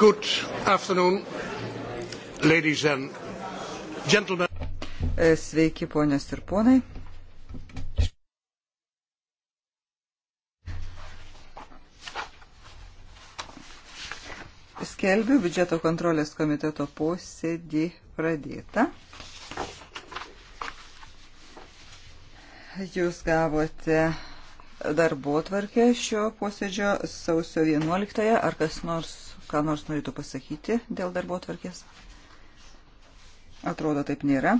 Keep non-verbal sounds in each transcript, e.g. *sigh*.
Good afternoon, ladies and gentlemen. E, sveiki, ponios ir ponai. Skelbiu biudžeto kontrolės komiteto posėdį pradėtą. Jūs gavote darbo tvarkę šio posėdžio sausio 11. Ar kas nors ką nors norėtų pasakyti dėl darbo tvarkės? Atrodo, taip nėra.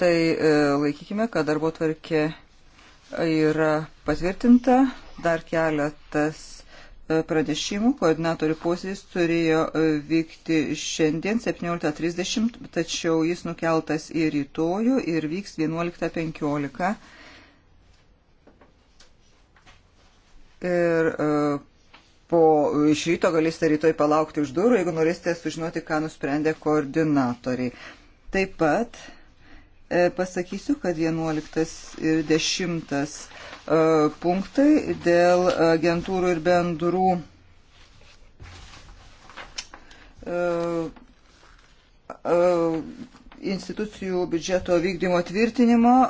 Tai e, laikykime, kad darbo tvarkė yra patvirtinta. Dar keletas e, pranešimų. Koordinatorių posėdis turėjo e, vykti šiandien 17.30, tačiau jis nukeltas į rytojų ir vyks 11.15. Ir e, po iš ryto galėsite rytoj palaukti už durų, jeigu norėsite sužinoti, ką nusprendė koordinatoriai. Taip pat e, pasakysiu, kad 11 ir 10 e, punktai dėl agentūrų ir bendrų e, e institucijų biudžeto vykdymo tvirtinimo e,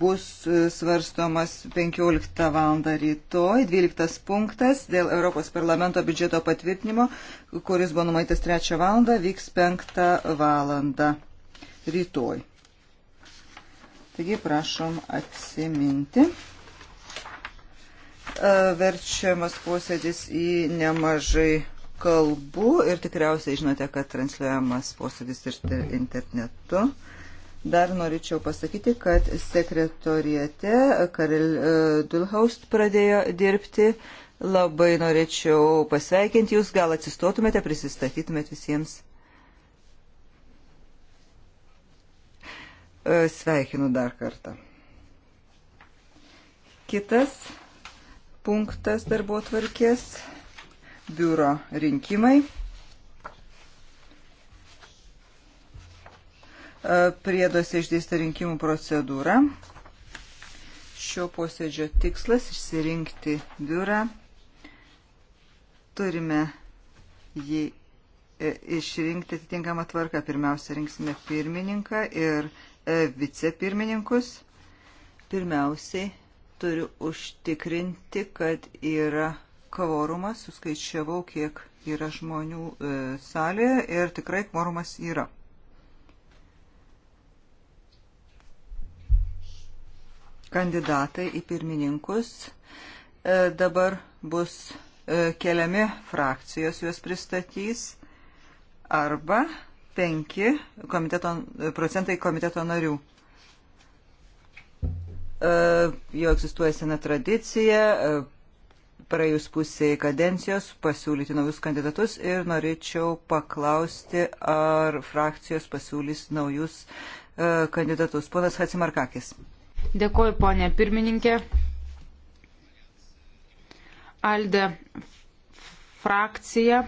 bus e, svarstomas 15 val. rytoj, 12 punktas dėl Europos parlamento biudžeto patvirtinimo, kuris buvo numaitas 3 val. vyks 5 val. rytoj. Taigi prašom atsiminti. E, verčiamas posėdis į nemažai kalbų ir tikriausiai žinote, kad transliuojamas posėdis ir internetu. Dar norėčiau pasakyti, kad sekretorijate Karel e, Dulhaust pradėjo dirbti. Labai norėčiau pasveikinti jūs, gal atsistotumėte, prisistatytumėte visiems. E, sveikinu dar kartą. Kitas punktas darbo tvarkės biuro rinkimai. E, prieduose išdėsta rinkimų procedūra. Šio posėdžio tikslas išsirinkti biurą. Turime jį e, išrinkti atitinkamą tvarką. Pirmiausia, rinksime pirmininką ir e, vicepirmininkus. Pirmiausiai turiu užtikrinti, kad yra kvorumą, suskaičiavau, kiek yra žmonių e, salėje ir tikrai kvorumas yra. Kandidatai į pirmininkus e, dabar bus e, keliami frakcijos, juos pristatys arba 5 komiteto, procentai komiteto narių e, jau egzistuoja sena tradicija, e, praėjus pusiai kadencijos pasiūlyti naujus kandidatus ir norėčiau paklausti, ar frakcijos pasiūlys naujus e, kandidatus. Ponas Hatsimarkakis. Dėkuoju, ponė pirmininkė. Alde frakcija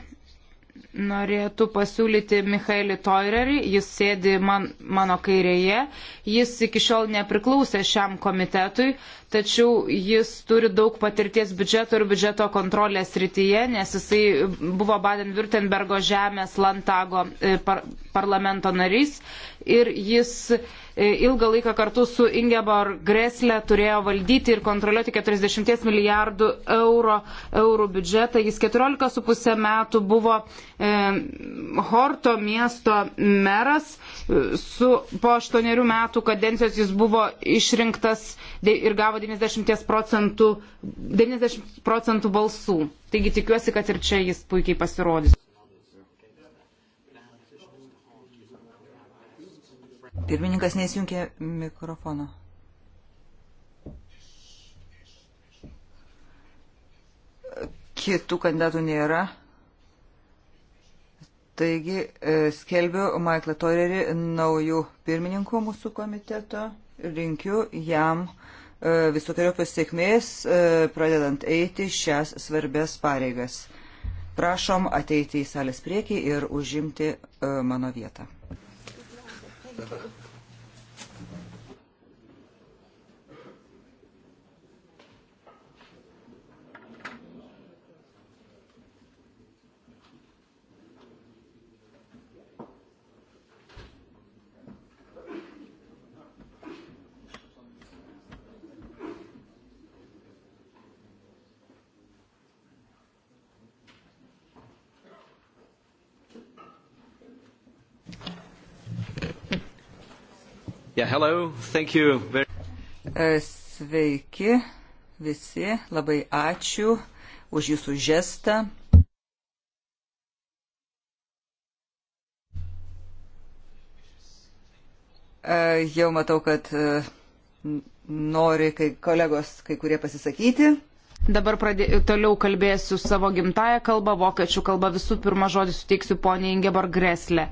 norėtų pasiūlyti Michaelį Toirerį, jis sėdi man, mano kairėje, jis iki šiol nepriklausė šiam komitetui, tačiau jis turi daug patirties biudžeto ir biudžeto kontrolės rytyje, nes jisai buvo Baden-Württembergo žemės Lantago e, par parlamento narys ir jis E, ilgą laiką kartu su Ingeborg Gresle turėjo valdyti ir kontroliuoti 40 milijardų euro, eurų biudžetą. Jis 14,5 metų buvo e, Horto miesto meras. E, su, po 8 metų kadencijos jis buvo išrinktas ir gavo 90 procentų, 90 procentų balsų. Taigi tikiuosi, kad ir čia jis puikiai pasirodys. Pirmininkas neįsijungė mikrofono. Kitų kandidatų nėra. Taigi e, skelbiu Maiklą Torerį naujų pirmininkų mūsų komiteto. Linkiu jam e, visokiojo pasiekmės, e, pradedant eiti šias svarbias pareigas. Prašom ateiti į salės priekį ir užimti mano vietą. Thank *laughs* you. Yeah, hello. Thank you. Very... E, sveiki visi, labai ačiū už jūsų žestą. E, jau matau, kad e, nori kai kolegos kai kurie pasisakyti. Dabar pradė, toliau kalbėsiu savo gimtają kalbą, vokiečių kalbą. Visų pirma, žodį suteiksiu poniai Ingeborg Greslė.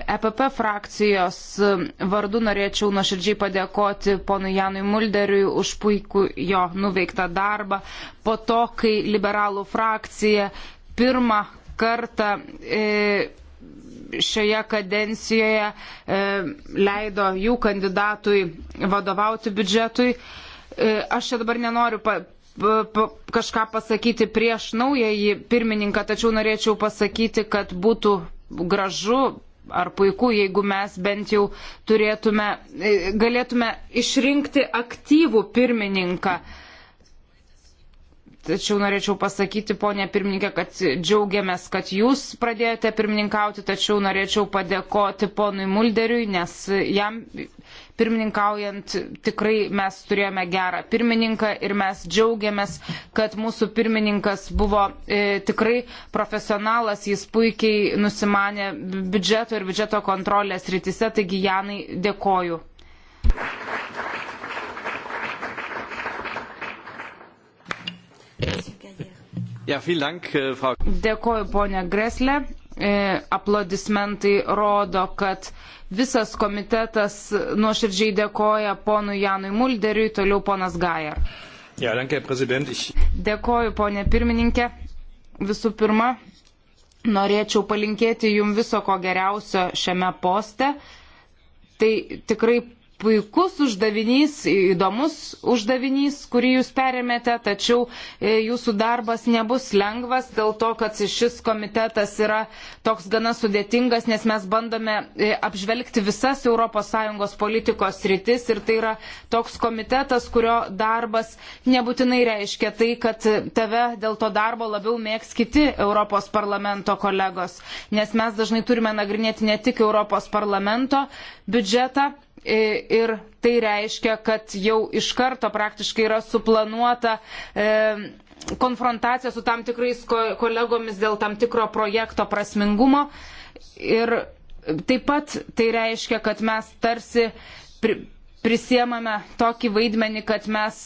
EPP frakcijos vardu norėčiau nuoširdžiai padėkoti ponui Janui Mulderiui už puikų jo nuveiktą darbą. Po to, kai liberalų frakcija pirmą kartą. E, šioje kadencijoje e, leido jų kandidatui vadovauti biudžetui. E, aš čia dabar nenoriu pa, kažką pasakyti prieš naująjį pirmininką, tačiau norėčiau pasakyti, kad būtų gražu ar puiku, jeigu mes bent jau turėtume, e, galėtume išrinkti aktyvų pirmininką. Tačiau norėčiau pasakyti, ponė pirmininkė, kad džiaugiamės, kad jūs pradėjote pirmininkauti, tačiau norėčiau padėkoti ponui Mulderiui, nes jam pirmininkaujant tikrai mes turėjome gerą pirmininką ir mes džiaugiamės, kad mūsų pirmininkas buvo e, tikrai profesionalas, jis puikiai nusimanė biudžeto ir biudžeto kontrolės rytise, taigi Janai dėkoju. Ja, Dank, äh, Frau... Dėkoju, ponė Greslė. E, aplodismentai rodo, kad visas komitetas nuoširdžiai dėkoja ponui Janui Mulderiui, toliau ponas Gajar. Ja, danke, ich... Dėkoju, ponė pirmininkė. Visų pirma, norėčiau palinkėti jum viso ko geriausio šiame poste. Tai tikrai puikus uždavinys, įdomus uždavinys, kurį jūs perėmėte, tačiau e, jūsų darbas nebus lengvas dėl to, kad šis komitetas yra toks gana sudėtingas, nes mes bandome e, apžvelgti visas ES politikos rytis ir tai yra toks komitetas, kurio darbas nebūtinai reiškia tai, kad tave dėl to darbo labiau mėgs kiti Europos parlamento kolegos, nes mes dažnai turime nagrinėti ne tik Europos parlamento biudžetą, ir tai reiškia, kad jau iš karto praktiškai yra suplanuota e, konfrontacija su tam tikrais kolegomis dėl tam tikro projekto prasmingumo. Ir taip pat tai reiškia, kad mes tarsi prisiemame tokį vaidmenį, kad mes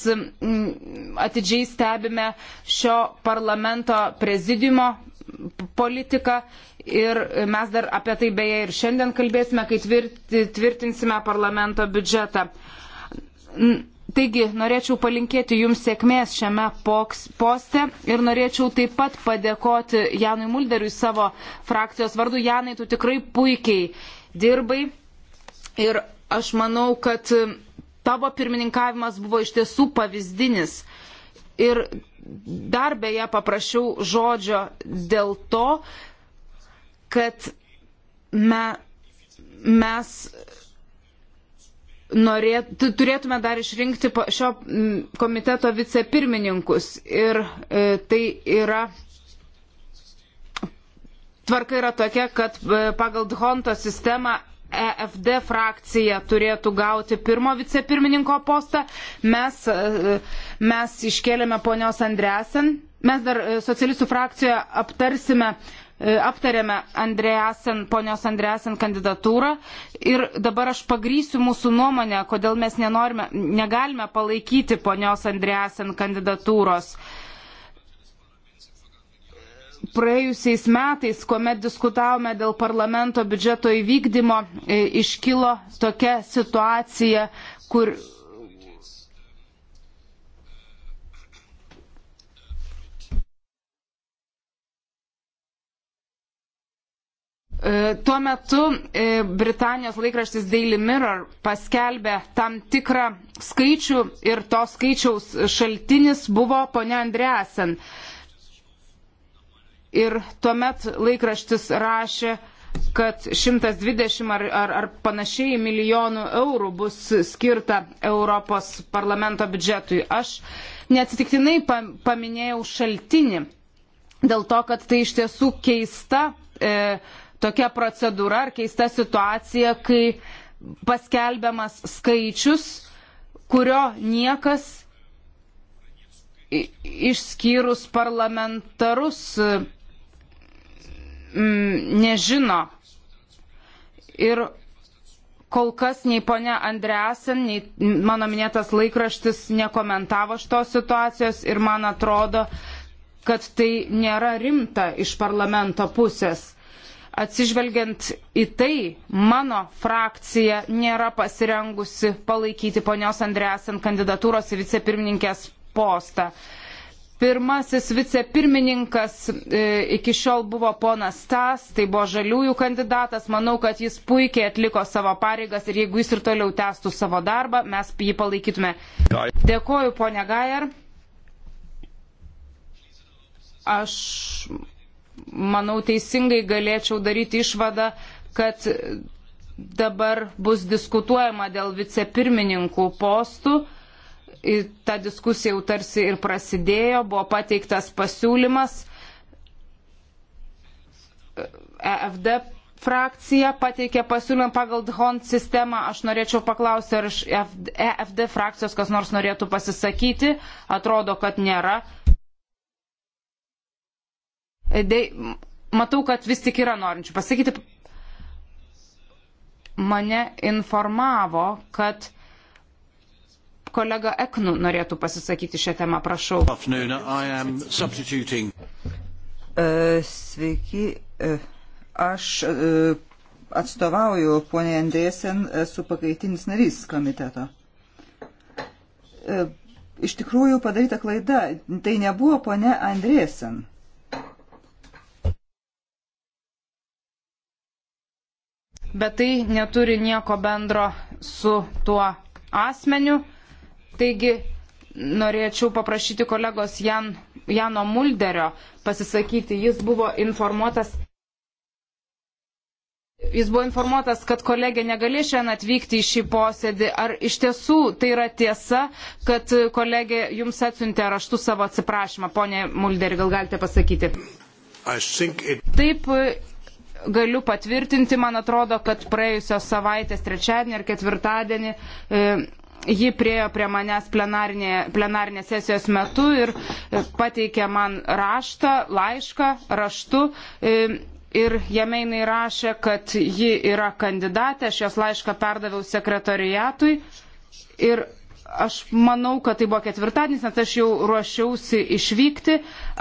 atidžiai stebime šio parlamento prezidiumo politiką ir mes dar apie tai beje ir šiandien kalbėsime, kai tvirtinsime parlamento biudžetą. Taigi, norėčiau palinkėti Jums sėkmės šiame poste ir norėčiau taip pat padėkoti Janui Mulderiui savo frakcijos vardu. Janai, tu tikrai puikiai dirbai ir aš manau, kad tavo pirmininkavimas buvo iš tiesų pavyzdinis. Ir dar beje paprašiau žodžio dėl to, kad me, mes norėt, turėtume dar išrinkti šio komiteto vicepirmininkus. Ir e, tai yra. Tvarka yra tokia, kad e, pagal Dhonto sistemą EFD frakcija turėtų gauti pirmo vicepirmininko postą. Mes, e, mes iškėlėme ponios Andresen. Mes dar e, socialistų frakcijoje aptarsime, e, aptarėme Andresen, ponios Andresen kandidatūrą. Ir dabar aš pagrysiu mūsų nuomonę, kodėl mes nenorime, negalime palaikyti ponios Andresen kandidatūros. Uh, praėjusiais metais, kuomet diskutavome dėl parlamento biudžeto įvykdymo, e, iškilo tokia situacija, kur. E, tuo metu e, Britanijos laikraštis Daily Mirror paskelbė tam tikrą skaičių ir to skaičiaus šaltinis buvo ponia Andreasen ir tuomet laikraštis rašė, kad 120 ar, ar, ar panašiai milijonų eurų bus skirta Europos parlamento biudžetui. Aš neatsitiktinai paminėjau šaltinį, dėl to, kad tai iš tiesų keista e, tokia procedūra ar keista situacija, kai paskelbiamas skaičius, kurio niekas išskyrus parlamentarus m, mm, nežino. Ir kol kas nei ponia Andresen, nei mano minėtas laikraštis nekomentavo šitos situacijos ir man atrodo, kad tai nėra rimta iš parlamento pusės. Atsižvelgiant į tai, mano frakcija nėra pasirengusi palaikyti ponios Andresen kandidatūros į vicepirmininkės postą. Uh, Pirmasis vicepirmininkas e, iki šiol buvo ponas Stas, tai buvo žaliųjų kandidatas. Manau, kad jis puikiai atliko savo pareigas ir jeigu jis ir toliau tęstų savo darbą, mes jį palaikytume. Dėkoju, ponia Gajar. Aš manau teisingai galėčiau daryti išvadą, kad dabar bus diskutuojama dėl vicepirmininkų postų ta diskusija jau tarsi ir prasidėjo, buvo pateiktas pasiūlymas. EFD frakcija pateikė pasiūlymą pagal DHON sistemą. Aš norėčiau paklausti, ar iš EFD e frakcijos kas nors norėtų pasisakyti. Atrodo, kad nėra. Dei, matau, kad vis tik yra norinčių pasakyti. Mane informavo, kad kolega Eknu norėtų pasisakyti šią temą, prašau. E, sveiki, e, aš e, atstovauju ponė Andrėsen, esu pakaitinis narys komiteto. Iš tikrųjų padaryta klaida, tai nebuvo ponė Andrėsen. Bet tai neturi nieko bendro su tuo asmeniu, Taigi norėčiau paprašyti kolegos Jan, Jano Mulderio pasisakyti. Jis buvo informuotas. Jis buvo informuotas, kad kolegė negali šiandien atvykti į šį posėdį. Ar iš tiesų tai yra tiesa, kad kolegė jums atsiuntė raštu savo atsiprašymą? Pone Mulderi, gal galite pasakyti? It... Taip, galiu patvirtinti, man atrodo, kad praėjusios savaitės trečiadienį ir ketvirtadienį e, ji priejo prie manęs plenarinės sesijos metu ir e, pateikė man raštą, laišką raštu. E, ir jame jinai rašė, kad ji yra kandidatė, aš jos laišką perdaviau sekretariatui. Ir aš manau, kad tai buvo ketvirtadienis, nes aš jau ruošiausi išvykti.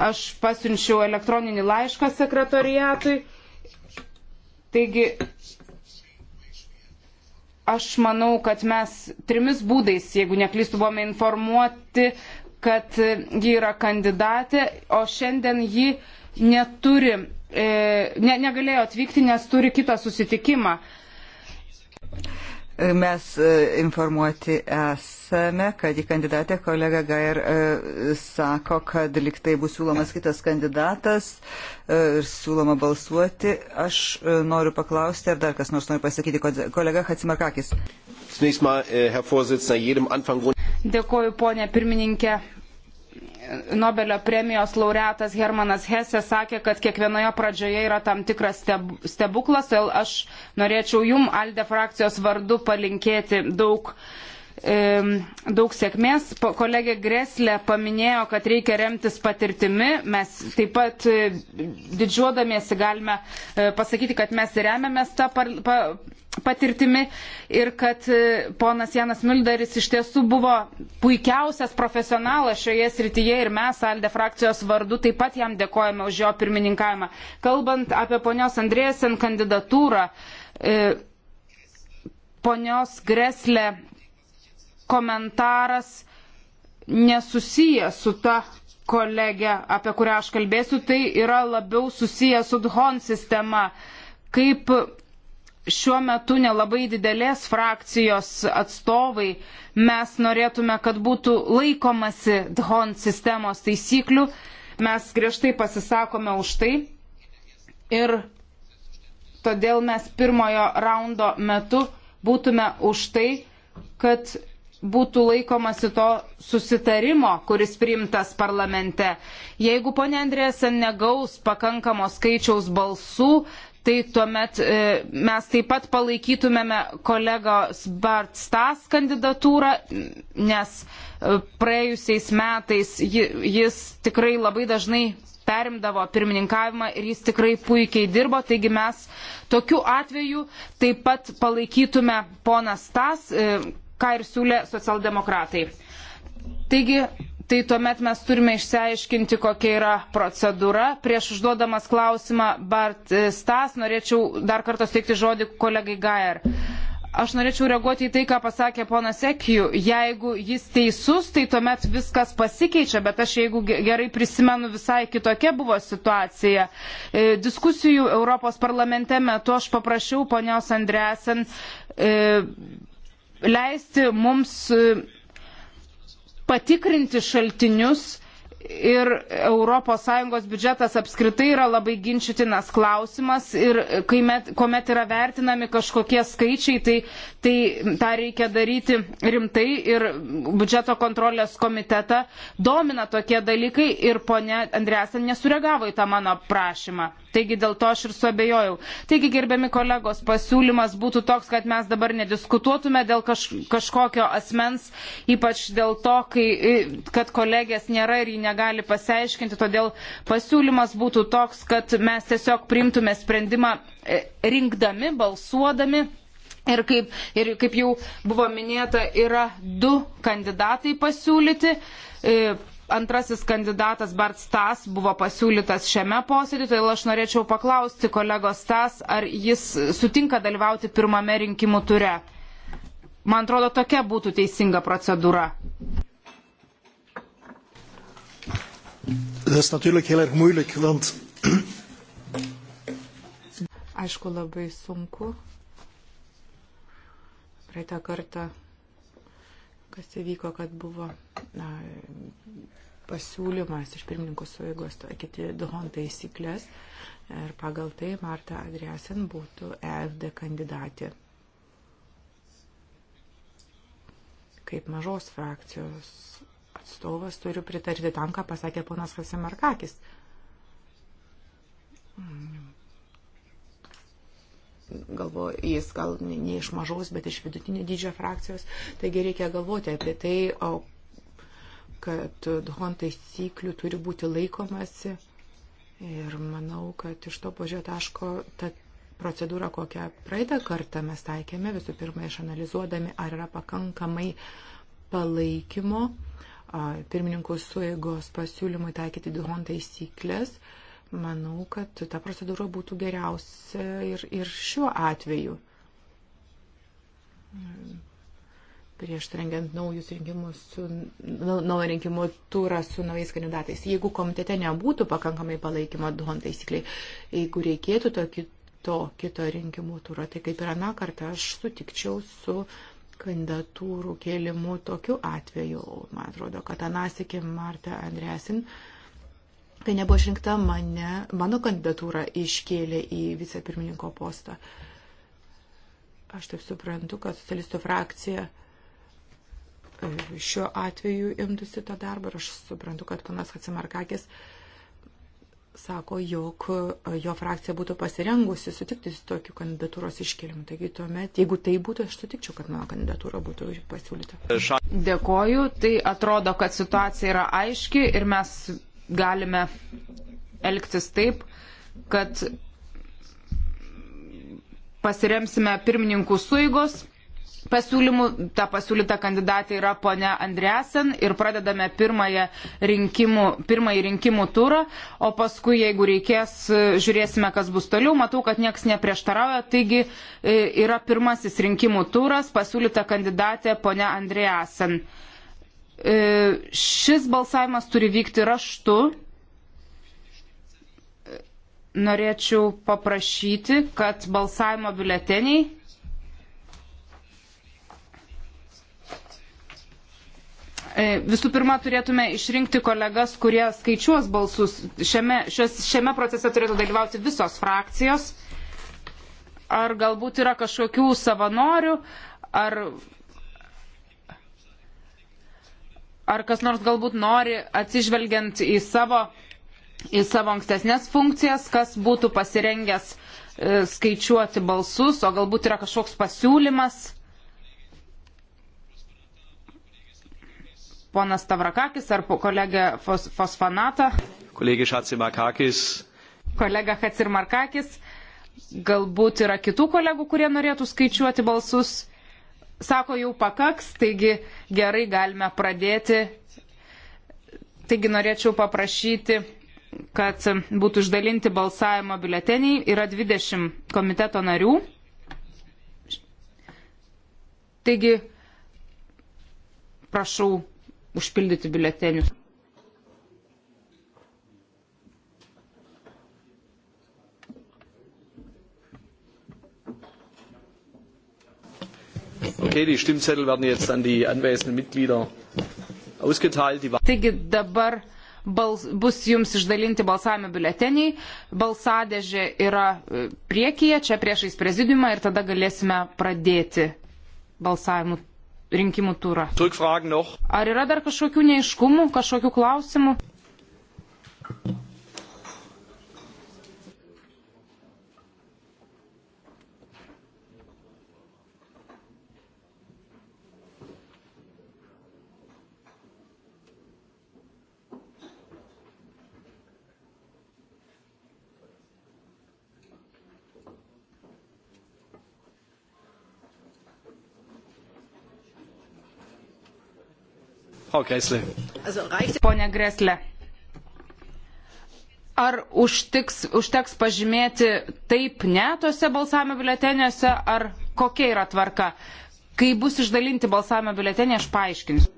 Aš pasiunčiau elektroninį laišką sekretariatui. Taigi aš manau, kad mes trimis būdais, jeigu neklystų, buvome informuoti, kad ji yra kandidatė, o šiandien ji neturi, e, ne, negalėjo atvykti, nes turi kitą susitikimą. Mes e, informuoti esame esame, kad į kandidatę kolega Gair e, sako, kad liktai bus siūlomas kitas kandidatas e, ir siūloma balsuoti. Aš e, noriu paklausti, ar dar kas nors nori pasakyti, kolega Hatsimarkakis. Äh, Dėkuoju, ponė pirmininkė. Nobelio premijos laureatas Hermanas Hesse sakė, kad kiekvienoje pradžioje yra tam tikras stebuklas, todėl aš norėčiau jum Alde frakcijos vardu palinkėti daug uh, daug sėkmės. Kolegė Greslė paminėjo, kad reikia remtis patirtimi. Mes taip pat e, didžiuodamiesi galime e, pasakyti, kad mes remiamės tą par, pa, patirtimi ir kad e, ponas Janas Milderis iš tiesų buvo puikiausias profesionalas šioje srityje ir mes Alde frakcijos vardu taip pat jam dėkojame už jo pirmininkavimą. Kalbant apie ponios Andrėsen kandidatūrą, ponios Greslė komentaras nesusijęs su ta kolegė, apie kurią aš kalbėsiu, tai yra labiau susijęs su DHON sistema. Kaip šiuo metu nelabai didelės frakcijos atstovai, mes norėtume, kad būtų laikomasi DHON sistemos taisyklių, mes griežtai pasisakome už tai ir todėl mes pirmojo raundo metu būtume už tai, kad būtų laikomasi to susitarimo, kuris priimtas parlamente. Jeigu ponė Andrėsen negaus pakankamo skaičiaus balsų, tai tuomet e, mes taip pat palaikytumėme kolegos Bart Stas kandidatūrą, nes e, praėjusiais metais ji, jis tikrai labai dažnai perimdavo pirmininkavimą ir jis tikrai puikiai dirbo, taigi mes tokiu atveju taip pat palaikytume poną Stas. E, ką ir siūlė socialdemokratai. Taigi, tai tuomet mes turime išsiaiškinti, kokia yra procedūra. Prieš užduodamas klausimą Bart e, Stas, norėčiau dar kartą steikti žodį kolegai Gajer. Aš norėčiau reaguoti į tai, ką pasakė ponas Ekijų. Jeigu jis teisus, tai tuomet viskas pasikeičia, bet aš jeigu gerai prisimenu, visai kitokia buvo situacija. E, diskusijų Europos parlamente metu aš paprašiau ponios Andresen e, leisti mums e, patikrinti šaltinius ir ES biudžetas apskritai yra labai ginčytinas klausimas ir met, kuomet yra vertinami kažkokie skaičiai, tai, tai tą reikia daryti rimtai ir biudžeto kontrolės komitetą domina tokie dalykai ir ponia Andresen nesureagavo į tą mano prašymą. Taigi dėl to aš ir suabejojau. Taigi, gerbiami kolegos, pasiūlymas būtų toks, kad mes dabar nediskutuotume dėl kaž, kažkokio asmens, ypač dėl to, kai, kad kolegės nėra ir jį negali pasiaiškinti. Todėl pasiūlymas būtų toks, kad mes tiesiog priimtume sprendimą e, rinkdami, balsuodami. Ir kaip, ir kaip jau buvo minėta, yra du kandidatai pasiūlyti e, antrasis kandidatas Bart Stas buvo pasiūlytas šiame posėdį, todėl aš norėčiau paklausti kolegos Stas, ar jis sutinka dalyvauti pirmame rinkimų ture. Man atrodo, tokia būtų teisinga procedūra. Dat is natuurlijk heel erg moeilijk, want. Aišku, labai sunku. Praeitą kartą kas įvyko, kad buvo na, pasiūlymas iš pirmininkų suėgos taikyti Dohon taisyklės ir pagal tai Marta Adriasen būtų EFD kandidatė. Kaip mažos frakcijos atstovas turiu pritarti tam, ką pasakė ponas Hasimarkakis galvo, jis gal ne iš mažos, bet iš vidutinio dydžio frakcijos. Taigi reikia galvoti apie tai, kad Dhon taisyklių turi būti laikomasi. Ir manau, kad iš to požiūrio taško ta procedūra, kokią praeitą kartą mes taikėme, visų pirma išanalizuodami, ar yra pakankamai palaikymo pirmininkų suėgos pasiūlymui taikyti Dhon taisyklės. Uh, Manau, kad ta procedūra būtų geriausia ir, ir šiuo atveju. Prieš rengiant naujus rinkimus, su, naują rinkimų turą su naujais kandidatais. Jeigu komitete nebūtų pakankamai palaikymo duon taisykliai, jeigu reikėtų to kito, kito rinkimų turo, tai kaip ir aną kartą aš sutikčiau su kandidatūrų kėlimu tokiu atveju. Man atrodo, kad Anasikė Marta Andresin. Uh, kai nebuvo išrinkta mane, mano kandidatūrą iškėlė į vicepirmininko postą. Aš taip suprantu, kad socialistų frakcija e, šiuo atveju imtųsi to darbo ir aš suprantu, kad panas Hatsimarkakis sako, jog e, jo frakcija būtų pasirengusi sutikti su tokiu kandidatūros iškelimu. Taigi tuomet, jeigu tai būtų, aš sutikčiau, kad mano kandidatūra būtų pasiūlyta. Dėkoju, tai atrodo, kad situacija yra aiški ir mes galime elgtis taip, kad pasiremsime pirmininkų suigos pasiūlymų. Ta pasiūlyta kandidatė yra ponia Andresen ir pradedame rinkimų, pirmąjį rinkimų turą, o paskui, jeigu reikės, žiūrėsime, kas bus toliau. Matau, kad niekas neprieštarauja, taigi e, yra pirmasis rinkimų turas, pasiūlyta kandidatė ponia Andresen. E, šis balsavimas turi vykti raštu. E, norėčiau paprašyti, kad balsavimo biuleteniai e, Visų pirma, turėtume išrinkti kolegas, kurie skaičiuos balsus. Šiame, šios, šiame procese turėtų dalyvauti visos frakcijos. Ar galbūt yra kažkokių savanorių, ar ar kas nors galbūt nori, atsižvelgiant į savo, į savo ankstesnės funkcijas, kas būtų pasirengęs e, skaičiuoti balsus, o galbūt yra kažkoks pasiūlymas. Ponas Tavrakakis ar kolega Fos, Fosfanata. Kolegė Šacimarkakis. Kolega Hacimarkakis. Galbūt yra kitų kolegų, kurie norėtų skaičiuoti balsus sako jau pakaks, taigi gerai galime pradėti. Taigi norėčiau paprašyti, kad būtų išdalinti balsavimo biuleteniai. Yra 20 komiteto narių. Taigi prašau užpildyti biuletenius. Okay, die Stimmzettel werden jetzt an die anwesenden Mitglieder ausgeteilt. Die... Taigi dabar bals, bus jums išdalinti balsavimo biuleteniai. Balsadėžė yra e, priekyje, čia priešais prezidiumą ir tada galėsime pradėti balsavimų rinkimų turą. Ar yra dar kažkokių neiškumų, kažkokių klausimų? Pone Greslė, ar užtiks, užteks pažymėti taip ne tose balsavimo biuleteniuose, ar kokia yra tvarka? Kai bus išdalinti balsavimo biuleteniai, aš paaiškinsiu.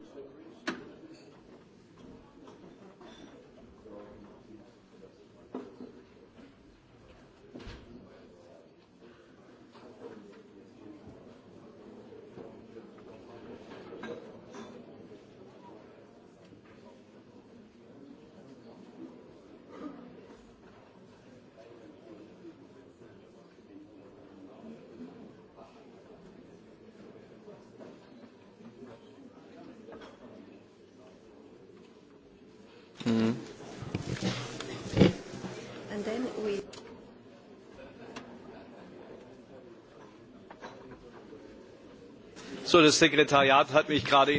So, das Sekretariat hat mich gerade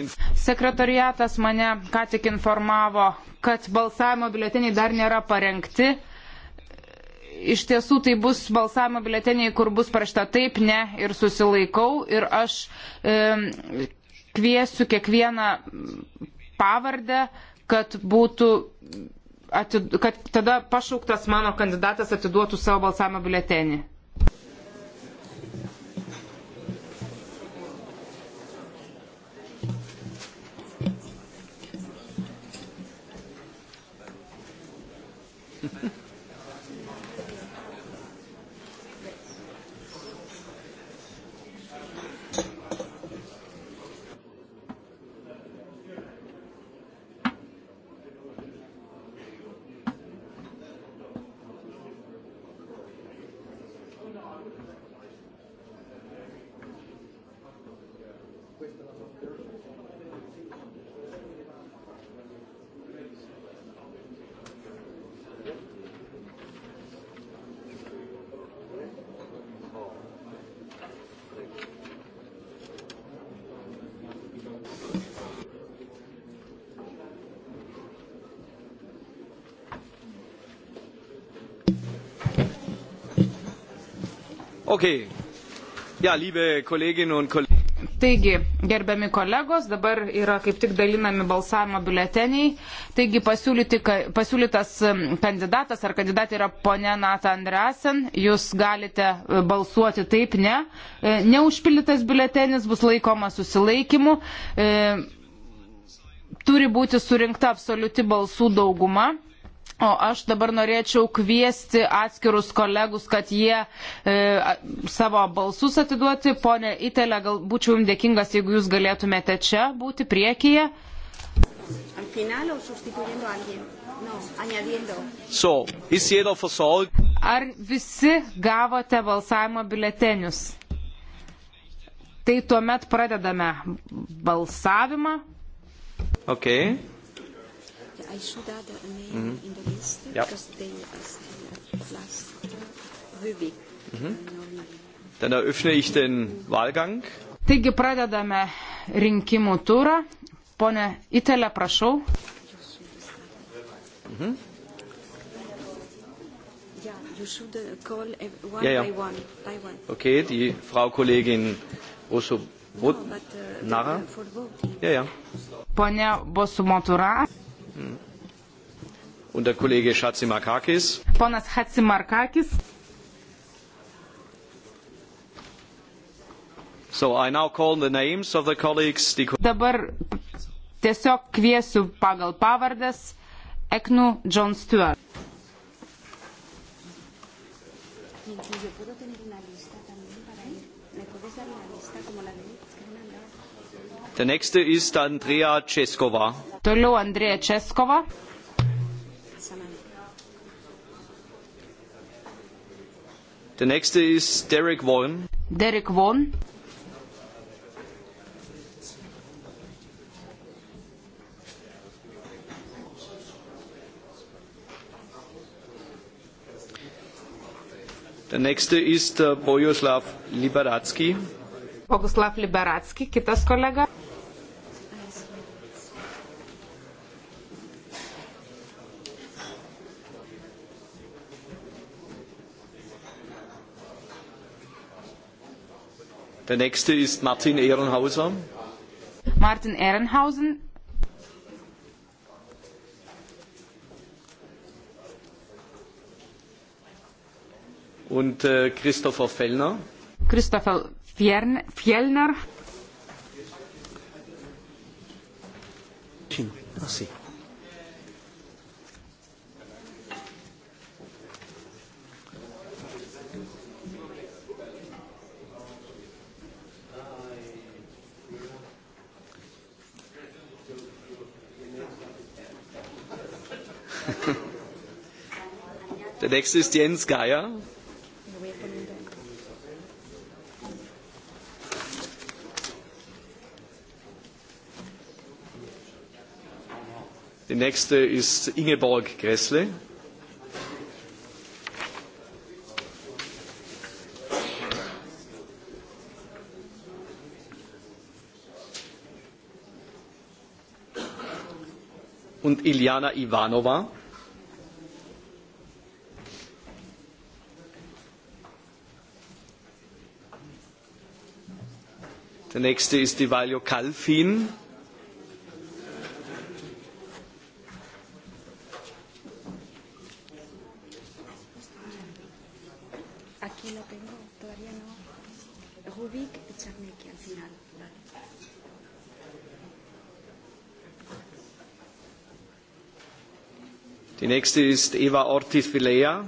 Sekretariatas mane ką tik informavo, kad balsavimo biuleteniai dar nėra parengti. Iš tiesų tai bus balsavimo biuleteniai, kur bus parašta taip, ne ir susilaikau. Ir aš e, kviesiu kiekvieną pavardę, kad būtų atid, kad tada pašauktas mano kandidatas atiduotų savo balsavimo biuletenį. Okay. Ja, liebe Kolleginnen und Kollegen. Taigi, gerbiami kolegos, dabar yra kaip tik dalinami balsavimo biuleteniai. Taigi, pasiūlytas um, kandidatas ar kandidatė yra ponė Nata Andresen. Jūs galite e, balsuoti taip, ne. E, neužpildytas biuletenis bus laikomas susilaikimu. E, turi būti surinkta absoliuti balsų dauguma. O aš dabar norėčiau kviesti atskirus kolegus, kad jie e, savo balsus atiduoti. Pone Itelė, gal būčiau jums dėkingas, jeigu jūs galėtumėte čia būti priekyje. Ar visi gavote balsavimo biletenius? Tai tuomet pradedame balsavimą. Okay. I should add a name mm-hmm. in the list yep. because they asked last Rubik. Mhm. Dann eröffne ich den Wahlgang. Taigi pradedame rinkimų turą. Pone Itelė, prašau. Mhm. Ja, ja. Uh, okay, die Frau Kollegin Russo uh, Nara. Ja, ja. Pone Bosumotura. Mm. Und der Kollege Schatzimarkakis. Ponas Hatzimarkakis. So I now call the names of the colleagues. Dabar tiesiog kviesiu pagal pavardes Eknu John Stewart. Yo puedo tener una lista también para él. ¿Me puedes dar una lista como la de él? Der nächste ist Andrea Ceskova. Toliau Andrėja Českova. Der nächste ist Derek Vaughan. Derek Vaughan. Der nächste ist Bojoslav Liberacki. Boguslav Liberacki, kitas kolega. Der nächste ist Martin Ehrenhauser. Martin Ehrenhausen. Und äh, Christopher Fellner. Christopher Fjern Fjellner. Ach, sì. nächste ist Jens Geier. Die nächste ist Ingeborg Gressle. Und Iliana Ivanova. Der nächste ist Ivalio Kalfin. Aquí lo tengo, todavía no. Rubik Czarnecki al final. Vale. Die nächste ist Eva Ortiz Vilea.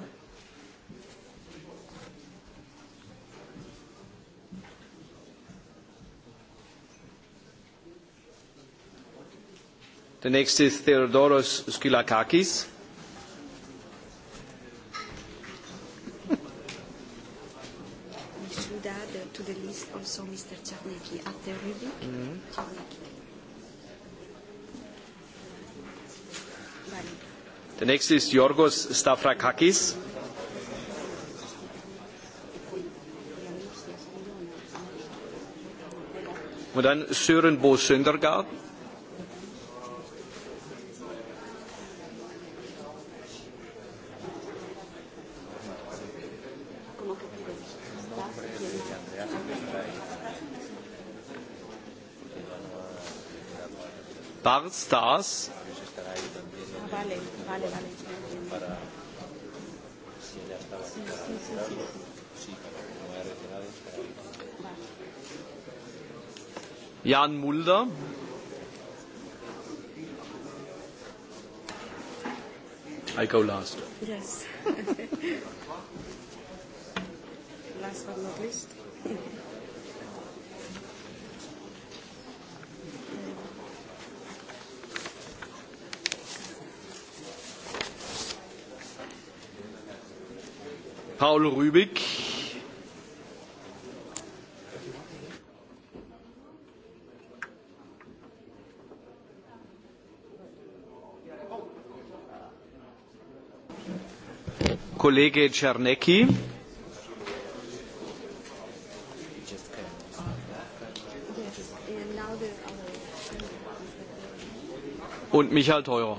The next is Theodoros Skylakakis. We should add to the list also Mr. Czarnecki after Rubik. Mm-hmm. Czarnecki. The next is Yorgos Stavrakakis. Und dann Sören Bo Söndergaard. Stars. Vale, vale, vale. Para... Si ella estaba sí, sí, sí, sí. sí, para que no haya retirado. Vale. Jan Mulder. I go last. Yes. *laughs* last but not least. Paul Rübig. Kollege Czernecki. Und Michael Theurer.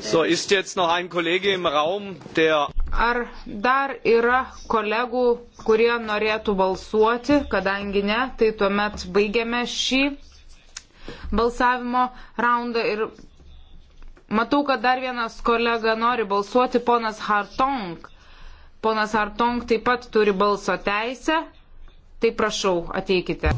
So, ist jetzt noch ein Kollege im Raum, der. Ar dar yra kolegų, kurie norėtų balsuoti, kadangi ne, tai tuomet baigiame šį balsavimo raundą ir matau, kad dar vienas kolega nori balsuoti, ponas Hartong. Ponas Hartong taip pat turi balso teisę, tai prašau, ateikite.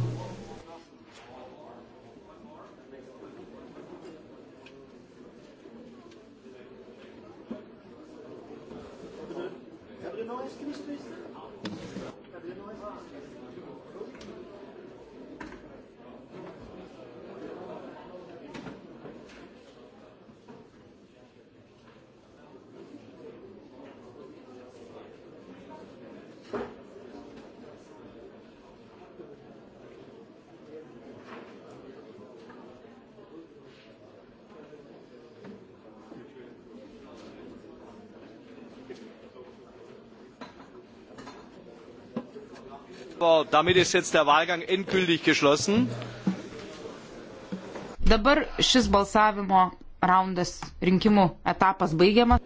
aber damit ist jetzt der Wahlgang endgültig geschlossen. Dabar šis balsavimo raundas rinkimų etapas baigiamas.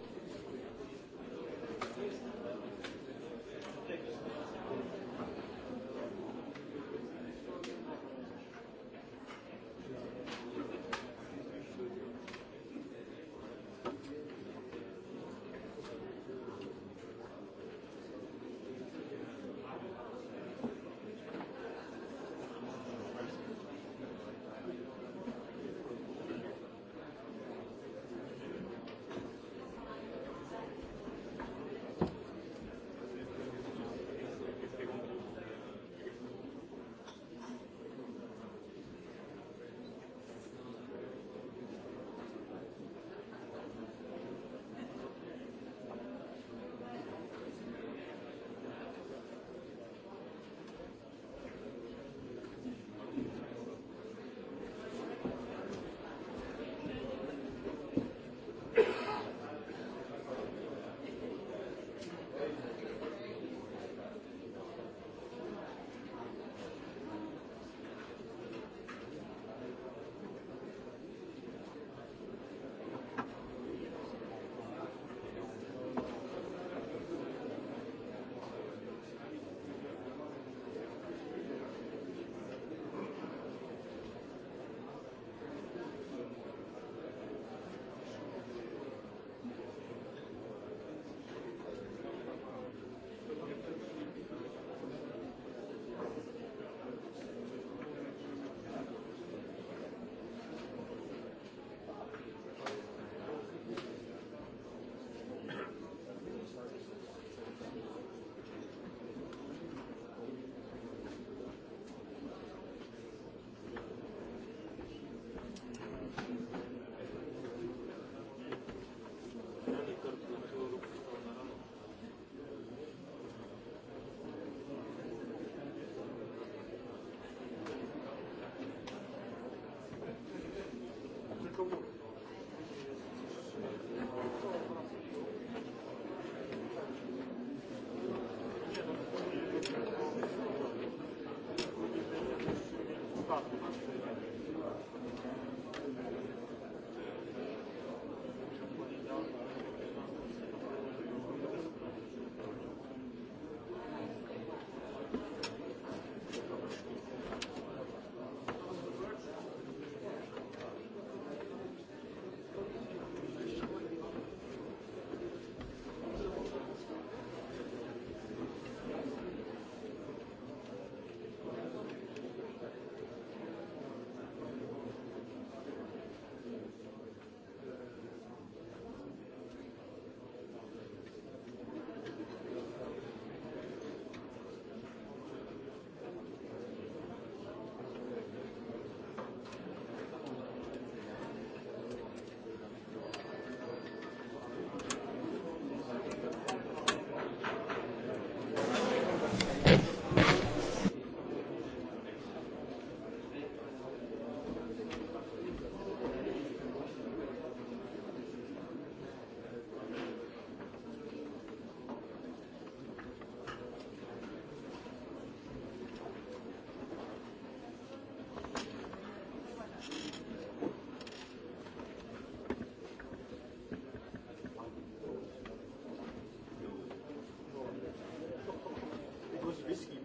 was risky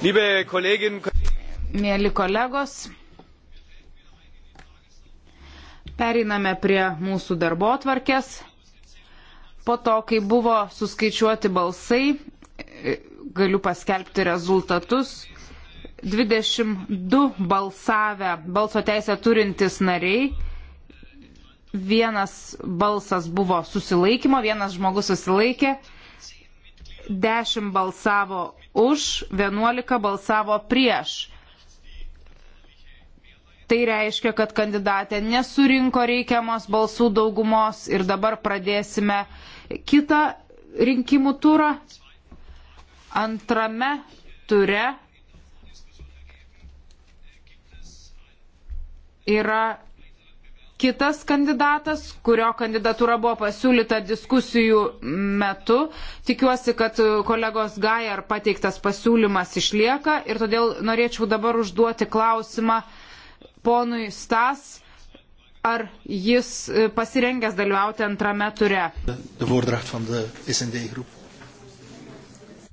Mėly kolegos, pereiname prie mūsų darbo tvarkės. Po to, kai buvo suskaičiuoti balsai, galiu paskelbti rezultatus. 22 balsavę balso teisę turintys nariai. Vienas balsas buvo susilaikymo, vienas žmogus susilaikė. 10 balsavo už, 11 balsavo prieš. Tai reiškia, kad kandidatė nesurinko reikiamos balsų daugumos ir dabar pradėsime kitą rinkimų turą. Antrame ture yra kitas kandidatas, kurio kandidatūra buvo pasiūlyta diskusijų metu. Tikiuosi, kad kolegos Gajar pateiktas pasiūlymas išlieka ir todėl norėčiau dabar užduoti klausimą ponui Stas. Ar jis pasirengęs dalyvauti antrame ture?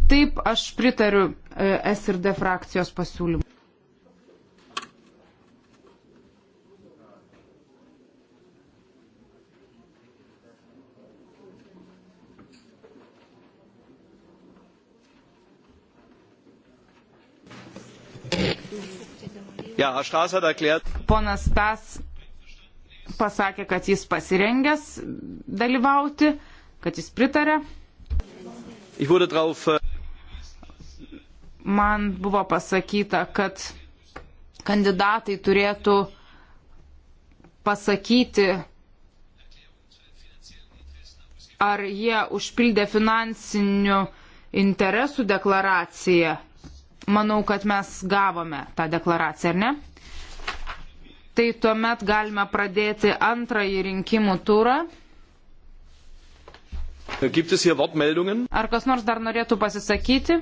Taip, aš pritariu e, S ir D frakcijos pasiūlymui. Ja, erklärt... Ponas Tas pasakė, kad jis pasirengęs dalyvauti, kad jis pritarė. Drauf... Äh, Man buvo pasakyta, kad kandidatai turėtų pasakyti, ar jie užpildė finansinių interesų deklaraciją Manau, kad mes gavome tą deklaraciją, ar ne? Tai tuomet galime pradėti antrąjį rinkimų turą. Ar kas nors dar norėtų pasisakyti?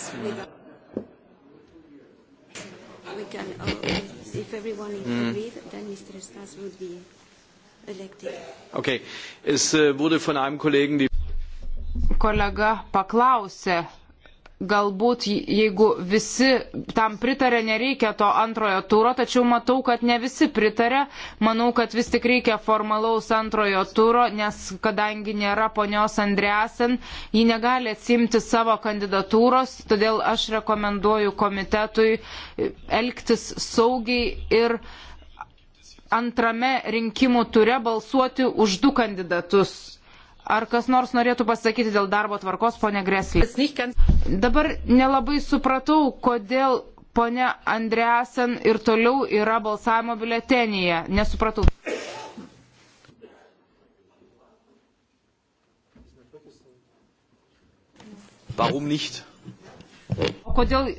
yes. Mm. We can, uh, if everyone is mm. agreed, then Mr. Stas would be elected. Okay. Es äh, wurde von einem Kollegen die Kollege paklausė galbūt jeigu visi tam pritarė, nereikia to antrojo turo, tačiau matau, kad ne visi pritarė. Manau, kad vis tik reikia formalaus antrojo turo, nes kadangi nėra ponios Andresen, ji negali atsimti savo kandidatūros, todėl aš rekomenduoju komitetui elgtis saugiai ir antrame rinkimų ture balsuoti už du kandidatus Ar kas nors norėtų pasakyti dėl darbo tvarkos, ponė Greslė? Dabar nelabai supratau, kodėl ponė Andreasen ir toliau yra balsavimo biuletenyje. Nesupratau. Warum nicht? O kodėl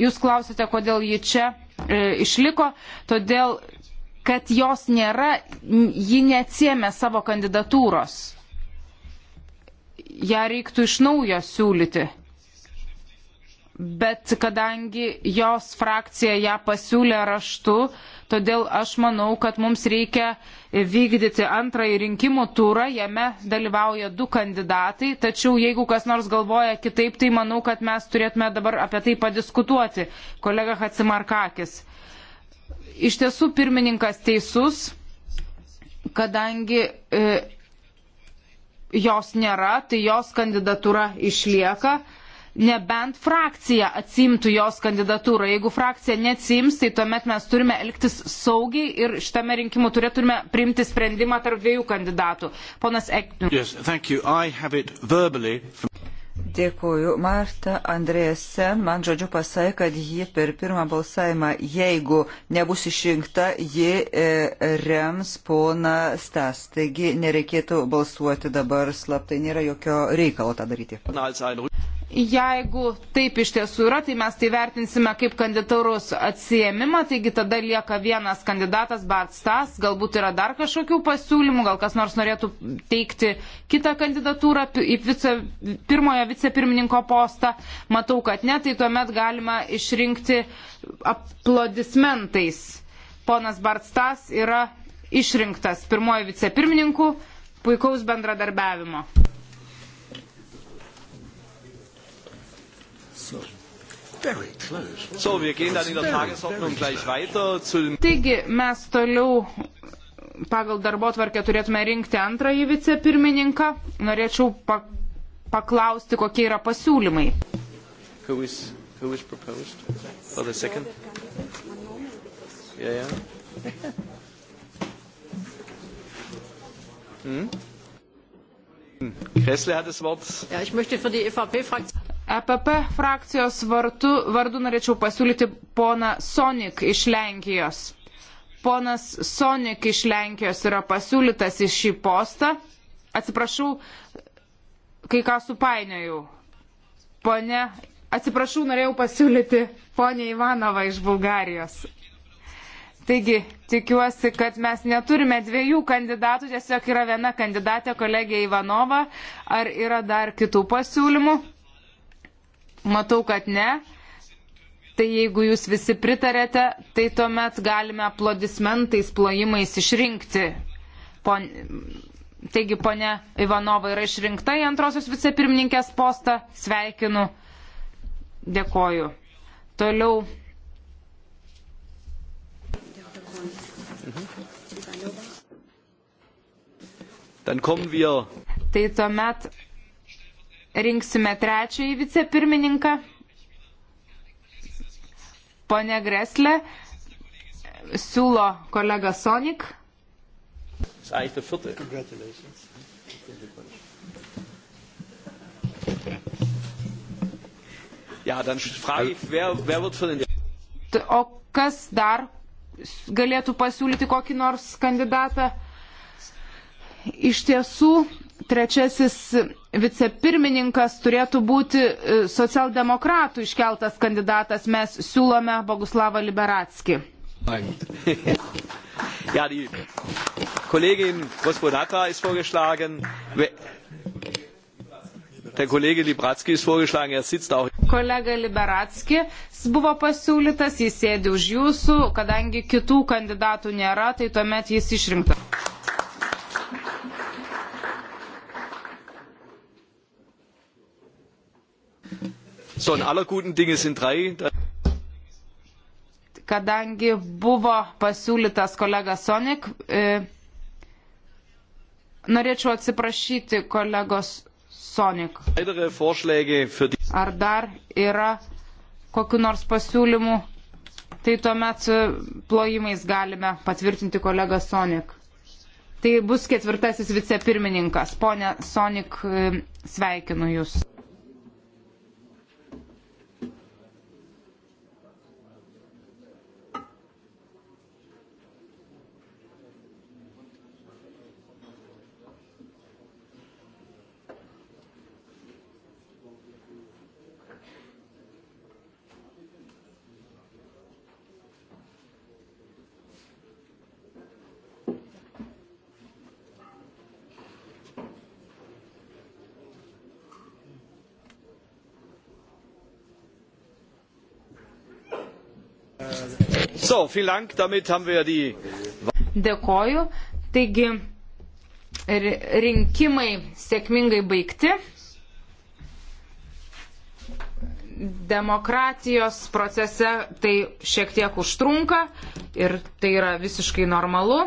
jūs klausite, kodėl ji čia e, išliko? Todėl kad jos nėra, ji neatsiemė savo kandidatūros. Ja reiktų iš naujo siūlyti. Bet kadangi jos frakcija ją pasiūlė raštu, todėl aš manau, kad mums reikia vykdyti antrąjį rinkimų turą, jame dalyvauja du kandidatai, tačiau jeigu kas nors galvoja kitaip, tai manau, kad mes turėtume dabar apie tai padiskutuoti. Kolega Hatsimarkakis. Iš tiesų pirmininkas teisus, kadangi e, jos nėra, tai jos kandidatūra išlieka nebent frakcija atsimtų jos kandidatūrą. Jeigu frakcija neatsims, tai tuomet mes turime elgtis saugiai ir šitame rinkimų turė turime priimti sprendimą tarp dviejų kandidatų. Ponas Ekniu. Yes, Dėkuoju. Marta Andrėse man žodžiu pasakė, kad ji per pirmą balsavimą, jeigu nebus išrinkta, ji e, rems pona Stas. Taigi nereikėtų balsuoti dabar slaptai, nėra jokio reikalo tą daryti. Jeigu taip iš tiesų yra, tai mes tai vertinsime kaip kandidatūros atsijėmimą, taigi tada lieka vienas kandidatas Bart Stas, galbūt yra dar kažkokių pasiūlymų, gal kas nors norėtų teikti kitą kandidatūrą į vice, pirmojo vicepirmininko postą. Matau, kad ne, tai tuomet galima išrinkti aplodismentais. Ponas Bart Stas yra išrinktas pirmojo vicepirmininku, puikaus bendradarbiavimo. So, wir gehen dann in der Tagesordnung gleich weiter zu Taigi, mes toliau pagal darbo tvarkę turėtume rinkti antrąjį vicepirmininką. Norėčiau pa paklausti, kokie yra pasiūlymai. Who is, who is proposed? For the second? Yeah, yeah. Hm? *laughs* Hmm? Kressle hat das Wort. Ja, ich möchte für die EVP-Fraktion. EPP frakcijos vartu, vardu norėčiau pasiūlyti poną Sonik iš Lenkijos. Ponas Sonik iš Lenkijos yra pasiūlytas į šį postą. Atsiprašau, kai ką supainiojau. Pone, atsiprašau, norėjau pasiūlyti ponę Ivanovą iš Bulgarijos. Taigi, tikiuosi, kad mes neturime dviejų kandidatų, tiesiog yra viena kandidatė, kolegė Ivanova. Ar yra dar kitų pasiūlymų? Matau, kad ne. Tai jeigu jūs visi pritarėte, tai tuomet galime aplodismentais, plojimais išrinkti. Pon... Taigi, ponė Ivanova yra išrinkta į antrosios vicepirmininkės postą. Sveikinu. Dėkoju. Toliau. Tai tuomet rinksime trečiąjį vicepirmininką. Pone Greslė siūlo kolega Sonik. O kas dar galėtų pasiūlyti kokį nors kandidatą? Iš tiesų, trečiasis vicepirmininkas turėtų būti e, socialdemokratų iškeltas kandidatas. Mes siūlome Boguslavą Liberatskį. Ja, die Kollegin Gospodata ist vorgeschlagen. Der Kollege Libratski ist vorgeschlagen, er sitzt auch. Kolega Liberatski buvo pasiūlytas, jis sėdi už jūsų, kadangi kitų kandidatų nėra, tai tuomet jis išrinktas. Son aller guten Dinge sind drei. Kadangi buvo pasiūlytas kolega Sonik, e, norėčiau atsiprašyti kolegos Sonik. Ar dar yra kokiu nors pasiūlymu, tai tuomet e, plojimais galime patvirtinti kolegą Sonik. Tai bus ketvirtasis vicepirmininkas. Pone Sonik, e, sveikinu Jūs. So, Dank, damit haben wir die... Dėkoju. Taigi, rinkimai sėkmingai baigti. Demokratijos procese tai šiek tiek užtrunka ir tai yra visiškai normalu.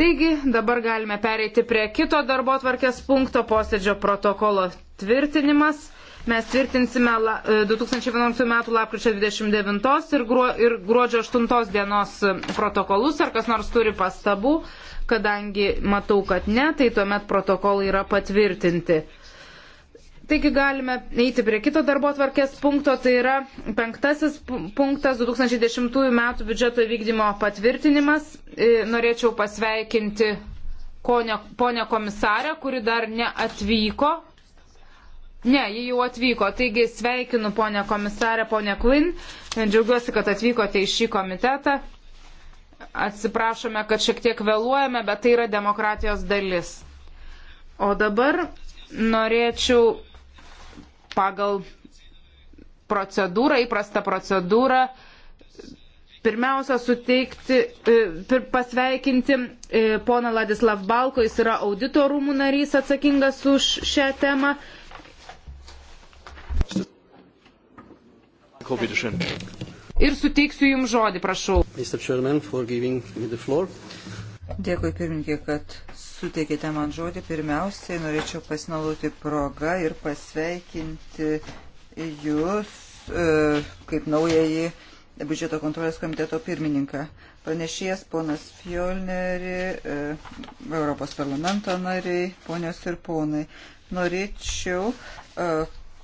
Taigi dabar galime pereiti prie kito darbo tvarkės punkto posėdžio protokolo tvirtinimas mes tvirtinsime 2011 e, m. lapkričio 29 ir, gruo, ir gruodžio 8 dienos e, protokolus. Ar kas nors turi pastabų? Kadangi matau, kad ne, tai tuomet protokolai yra patvirtinti. Taigi galime eiti prie kito darbo tvarkės punkto, tai yra penktasis punktas 2010 m. biudžeto vykdymo patvirtinimas. E, norėčiau pasveikinti ponę komisarę, kuri dar neatvyko Ne, jie jau atvyko. Taigi sveikinu ponę komisarę, ponę Klin. Džiaugiuosi, kad atvykote į šį komitetą. Atsiprašome, kad šiek tiek vėluojame, bet tai yra demokratijos dalis. O dabar norėčiau pagal procedūrą, įprastą procedūrą, pirmiausia suteikti, e, pasveikinti e, poną Ladislav Balko, jis yra audito rūmų narys atsakingas už šią temą. Ir suteiksiu Jums žodį, prašau. Dėkui pirmininkė, kad suteikėte man žodį. Pirmiausiai norėčiau pasinaudoti progą ir pasveikinti Jūs e, kaip naująjį biudžeto kontrolės komiteto pirmininką. Pranešėjas ponas Fjolneri, e, Europos parlamento nariai, ponios ir ponai. Norėčiau e,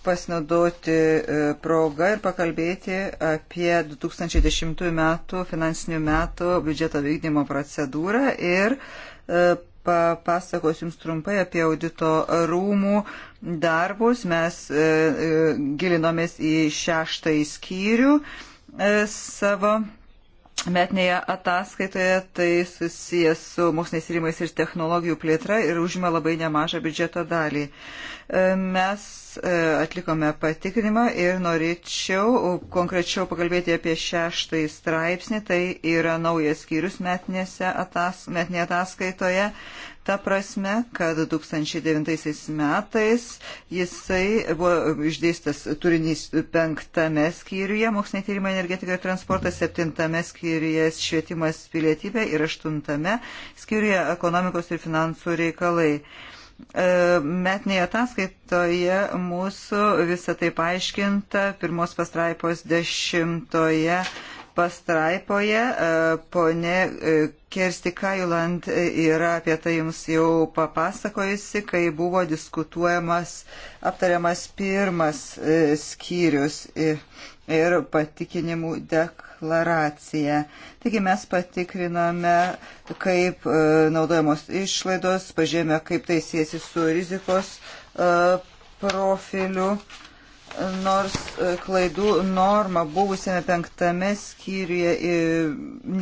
pasinaudoti e, progą ir pakalbėti apie 2010 metų finansinių metų biudžeto vykdymo procedūrą ir e, papasakosiu Jums trumpai apie audito rūmų darbus. Mes e, gilinomės į šeštąjį skyrių savo metinėje ataskaitoje, tai susijęs su moksliniais tyrimais ir technologijų plėtra ir užima labai nemažą biudžeto dalį. E, mes e, atlikome patikrinimą ir norėčiau konkrečiau pakalbėti apie šeštąjį straipsnį, tai yra naujas skyrius metinėje atas, metinė ataskaitoje. Ta prasme, kad 2009 metais jisai buvo išdėstas turinys penktame skyriuje, moksliniai tyrimai energetika ir transportas, septintame skyriuje švietimas pilietybė ir aštuntame skyriuje ekonomikos ir finansų reikalai. E, metinėje ataskaitoje mūsų visą tai paaiškinta pirmos pastraipos dešimtoje pastraipoje e, ponė e, Kersti Kailand e, yra apie tai jums jau papasakojusi, kai buvo diskutuojamas, aptariamas pirmas skyrius ir patikinimų deklaracija. Taigi mes patikrinome, kaip naudojamos išlaidos, pažėmė, kaip tai siesi su rizikos profiliu. Uh, nors e, klaidų norma buvusiame penktame skyriuje e,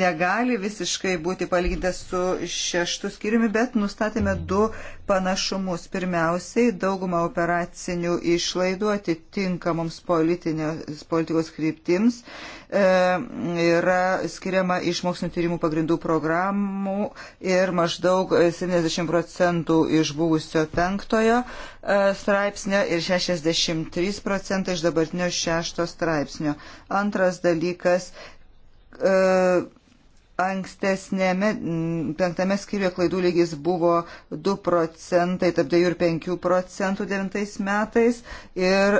negali visiškai būti palyginta su šeštu skyriumi, bet nustatėme du panašumus. Pirmiausiai, dauguma operacinių išlaidų atitinkamoms politikos kryptims e, yra skiriama iš mokslinio tyrimų pagrindų programų ir maždaug 70 procentų iš buvusio penktojo e, straipsnio ir 63 procentai iš dabartinio šešto straipsnio. Antras dalykas. E, Ankstesnėme mm, penktame skyriuje klaidų lygis buvo 2 procentai, tarp 2 ir 5 procentų 9 metais ir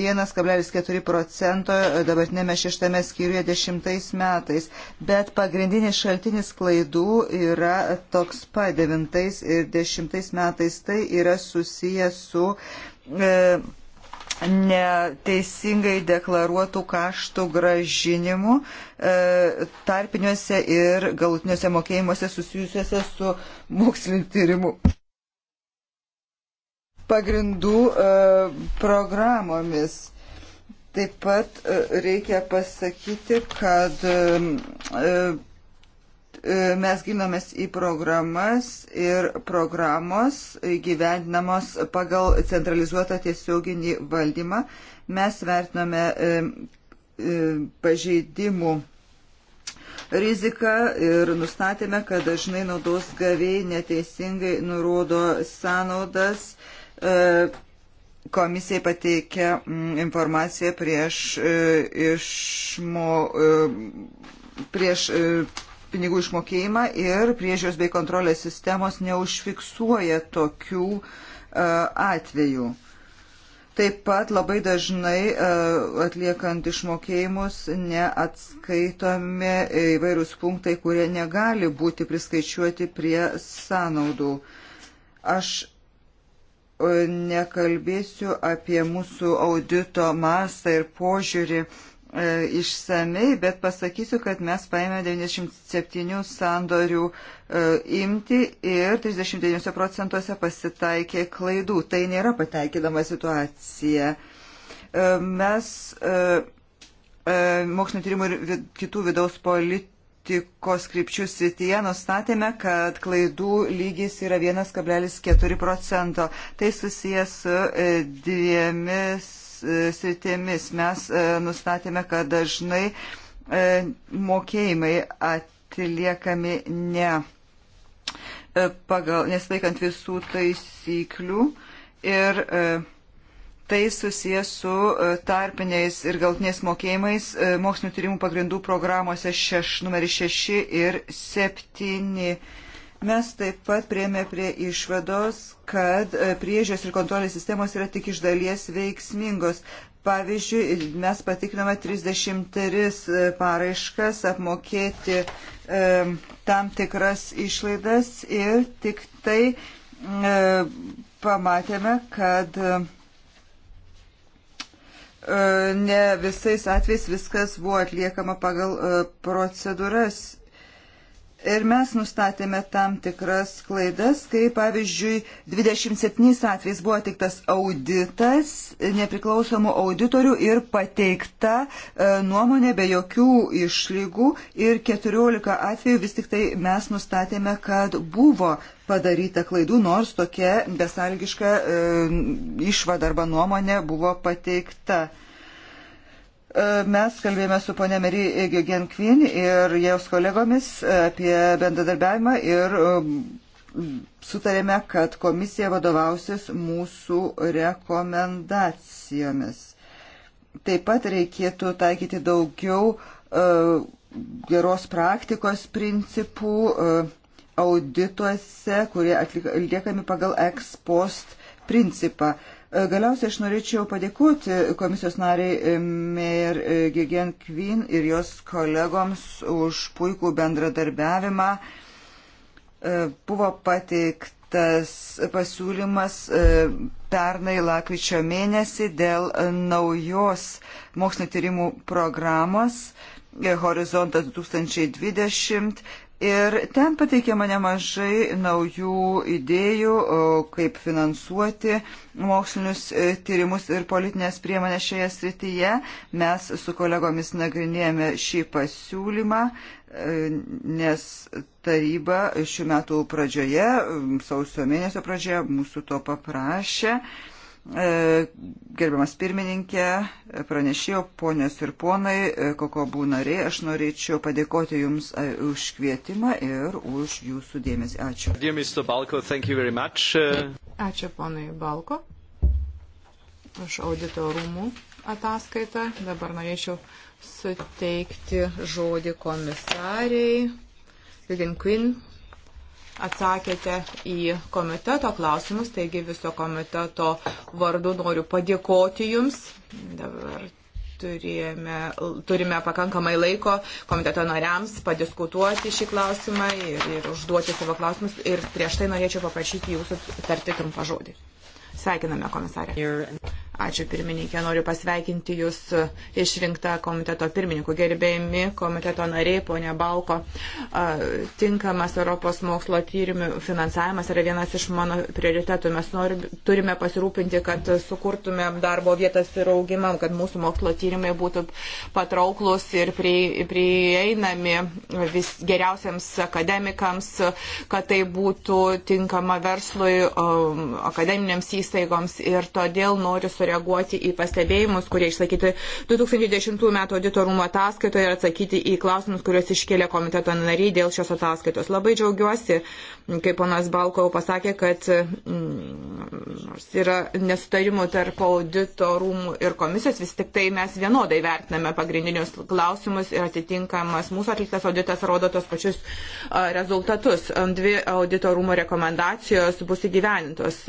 1,4 e, procento dabartinėme šeštame skyriuje 10 metais. Bet pagrindinis šaltinis klaidų yra toks pa 9 ir 10 metais. Tai yra susijęs su. E, neteisingai deklaruotų kaštų gražinimų e, tarpiniuose ir galutiniuose mokėjimuose susijusiuose su mokslinio tyrimu pagrindų e, programomis. Taip pat e, reikia pasakyti, kad E, mes gilinamės į programas ir programos gyvendinamos pagal centralizuotą tiesioginį valdymą. Mes vertiname e, e, pažeidimų riziką ir nustatėme, kad dažnai naudos gavėjai neteisingai nurodo sąnaudas. Komisijai pateikia mm, informaciją prieš išmo prieš pinigų išmokėjimą ir priežiūros bei kontrolės sistemos neužfiksuoja tokių e, atvejų. Taip pat labai dažnai e, atliekant išmokėjimus neatskaitomi įvairūs punktai, kurie negali būti priskaičiuoti prie sąnaudų. Aš e, nekalbėsiu apie mūsų audito mastą ir požiūrį E, išsamei, bet pasakysiu, kad mes paėmė 97 sandorių e, imti ir 39 procentuose pasitaikė klaidų. Tai nėra pateikydama situacija. E, mes mokslinio tyrimų ir kitų vidaus politikų politikos krypčių srityje nustatėme, kad klaidų lygis yra 1,4 procento. Tai susijęs su dviemis E, sritėmis. Mes e, nustatėme, kad dažnai e, mokėjimai atliekami ne pagal, nesilaikant visų taisyklių ir tai susijęs su tarpiniais ir galtiniais mokėjimais mokslinio tyrimų pagrindų programuose šeš, numeris 6 ir 7 Mes taip pat prieėmė prie išvados, kad e, priežios ir kontrolės sistemos yra tik iš dalies veiksmingos. Pavyzdžiui, mes patikriname 33 e, paraiškas apmokėti e, tam tikras išlaidas ir tik tai e, pamatėme, kad e, e ne visais atvejais viskas buvo atliekama pagal e, procedūras Ir mes nustatėme tam tikras klaidas, kai pavyzdžiui 27 atvejais buvo atliktas auditas nepriklausomų auditorių ir pateikta e, nuomonė be jokių išlygų ir 14 atvejų vis tik tai mes nustatėme, kad buvo padaryta klaidų, nors tokia besalgiška e, išvada arba nuomonė buvo pateikta. E, mes kalbėjome su ponė Mary Genkvin ir jos kolegomis apie bendradarbiavimą ir e, sutarėme, kad komisija vadovausis mūsų rekomendacijomis. Taip pat reikėtų taikyti daugiau e, geros praktikos principų audituose, kurie atliekami pagal ex post principą. E, galiausiai aš norėčiau padėkoti komisijos nariai e, Meir e, Gigen Kvin ir jos kolegoms už puikų bendradarbiavimą. Buvo pateiktas pasiūlymas pernai lakryčio mėnesį dėl naujos mokslinio tyrimų programos Horizontas 2020 Ir ten pateikiama nemažai naujų idėjų, kaip finansuoti mokslinius e, tyrimus ir politinės priemonės šioje srityje. Mes su kolegomis nagrinėjame šį pasiūlymą, e, nes taryba šių metų pradžioje, sausio mėnesio pradžioje mūsų to paprašė. E, gerbiamas pirmininkė, pranešėjo ponės ir ponai, kokobų e, nariai, aš norėčiau padėkoti Jums e, už kvietimą ir už Jūsų dėmesį. Ačiū. Balko, Ačiū ponui Balko už audito rūmų ataskaitą. Dabar norėčiau suteikti žodį komisariai Lilin Quinn atsakėte į komiteto klausimus, taigi viso komiteto vardu noriu padėkoti Jums. Dabar turėjome, turime pakankamai laiko komiteto nariams padiskutuoti šį klausimą ir, ir užduoti savo klausimus. Ir prieš tai norėčiau paprašyti Jūsų tarti trumpą žodį. Sveikiname, komisarė. Ačiū pirmininkė, noriu pasveikinti Jūs e, išrinktą komiteto pirmininkų gerbėjimi, komiteto nariai, ponia Balko. E, tinkamas Europos mokslo tyrimų finansavimas yra vienas iš mano prioritetų. Mes norim, turime pasirūpinti, kad sukurtume darbo vietas ir augimą, kad mūsų mokslo tyrimai būtų patrauklus ir prie, prieinami vis geriausiams akademikams, kad tai būtų tinkama verslui, akademiniams įstaigoms. Ir todėl noriu su sureaguoti į pastebėjimus, kurie išsakyti 2010 m. auditorumo ataskaitoje ir atsakyti į klausimus, kuriuos iškėlė komiteto nariai dėl šios ataskaitos. Labai džiaugiuosi, kaip ponas Balko jau pasakė, kad mm, nors yra nesutarimų tarp auditorumų ir komisijos, vis tik tai mes vienodai vertiname pagrindinius klausimus ir atitinkamas mūsų atliktas auditas rodo tos pačius rezultatus. Dvi auditorumo rekomendacijos bus įgyvenintos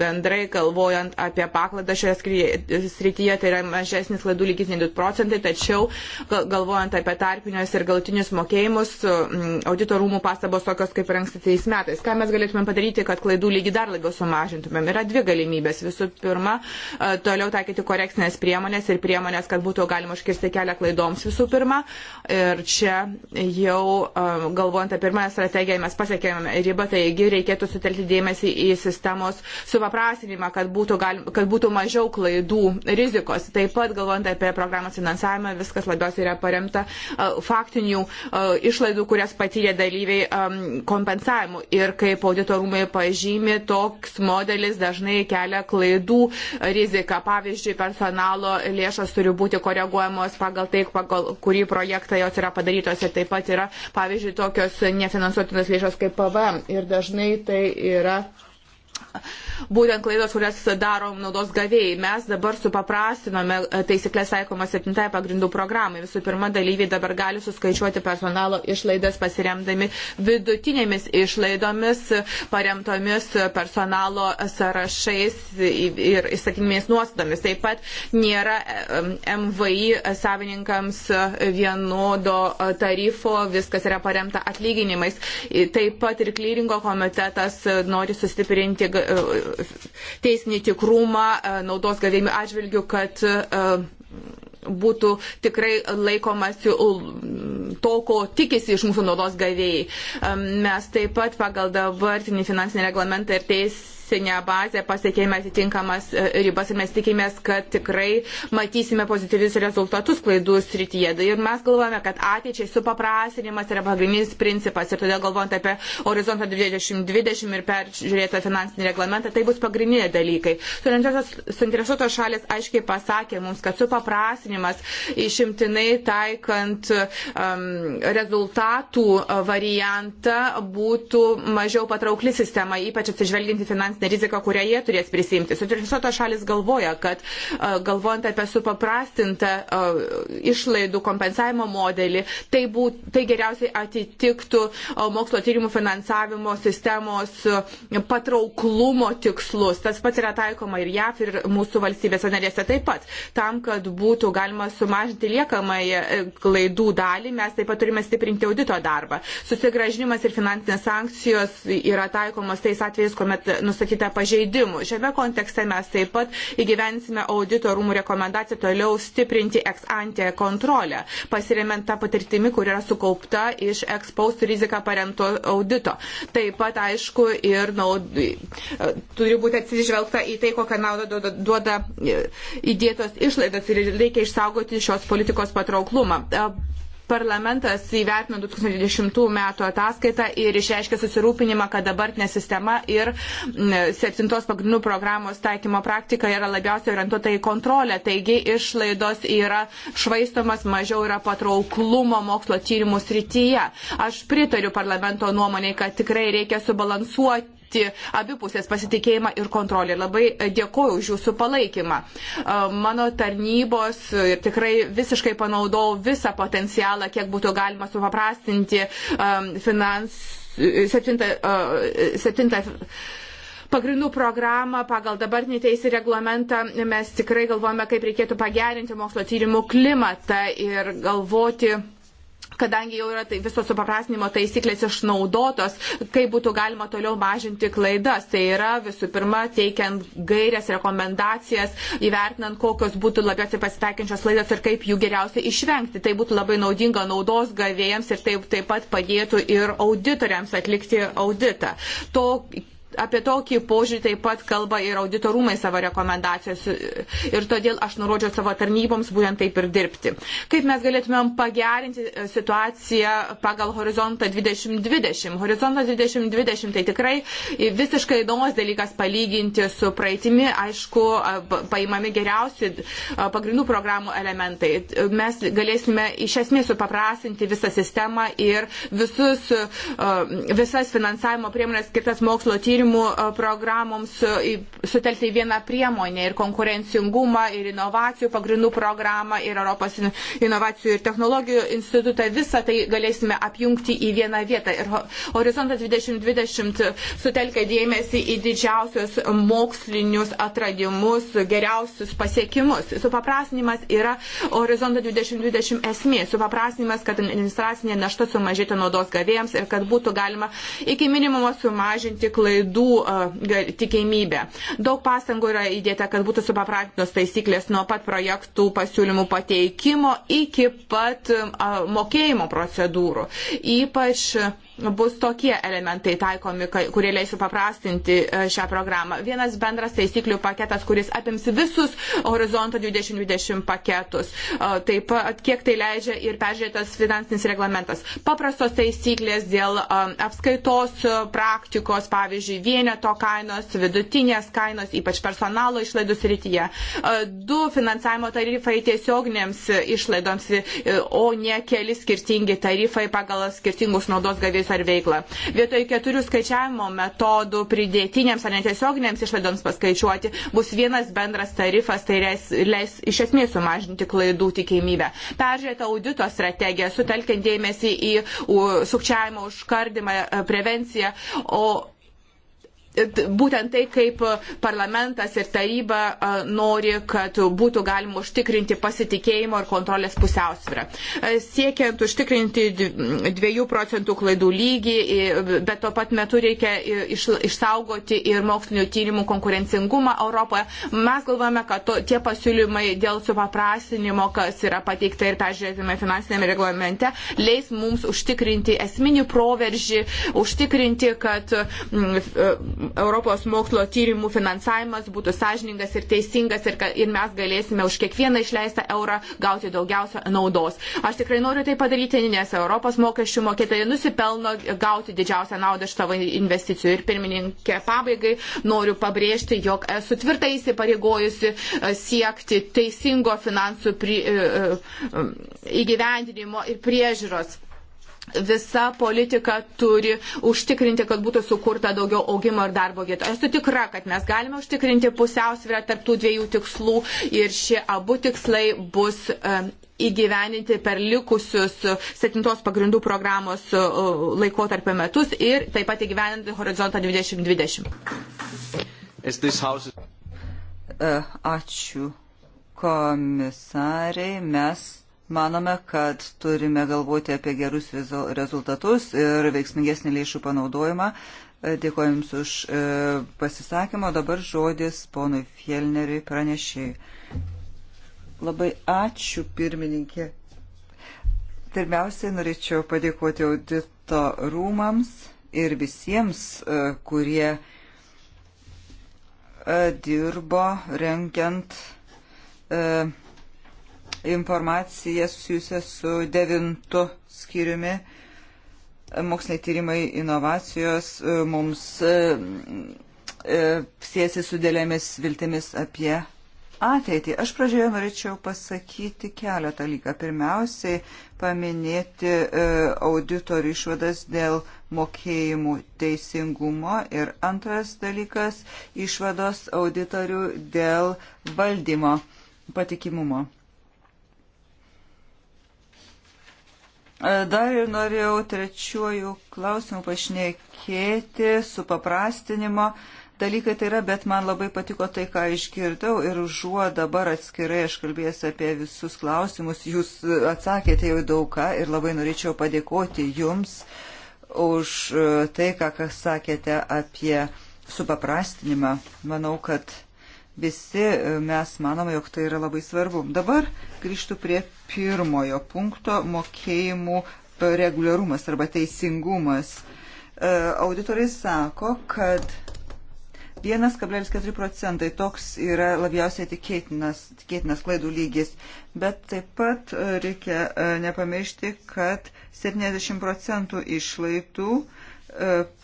bendrai galvojant apie pakladą šioje energetikos srityje tai yra mažesnis klaidų lygis nei 2 procentai, tačiau galvojant apie tarpinius ir galutinius mokėjimus, mm, auditorumų pastabos tokios kaip ir ankstytais metais. Ką mes galėtume padaryti, kad klaidų lygį dar labiau sumažintumėm? Yra dvi galimybės. Visų pirma, e, toliau taikyti korekcinės priemonės ir priemonės, kad būtų galima užkirsti kelią klaidoms visų pirma. Ir čia jau e, galvojant apie pirmąją strategiją mes pasiekėme ribą, taigi reikėtų sutelkti dėmesį į sistemos supaprastinimą, kad būtų, galim, kad būtų mažiau klaidų rizikos. Taip pat, galvojant apie programos finansavimą, viskas labiausiai yra paremta faktinių išlaidų, kurias patyrė dalyviai kompensavimu. Ir kaip auditorumai pažymė, toks modelis dažnai kelia klaidų riziką. Pavyzdžiui, personalo lėšos turi būti koreguojamos pagal tai, pagal kurį projektą jos yra padarytos. Ir taip pat yra, pavyzdžiui, tokios nefinansuotinos lėšos kaip PVM. Ir dažnai tai yra būtent klaidos, kurias darom naudos gavėjai. Mes dabar supaprastinome e, taisyklės taikomą septintąją pagrindų programą. Visų pirma, dalyviai dabar gali suskaičiuoti personalo išlaidas pasiremdami vidutinėmis išlaidomis, paremtomis personalo sąrašais ir įsakymės nuostatomis. Taip pat nėra e, MVI savininkams vienodo tarifo, viskas yra paremta atlyginimais. Taip pat ir klyringo komitetas nori sustiprinti E, teisinį tikrumą e, naudos gavėjimų atžvilgių, kad e, būtų tikrai laikomasi to, ko tikisi iš mūsų naudos gavėjai. Mes taip pat pagal dabartinį finansinį reglamentą ir teisę teisinę bazę, pasiekėme atitinkamas e, ribas ir mes tikimės, kad tikrai matysime pozityvius rezultatus klaidų srityje. Ir mes galvojame, kad ateičiai supaprasinimas yra pagrindinis principas ir todėl galvojant apie horizontą 2020 ir peržiūrėtą finansinį reglamentą, tai bus pagrindiniai dalykai. Suinteresuotos šalis aiškiai pasakė mums, kad supaprasinimas išimtinai taikant um, rezultatų variantą būtų mažiau patraukli sistema, ypač atsižvelginti finansinę ta rizika, kurią jie turės prisimti. Suinteresuotos šalis galvoja, kad e, galvojant apie supaprastintą e, išlaidų kompensavimo modelį, tai, būt, tai geriausiai atitiktų e, mokslo tyrimų finansavimo sistemos patrauklumo tikslus. Tas pats yra taikoma ir JAF, ir mūsų valstybėse narėse taip pat. Tam, kad būtų galima sumažinti liekamąją klaidų dalį, mes taip pat turime stiprinti audito darbą. Susigražinimas ir finansinės sankcijos yra taikomas tais atvejais, kuomet nustatyti nustatyta pažeidimų. Šiame kontekste mes taip pat įgyvensime audito rūmų rekomendaciją toliau stiprinti ex ante kontrolę, pasiremiant tą patirtimį, kur yra sukaupta iš ex post riziką paremto audito. Taip pat, aišku, ir naud... turi būti atsižvelgta į tai, kokią naudą duoda e, įdėtos išlaidos ir reikia išsaugoti šios politikos patrauklumą. E, Parlamentas įvertino 2010 metų ataskaitą ir išreiškė susirūpinimą, kad dabartinė sistema ir septintos pagrindų programos taikymo praktika yra labiausiai orientuota į kontrolę. Taigi išlaidos yra švaistomas, mažiau yra patrauklumo mokslo tyrimų srityje. Aš pritariu parlamento nuomonėje, kad tikrai reikia subalansuoti atkurti abipusės pasitikėjimą ir kontrolę. Labai e, dėkoju už jūsų palaikymą. E, mano tarnybos e, tikrai visiškai panaudau visą potencialą, kiek būtų galima supaprastinti finansų. Septinta, septinta pagrindų programą, pagal dabartinį teisį reglamentą mes tikrai galvojame, kaip reikėtų pagerinti mokslo tyrimų klimatą ir galvoti kadangi jau yra tai visos supaprastinimo taisyklės išnaudotos, kaip būtų galima toliau mažinti klaidas. Tai yra visų pirma teikiant gairias, rekomendacijas, įvertinant, kokios būtų labiausiai pasitaikiančios klaidas ir kaip jų geriausiai išvengti. Tai būtų labai naudinga naudos gavėjams ir taip, taip pat padėtų ir auditoriams atlikti auditą. To apie tokį požiūrį taip pat kalba ir auditorumai savo rekomendacijos ir todėl aš nurodžiau savo tarnyboms būtent taip ir dirbti. Kaip mes galėtumėm pagerinti e, situaciją pagal horizontą 2020? Horizontas 2020 tai tikrai visiškai įdomus dalykas palyginti su praeitimi, aišku, paimami geriausi pagrindų programų elementai. Mes galėsime iš esmės supaprasinti visą sistemą ir visus, visas finansavimo priemonės skirtas mokslo tyrimų tyrimų e, programoms e, sutelkti į vieną priemonę ir konkurencingumą, ir inovacijų pagrindų programą, ir Europos inovacijų ir technologijų institutą. Visą tai galėsime apjungti į vieną vietą. Ir Horizontas 2020 sutelkia dėmesį į didžiausius mokslinius atradimus, geriausius pasiekimus. Supaprasnimas yra Horizonto 2020 esmė. Supaprasnimas, kad administracinė našta sumažėtų naudos gavėjams ir kad būtų galima iki minimumo sumažinti klaidų klaidų tikimybė. Daug pastangų yra įdėta, kad būtų supaprastintos taisyklės nuo pat projektų pasiūlymų pateikimo iki pat mokėjimo procedūrų. Ypač bus tokie elementai taikomi, kurie leisų paprastinti e, šią programą. Vienas bendras taisyklių paketas, kuris apims visus horizonto 2020 paketus. E, taip pat, kiek tai leidžia ir peržiūrėtas finansinis reglamentas. Paprastos taisyklės dėl e, apskaitos praktikos, pavyzdžiui, vieneto kainos, vidutinės kainos, ypač personalo išlaidų srityje. Du finansavimo tarifai tiesioginėms išlaidoms, o ne keli skirtingi tarifai pagal skirtingus naudos gavėjus atvejus ar veiklą. Vietoj keturių skaičiavimo metodų pridėtinėms ar netiesioginėms išlaidoms paskaičiuoti bus vienas bendras tarifas, tai leis, leis iš esmės sumažinti klaidų tikimybę. Peržiūrėta audito strategija, sutelkiant dėmesį į sukčiavimo užkardimą, e, prevenciją, o būtent tai, kaip parlamentas ir taryba nori, kad būtų galima užtikrinti pasitikėjimo ir kontrolės pusiausvyrą. Siekiant užtikrinti 2 procentų klaidų lygį, bet tuo pat metu reikia išsaugoti ir mokslinio tyrimų konkurencingumą Europoje, mes galvojame, kad to, tie pasiūlymai dėl supaprastinimo, kas yra pateikta ir peržiūrėtame finansinėme reglamente, leis mums užtikrinti esminį proveržį, užtikrinti, kad Europos mokslo tyrimų finansavimas būtų sąžiningas ir teisingas ir, ir mes galėsime už kiekvieną išleistą eurą gauti daugiausia naudos. Aš tikrai noriu tai padaryti, nes Europos mokesčių mokėtojai nusipelno gauti didžiausią naudą iš savo investicijų. Ir pirmininkė, pabaigai noriu pabrėžti, jog esu tvirtai įsipareigojusi e, siekti teisingo finansų pri, e, e, įgyvendinimo ir priežiūros visa politika turi užtikrinti, kad būtų sukurta daugiau augimo ir darbo vietų. Esu tikra, kad mes galime užtikrinti pusiausvyrą tarptų dviejų tikslų ir šie abu tikslai bus įgyveninti per likusius septintos pagrindų programos laikotarpio metus ir taip pat įgyveninti horizontą 2020. E, ačiū komisariai, mes Manome, kad turime galvoti apie gerus rezultatus ir veiksmingesnį lėšų panaudojimą. E, Dėkuoju Jums už e, pasisakymą. Dabar žodis ponui Fielneriui pranešiai. Labai ačiū, pirmininkė. Pirmiausiai norėčiau padėkoti audito rūmams ir visiems, e, kurie dirbo renkiant informacija susijusia su devintu skyriumi. Moksliniai tyrimai, inovacijos e, mums e, e, siesi su dėlėmis viltimis apie ateitį. Aš pradžioje norėčiau pasakyti keletą lygą. Pirmiausiai paminėti auditorių išvadas dėl mokėjimų teisingumo ir antras dalykas išvados auditorių dėl valdymo patikimumo. Dar ir norėjau trečiuoju klausimu pašnekėti su paprastinimo dalykai tai yra, bet man labai patiko tai, ką išgirdau ir užuo dabar atskirai aš kalbėjęs apie visus klausimus, jūs atsakėte jau daug ką ir labai norėčiau padėkoti jums už tai, ką, ką sakėte apie supaprastinimą. Manau, kad visi mes manome, jog tai yra labai svarbu. Dabar grįžtų prie pirmojo punkto mokėjimų reguliarumas arba teisingumas. E, auditoriai sako, kad 1,4 procentai toks yra labiausiai tikėtinas, tikėtinas klaidų lygis, bet taip pat e, reikia e, nepamiršti, kad 70 procentų išlaidų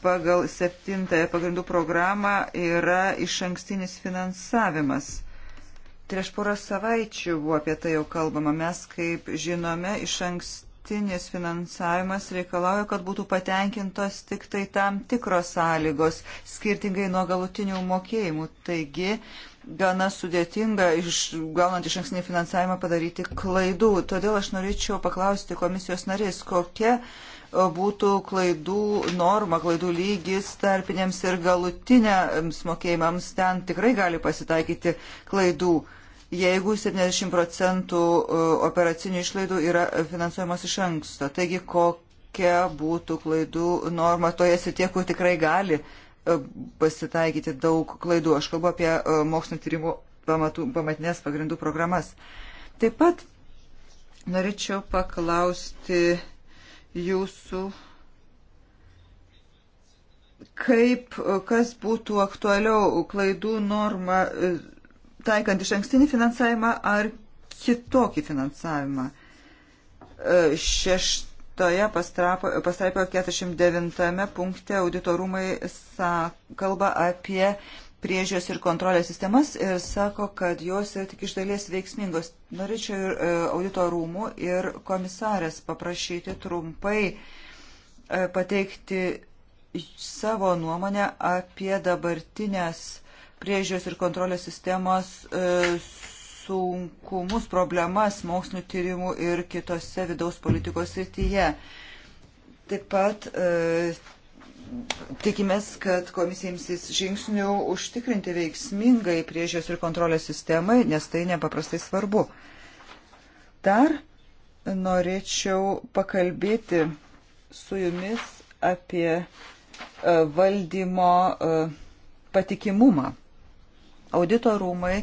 pagal septintąją pagrindų programą yra iš ankstinis finansavimas. Prieš porą savaičių buvo apie tai jau kalbama. Mes, kaip žinome, iš ankstinis finansavimas reikalauja, kad būtų patenkintos tik tai tam tikros sąlygos, skirtingai nuo galutinių mokėjimų. Taigi, gana sudėtinga, iš, gaunant iš ankstinį finansavimą, padaryti klaidų. Todėl aš norėčiau paklausti komisijos narės, kokia būtų klaidų norma, klaidų lygis tarpinėms ir galutiniams mokėjimams. Ten tikrai gali pasitaikyti klaidų. Uh, jeigu 70 procentų e, operacinių išlaidų yra finansuojamos iš anksto. Taigi, kokia būtų klaidų norma toje srityje, kur tikrai gali e, pasitaikyti daug klaidų. Aš kalbu apie e, mokslinio tyrimų pamatų, pamatinės pagrindų programas. Taip pat norėčiau paklausti jūsų kaip, kas būtų aktualiau, klaidų norma taikant iš ankstinį finansavimą ar kitokį finansavimą. E, šeštoje pastraipoje 49 punkte auditorumai sa, kalba apie priežios ir kontrolės sistemas ir sako, kad jos yra tik iš dalies veiksmingos. Norėčiau ir e, auditorumų ir komisarės paprašyti trumpai e, pateikti savo nuomonę apie dabartinės priežiūros ir kontrolės sistemos e, sunkumus, problemas mokslinio tyrimų ir kitose vidaus politikos srityje. Taip pat e, tikimės, kad komisija imsis žingsnių užtikrinti veiksmingai priežiūros ir kontrolės sistemai, nes tai nepaprastai svarbu. Dar norėčiau pakalbėti su jumis apie e, valdymo e, patikimumą. Audito rūmai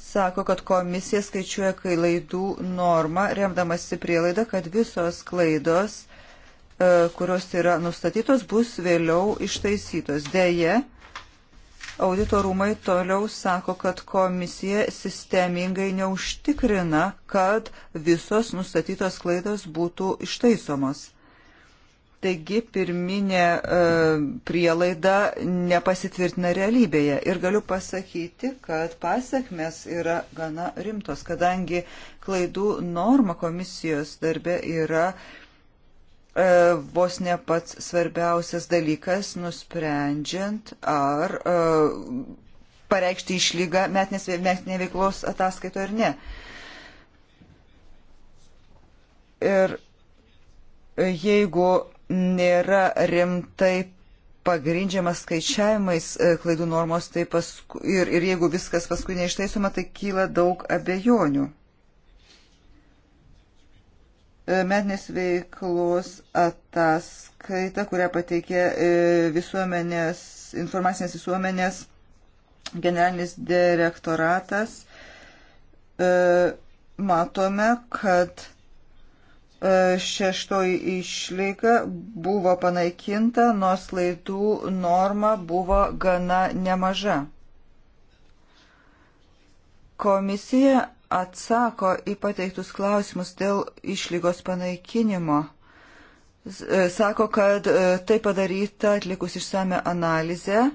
sako, kad komisija skaičiuoja klaidų normą, remdamasi prielaida, kad visos klaidos, e, kurios yra nustatytos, bus vėliau ištaisytos. Deja, audito rūmai toliau sako, kad komisija sistemingai neužtikrina, kad visos nustatytos klaidos būtų ištaisomos. Taigi pirminė e, prielaida nepasitvirtina realybėje. Ir galiu pasakyti, kad pasiekmes yra gana rimtos, kadangi klaidų norma komisijos darbe yra e, vos ne pats svarbiausias dalykas, nusprendžiant ar e, pareikšti išlygą metinės, metinė veiklos ataskaito ar ne. Ir jeigu nėra rimtai pagrindžiamas skaičiavimais e, klaidų normos, tai paskui, ir, ir jeigu viskas paskui neištaisoma, tai kyla daug abejonių. E, metinės veiklos ataskaita, kurią pateikė e, visuomenės, informacinės visuomenės generalinis direktoratas, matome, kad E, šeštoji išlyga buvo panaikinta, nors laidų norma buvo gana nemaža. Komisija atsako į pateiktus klausimus dėl išlygos panaikinimo. E, sako, kad e, tai padaryta atlikus išsame analizę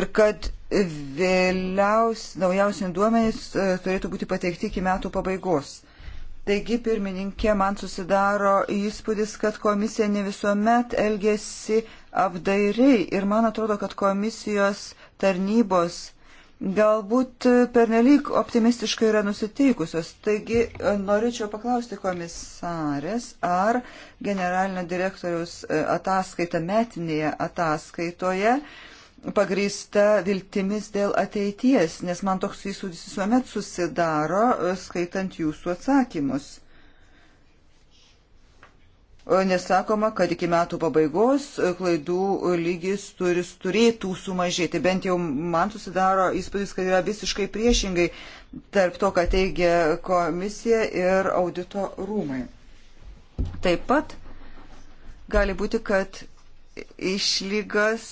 ir kad vėliaus, naujausiai duomenys turėtų būti pateikti iki metų pabaigos. Taigi, pirmininkė, man susidaro įspūdis, kad komisija ne visuomet elgesi apdairiai ir man atrodo, kad komisijos tarnybos galbūt pernelyg optimistiškai yra nusiteikusios. Taigi norėčiau paklausti komisarės, ar generalinio direktoriaus e, ataskaita metinėje ataskaitoje uh, pagrįsta viltimis dėl ateities, nes man toks įsūdis visuomet susidaro, e, skaitant jūsų atsakymus. E, Nesakoma, kad iki metų pabaigos e, klaidų lygis turis turėtų sumažėti. Bent jau man susidaro įspūdis, kad yra visiškai priešingai tarp to, ką teigia komisija ir audito rūmai. Taip pat gali būti, kad išlygas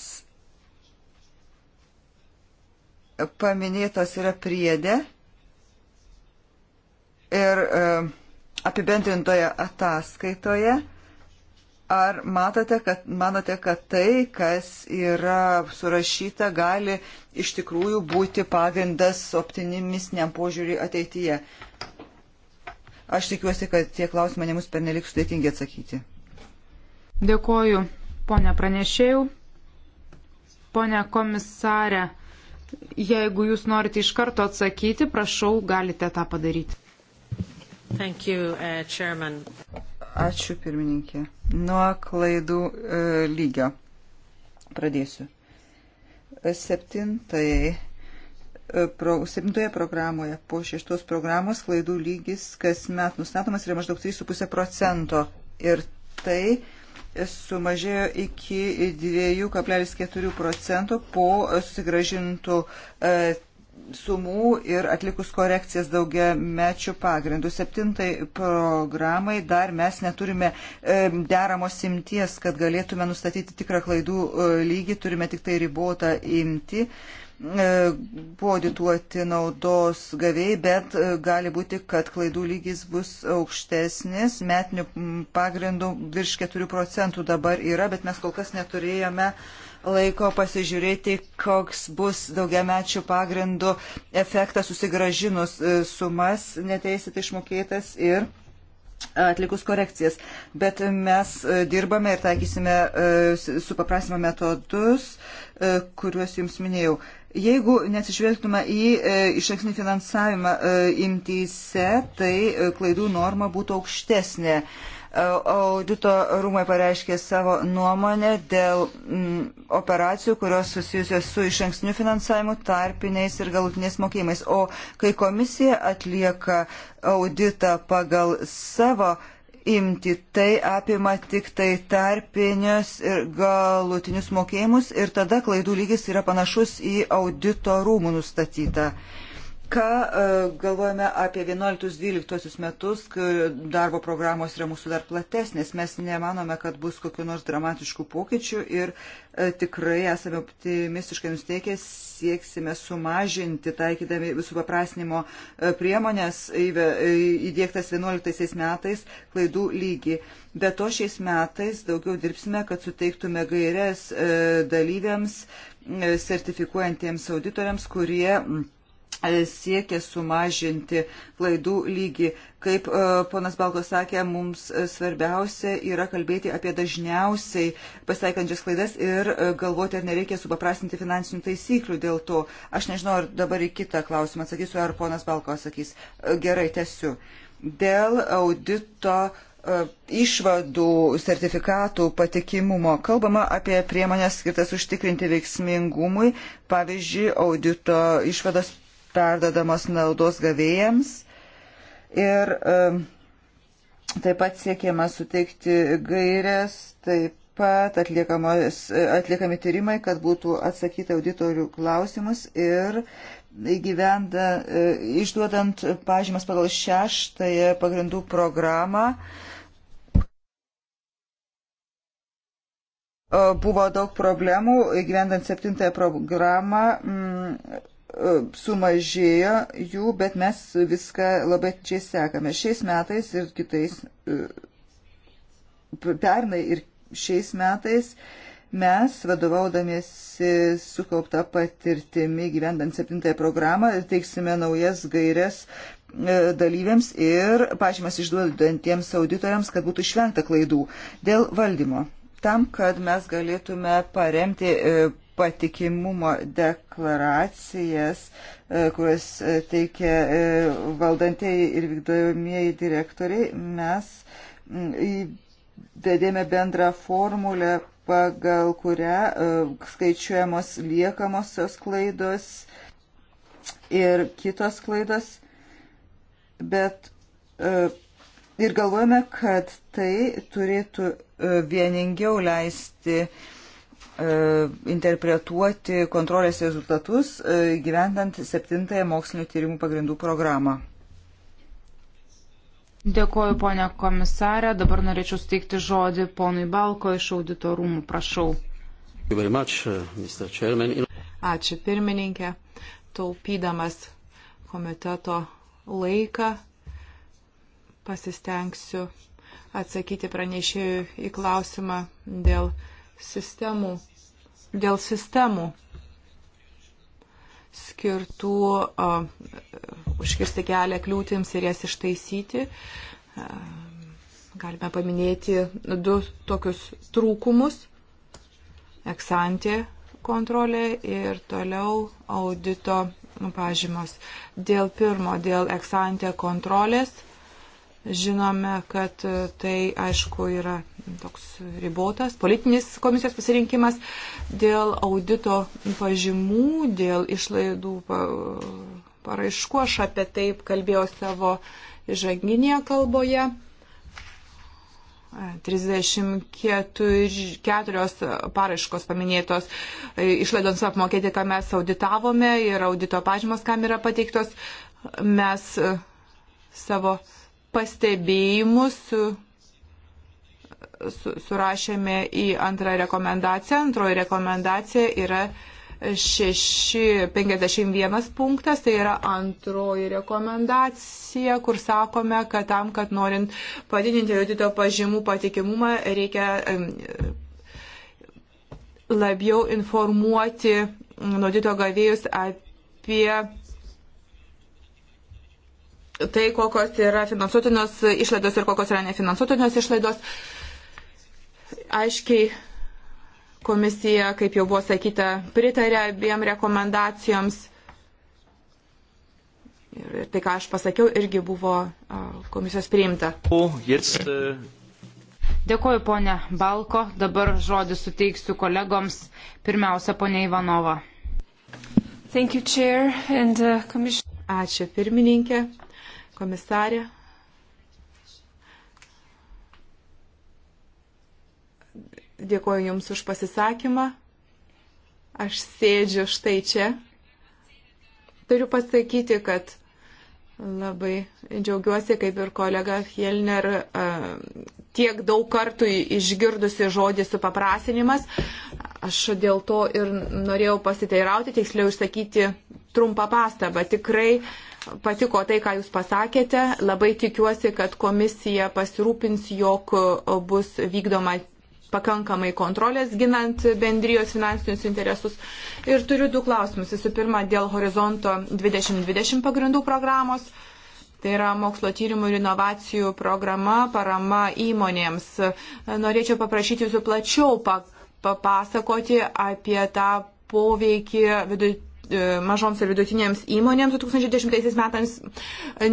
paminėtos yra priedė ir e, apibendrintoje ataskaitoje. Ar matote, kad, manote, kad tai, kas yra surašyta, gali iš tikrųjų būti pagrindas optimistiniam požiūriui ateityje? Aš tikiuosi, kad tie klausimai nemus pernelik sudėtingi atsakyti. Dėkoju, ponia pranešėjau. Ponia komisarė. Jeigu jūs norite iš karto atsakyti, prašau, galite tą padaryti. Thank you, uh, chairman. Ačiū pirmininkė. Nuo klaidų e, lygio pradėsiu. Septintai, e, pro, septintoje programoje po šeštos programos klaidų lygis kasmet nustatomas yra maždaug 3,5 procento. Ir tai sumažėjo iki 2,4 procentų po susigražintų e, sumų ir atlikus korekcijas daugia mečių pagrindų. Septintai programai dar mes neturime e, deramos imties, kad galėtume nustatyti tikrą klaidų e, lygį, turime tik tai ribotą imti. E, buvo dituoti naudos gavėjai, bet e, gali būti, kad klaidų lygis bus aukštesnis, metinių pagrindų virš 4 procentų dabar yra, bet mes kol kas neturėjome laiko pasižiūrėti, koks bus daugiamečių pagrindų efektas susigražinus e, sumas neteisėtai išmokėtas ir atlikus korekcijas. Bet mes dirbame ir taikysime su paprasimo metodus, kuriuos jums minėjau. Jeigu nesižvelgtume į e, iš ankstinį finansavimą e, imtyse, tai e, klaidų norma būtų aukštesnė. E, audito rūmai pareiškė savo nuomonę dėl m, operacijų, kurios susijusios su iš ankstiniu finansavimu, tarpiniais ir galutiniais mokėjimais. O kai komisija atlieka auditą pagal savo e, imti. Tai apima tik tai tarpinius ir galutinius mokėjimus ir tada klaidų lygis yra panašus į audito rūmų nustatytą Ką e, galvojame apie 11-12 metus, kai darbo programos yra mūsų dar platesnės, mes nemanome, kad bus kokiu nors dramatiškų pokyčių ir e, tikrai esame optimistiškai nusteikę, sieksime sumažinti, taikydami visų paprasnimo e, priemonės įdėktas 11 metais klaidų lygį. Be to šiais metais daugiau dirbsime, kad suteiktume gairias dalyviams, sertifikuojantiems auditoriams, kurie siekia sumažinti klaidų lygį. Kaip e, ponas Balko sakė, mums svarbiausia yra kalbėti apie dažniausiai pasitaikančias klaidas ir e, galvoti, ar nereikia supaprastinti finansinių taisyklių dėl to. Aš nežinau, ar dabar į kitą klausimą atsakysiu, ar ponas Balko sakys. E, gerai, tesiu. Dėl audito išvadų sertifikatų patikimumo. Kalbama apie priemonės skirtas užtikrinti veiksmingumui, pavyzdžiui, audito išvadas perdodamos naudos gavėjams ir taip pat siekiama suteikti gairias, taip pat e, atliekami tyrimai, kad būtų atsakyta auditorių klausimus ir įgyvenda, e, išduodant pažymas pagal šeštąją pagrindų programą. E, buvo daug problemų, gyvendant septintąją programą, E, sumažėjo jų, bet mes viską labai čia sekame. Šiais metais ir kitais, e, pernai ir šiais metais mes, vadovaudamiesi sukaupta patirtimi gyvendant septintąją programą, teiksime naujas gairias e, dalyviams ir pažymas išduodantiems auditoriams, kad būtų išvengta klaidų dėl valdymo. Tam, kad mes galėtume paremti patikimumo deklaracijas, e, kurias e, teikia e, valdantieji ir vykdomieji direktoriai, mes įdėdėme bendrą formulę, pagal kurią skaičiuojamos liekamosios klaidos ir kitos klaidos, bet ir galvojame, kad tai turėtų vieningiau leisti uh, E, interpretuoti kontrolės rezultatus e, gyvendant septintąją mokslinio tyrimų pagrindų programą. Dėkoju, ponia komisarė. Dabar norėčiau steikti žodį ponui Balko iš audito rūmų. Prašau. Uh, Ačiū, pirmininkė. Taupydamas komiteto laiką pasistengsiu atsakyti pranešėjų į klausimą dėl sistemų, dėl sistemų skirtų uh, užkirsti kelią kliūtims ir jas ištaisyti. Uh, galime paminėti du tokius trūkumus - eksantė kontrolė ir toliau audito pažymos. Dėl pirmo, dėl eksantė kontrolės Žinome, kad e, tai, aišku, yra toks ribotas politinis komisijos pasirinkimas dėl audito pažymų, dėl išlaidų paraiškų. Aš apie tai kalbėjau savo žanginėje kalboje. 34 e, paraiškos paminėtos e, išlaidoms apmokėti, ką mes auditavome ir audito pažymos, kam yra pateiktos. Mes savo pastebėjimus surašėme į antrą rekomendaciją. Antroji rekomendacija yra 651 punktas, tai yra antroji rekomendacija, kur sakome, kad tam, kad norint padidinti audito pažymų patikimumą, reikia labiau informuoti audito gavėjus apie tai, kokios yra finansuotinos išlaidos ir kokios yra nefinansuotinos išlaidos. Aiškiai, komisija, kaip jau buvo sakyta, pritarė abiem rekomendacijoms. Ir tai, ką aš pasakiau, irgi buvo komisijos priimta. O, jis, uh... E- Dėkuoju, ponė Balko. Dabar žodį suteiksiu kolegoms. Pirmiausia, ponė Ivanova. You, chair, and, uh, Ačiū, pirmininkė komisarė. Dėkuoju Jums už pasisakymą. Aš sėdžiu štai čia. Turiu pasakyti, kad labai džiaugiuosi, kaip ir kolega Helner, tiek daug kartų išgirdusi žodį supaprasinimas. Aš dėl to ir norėjau pasiteirauti, tiksliau išsakyti trumpą pastabą. Tikrai patiko tai, ką Jūs pasakėte. Labai tikiuosi, kad komisija pasirūpins, jog bus vykdoma pakankamai kontrolės ginant bendrijos finansinius interesus. Ir turiu du klausimus. Visų pirma, dėl horizonto 2020 pagrindų programos. Tai yra mokslo tyrimų ir inovacijų programa parama įmonėms. Norėčiau paprašyti jūsų plačiau papasakoti apie tą poveikį vidutinį E, mažoms ir vidutinėms įmonėms 2010 metams,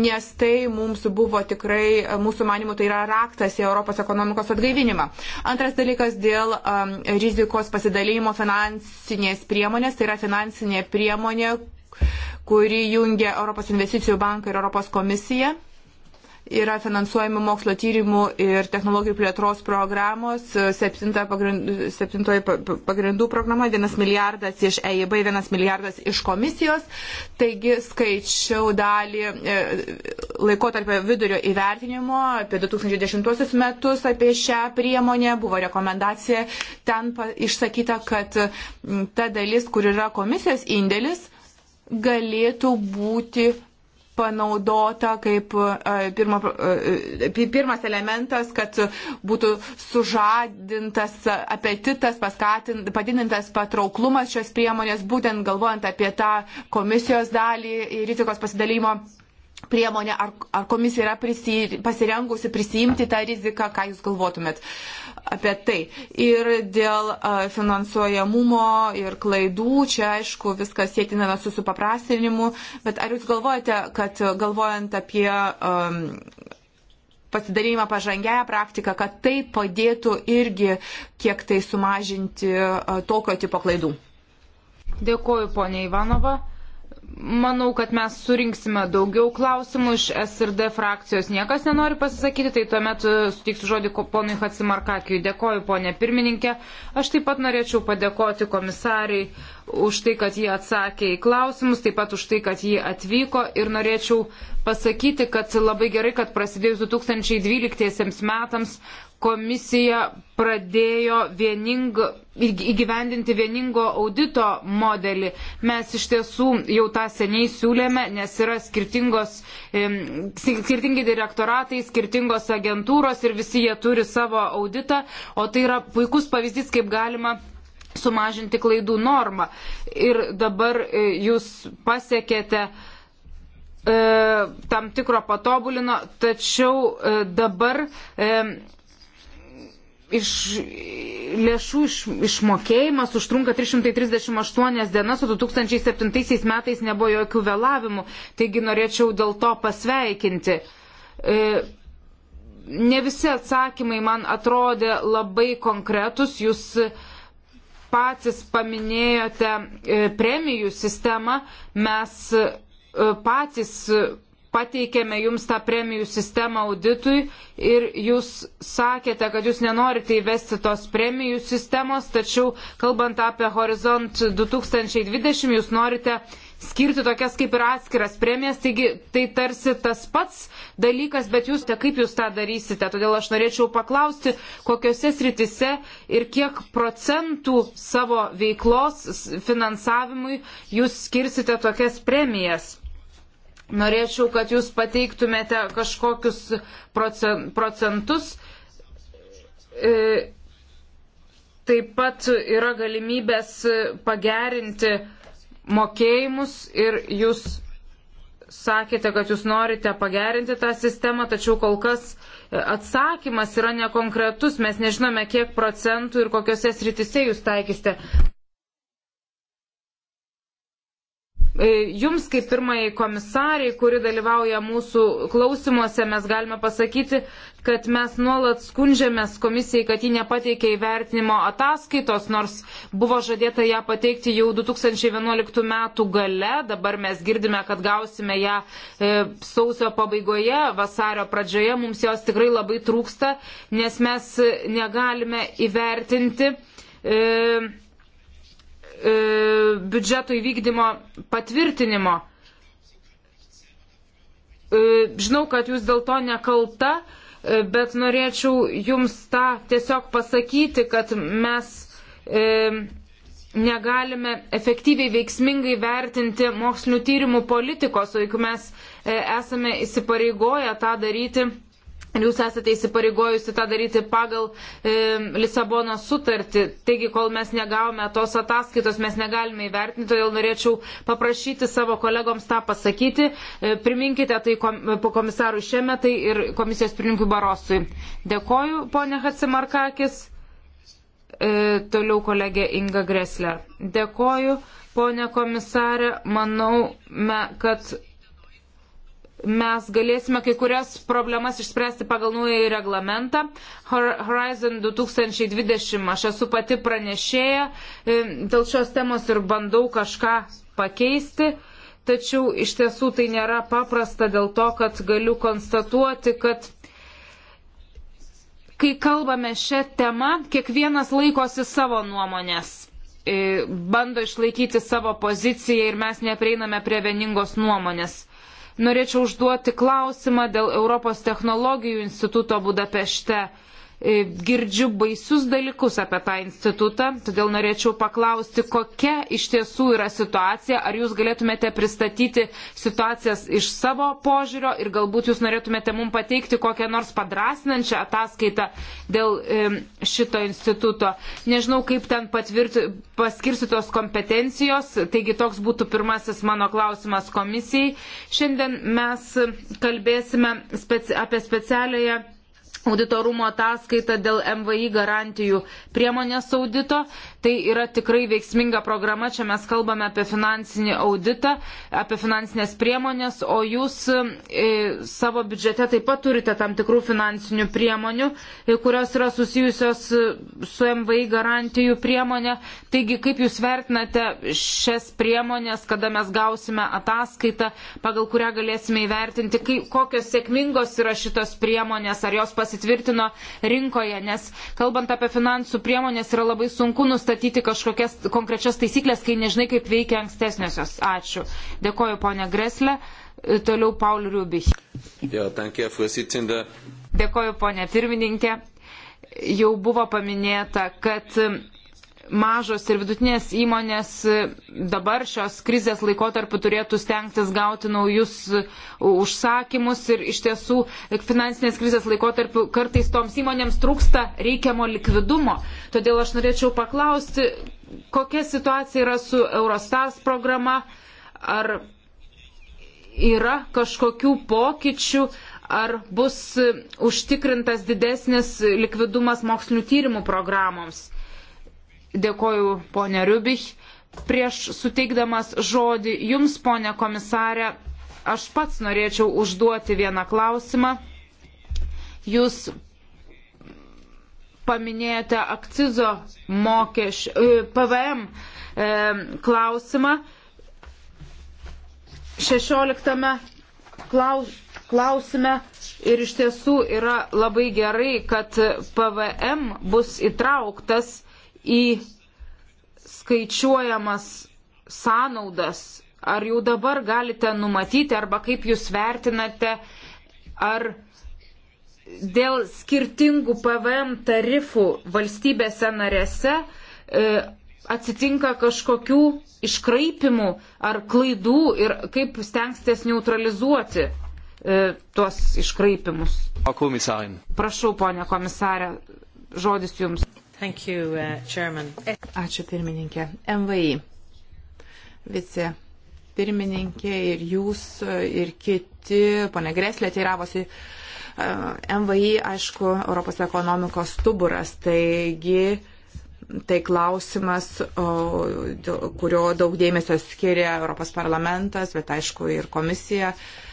nes tai mums buvo tikrai, e, mūsų manimų, tai yra raktas į Europos ekonomikos atgaivinimą. Antras dalykas dėl um, rizikos pasidalymo finansinės priemonės, tai yra finansinė priemonė, kuri jungia Europos investicijų banką ir Europos komisiją yra finansuojami mokslo tyrimų ir technologijų plėtros programos, e, septintoji pagrindų, septintoji pagrindų programa, vienas milijardas iš EIB, vienas milijardas iš komisijos. Taigi skaičiau dalį e, laikotarpio vidurio įvertinimo apie 2010 metus apie šią priemonę. Buvo rekomendacija ten išsakyta, kad ta dalis, kur yra komisijos indėlis, galėtų būti panaudota kaip e, pirma, e, pirmas elementas, kad būtų sužadintas apetitas, padidintas patrauklumas šios priemonės, būtent galvojant apie tą komisijos dalį rizikos pasidalymo priemonė, ar, ar komisija yra prisi, pasirengusi prisijimti tą riziką, ką jūs galvotumėt apie tai. Ir dėl finansuojamumo ir klaidų, čia aišku, viskas sėtiname su supaprastinimu, bet ar jūs galvojate, kad galvojant apie um, pasidarymą pažangiają praktiką, kad tai padėtų irgi kiek tai sumažinti uh, tokio tipo klaidų? Dėkuoju, ponia Ivanova. Manau, kad mes surinksime daugiau klausimų iš SRD frakcijos. Niekas nenori pasisakyti, tai tuomet e, sutiksiu žodį ponui Hatsimarkakiui. Dėkoju, ponė pirmininkė. Aš taip pat norėčiau padėkoti komisariai už tai, kad jie atsakė į klausimus, taip pat už tai, kad jie atvyko ir norėčiau pasakyti, kad labai gerai, kad prasidėjus 2012 metams komisija pradėjo vieningą įgyvendinti vieningo audito modelį. Mes iš tiesų jau tą seniai siūlėme, nes yra skirtingos, skirtingi direktoratai, skirtingos agentūros ir visi jie turi savo auditą, o tai yra puikus pavyzdys, kaip galima sumažinti klaidų normą. Ir dabar e, jūs pasiekėte e, tam tikro patobulino, tačiau e, dabar iš lėšų iš, išmokėjimas užtrunka 338 dienas, o 2007 metais nebuvo jokių vėlavimų. Taigi norėčiau dėl to pasveikinti. E, ne visi atsakymai man atrodė labai konkretus. Jūs patys paminėjote e, premijų sistemą. Mes e, patys pateikėme jums tą premijų sistemą auditui ir jūs sakėte, kad jūs nenorite įvesti tos premijų sistemos, tačiau kalbant apie Horizont 2020, jūs norite skirti tokias kaip ir atskiras premijas, taigi tai tarsi tas pats dalykas, bet jūs, te, kaip jūs tą darysite, todėl aš norėčiau paklausti, kokiuose sritise ir kiek procentų savo veiklos finansavimui jūs skirsite tokias premijas. Norėčiau, kad jūs pateiktumėte kažkokius procentus. E, taip pat yra galimybės pagerinti mokėjimus ir jūs sakėte, kad jūs norite pagerinti tą sistemą, tačiau kol kas atsakymas yra nekonkretus, mes nežinome, kiek procentų ir kokiuose sritise jūs taikysite E, jums, kaip pirmai komisariai, kuri dalyvauja mūsų klausimuose, mes galime pasakyti, kad mes nuolat skundžiamės komisijai, kad ji nepateikė įvertinimo ataskaitos, nors buvo žadėta ją pateikti jau 2011 metų gale, dabar mes girdime, kad gausime ją e, sausio pabaigoje, vasario pradžioje, mums jos tikrai labai trūksta, nes mes negalime įvertinti. E, E, biudžeto įvykdymo patvirtinimo. E, žinau, kad jūs dėl to nekalta, e, bet norėčiau jums tą tiesiog pasakyti, kad mes negalime efektyviai veiksmingai vertinti mokslinių tyrimų politikos, o jeigu mes esame įsipareigoję tą daryti, Jūs esate įsipareigojusi tą daryti pagal e, Lisabono sutartį. Taigi, kol mes negavome tos ataskaitos, mes negalime įvertinti, todėl norėčiau paprašyti savo kolegoms tą pasakyti. E, priminkite tai kom, komisarui Šemetai ir komisijos pirmininkui Barosui. Dėkoju, ponė Hatsimarkakis. E, toliau kolegė Inga Gresler. Dėkoju, ponė komisarė. Manau, me, kad mes galėsime kai kurias problemas išspręsti pagal naująjį reglamentą. Horizon 2020, aš esu pati pranešėja e, dėl šios temos ir bandau kažką pakeisti. Tačiau iš tiesų tai nėra paprasta dėl to, kad galiu konstatuoti, kad kai kalbame šią temą, kiekvienas laikosi savo nuomonės, e, bando išlaikyti savo poziciją ir mes neprieiname prie vieningos nuomonės norėčiau užduoti klausimą dėl Europos technologijų instituto Budapešte. E, girdžiu baisius dalykus apie tą institutą, todėl norėčiau paklausti, kokia iš tiesų yra situacija, ar jūs galėtumėte pristatyti situacijas iš savo požiūrio ir galbūt jūs norėtumėte mums pateikti kokią nors padrasinančią ataskaitą dėl e, šito instituto. Nežinau, kaip ten patvirti, paskirsitos kompetencijos, taigi toks būtų pirmasis mano klausimas komisijai. Šiandien mes kalbėsime speci apie specialiąją auditorumo ataskaita dėl MVI garantijų priemonės audito Tai yra tikrai veiksminga programa, čia mes kalbame apie finansinį auditą, apie finansinės priemonės, o jūs e, savo biudžete taip pat turite tam tikrų finansinių priemonių, e, kurios yra susijusios e, su MVI garantijų priemonė. Taigi, kaip jūs vertinate šias priemonės, kada mes gausime ataskaitą, pagal kurią galėsime įvertinti, kaip, kokios sėkmingos yra šitos priemonės, ar jos pasitvirtino rinkoje, nes kalbant apie finansų priemonės yra labai sunku nustatyti nustatyti kažkokias konkrečias taisyklės, kai nežinai, kaip veikia ankstesniosios. Ačiū. Dėkoju, ponė Greslė. E, toliau Paul Rubich. Ja, danke, Dėkoju, ponė pirmininkė. Jau buvo paminėta, kad mažos ir vidutinės įmonės dabar šios krizės laikotarpiu turėtų stengtis gauti naujus e, užsakymus ir iš tiesų finansinės krizės laikotarpiu kartais toms įmonėms trūksta reikiamo likvidumo. Todėl aš norėčiau paklausti, kokia situacija yra su Eurostars programa, ar yra kažkokių pokyčių, ar bus užtikrintas didesnis likvidumas mokslinių tyrimų programoms. Dėkoju, ponė Rubich. Prieš suteikdamas žodį jums, ponė komisarė, aš pats norėčiau užduoti vieną klausimą. Jūs paminėjote akcizo mokesčio, e, PVM e, klausimą. 16 klaus, klausime ir iš tiesų yra labai gerai, kad PVM bus įtrauktas į skaičiuojamas sąnaudas, ar jau dabar galite numatyti, arba kaip jūs vertinate, ar dėl skirtingų PVM tarifų valstybėse narėse e, atsitinka kažkokių iškraipimų ar klaidų ir kaip stengsitės neutralizuoti e, tuos iškraipimus. Prašau, ponė komisarė, žodis jums. Thank you, uh, Chairman. Ačiū pirmininkė. MVI. Vice pirmininkė ir jūs ir kiti, ponė Greslė, teiravosi. Uh, MVI, aišku, Europos ekonomikos stuburas, taigi tai klausimas, kurio daug dėmesio skiria Europos parlamentas, bet aišku ir komisija. Uh,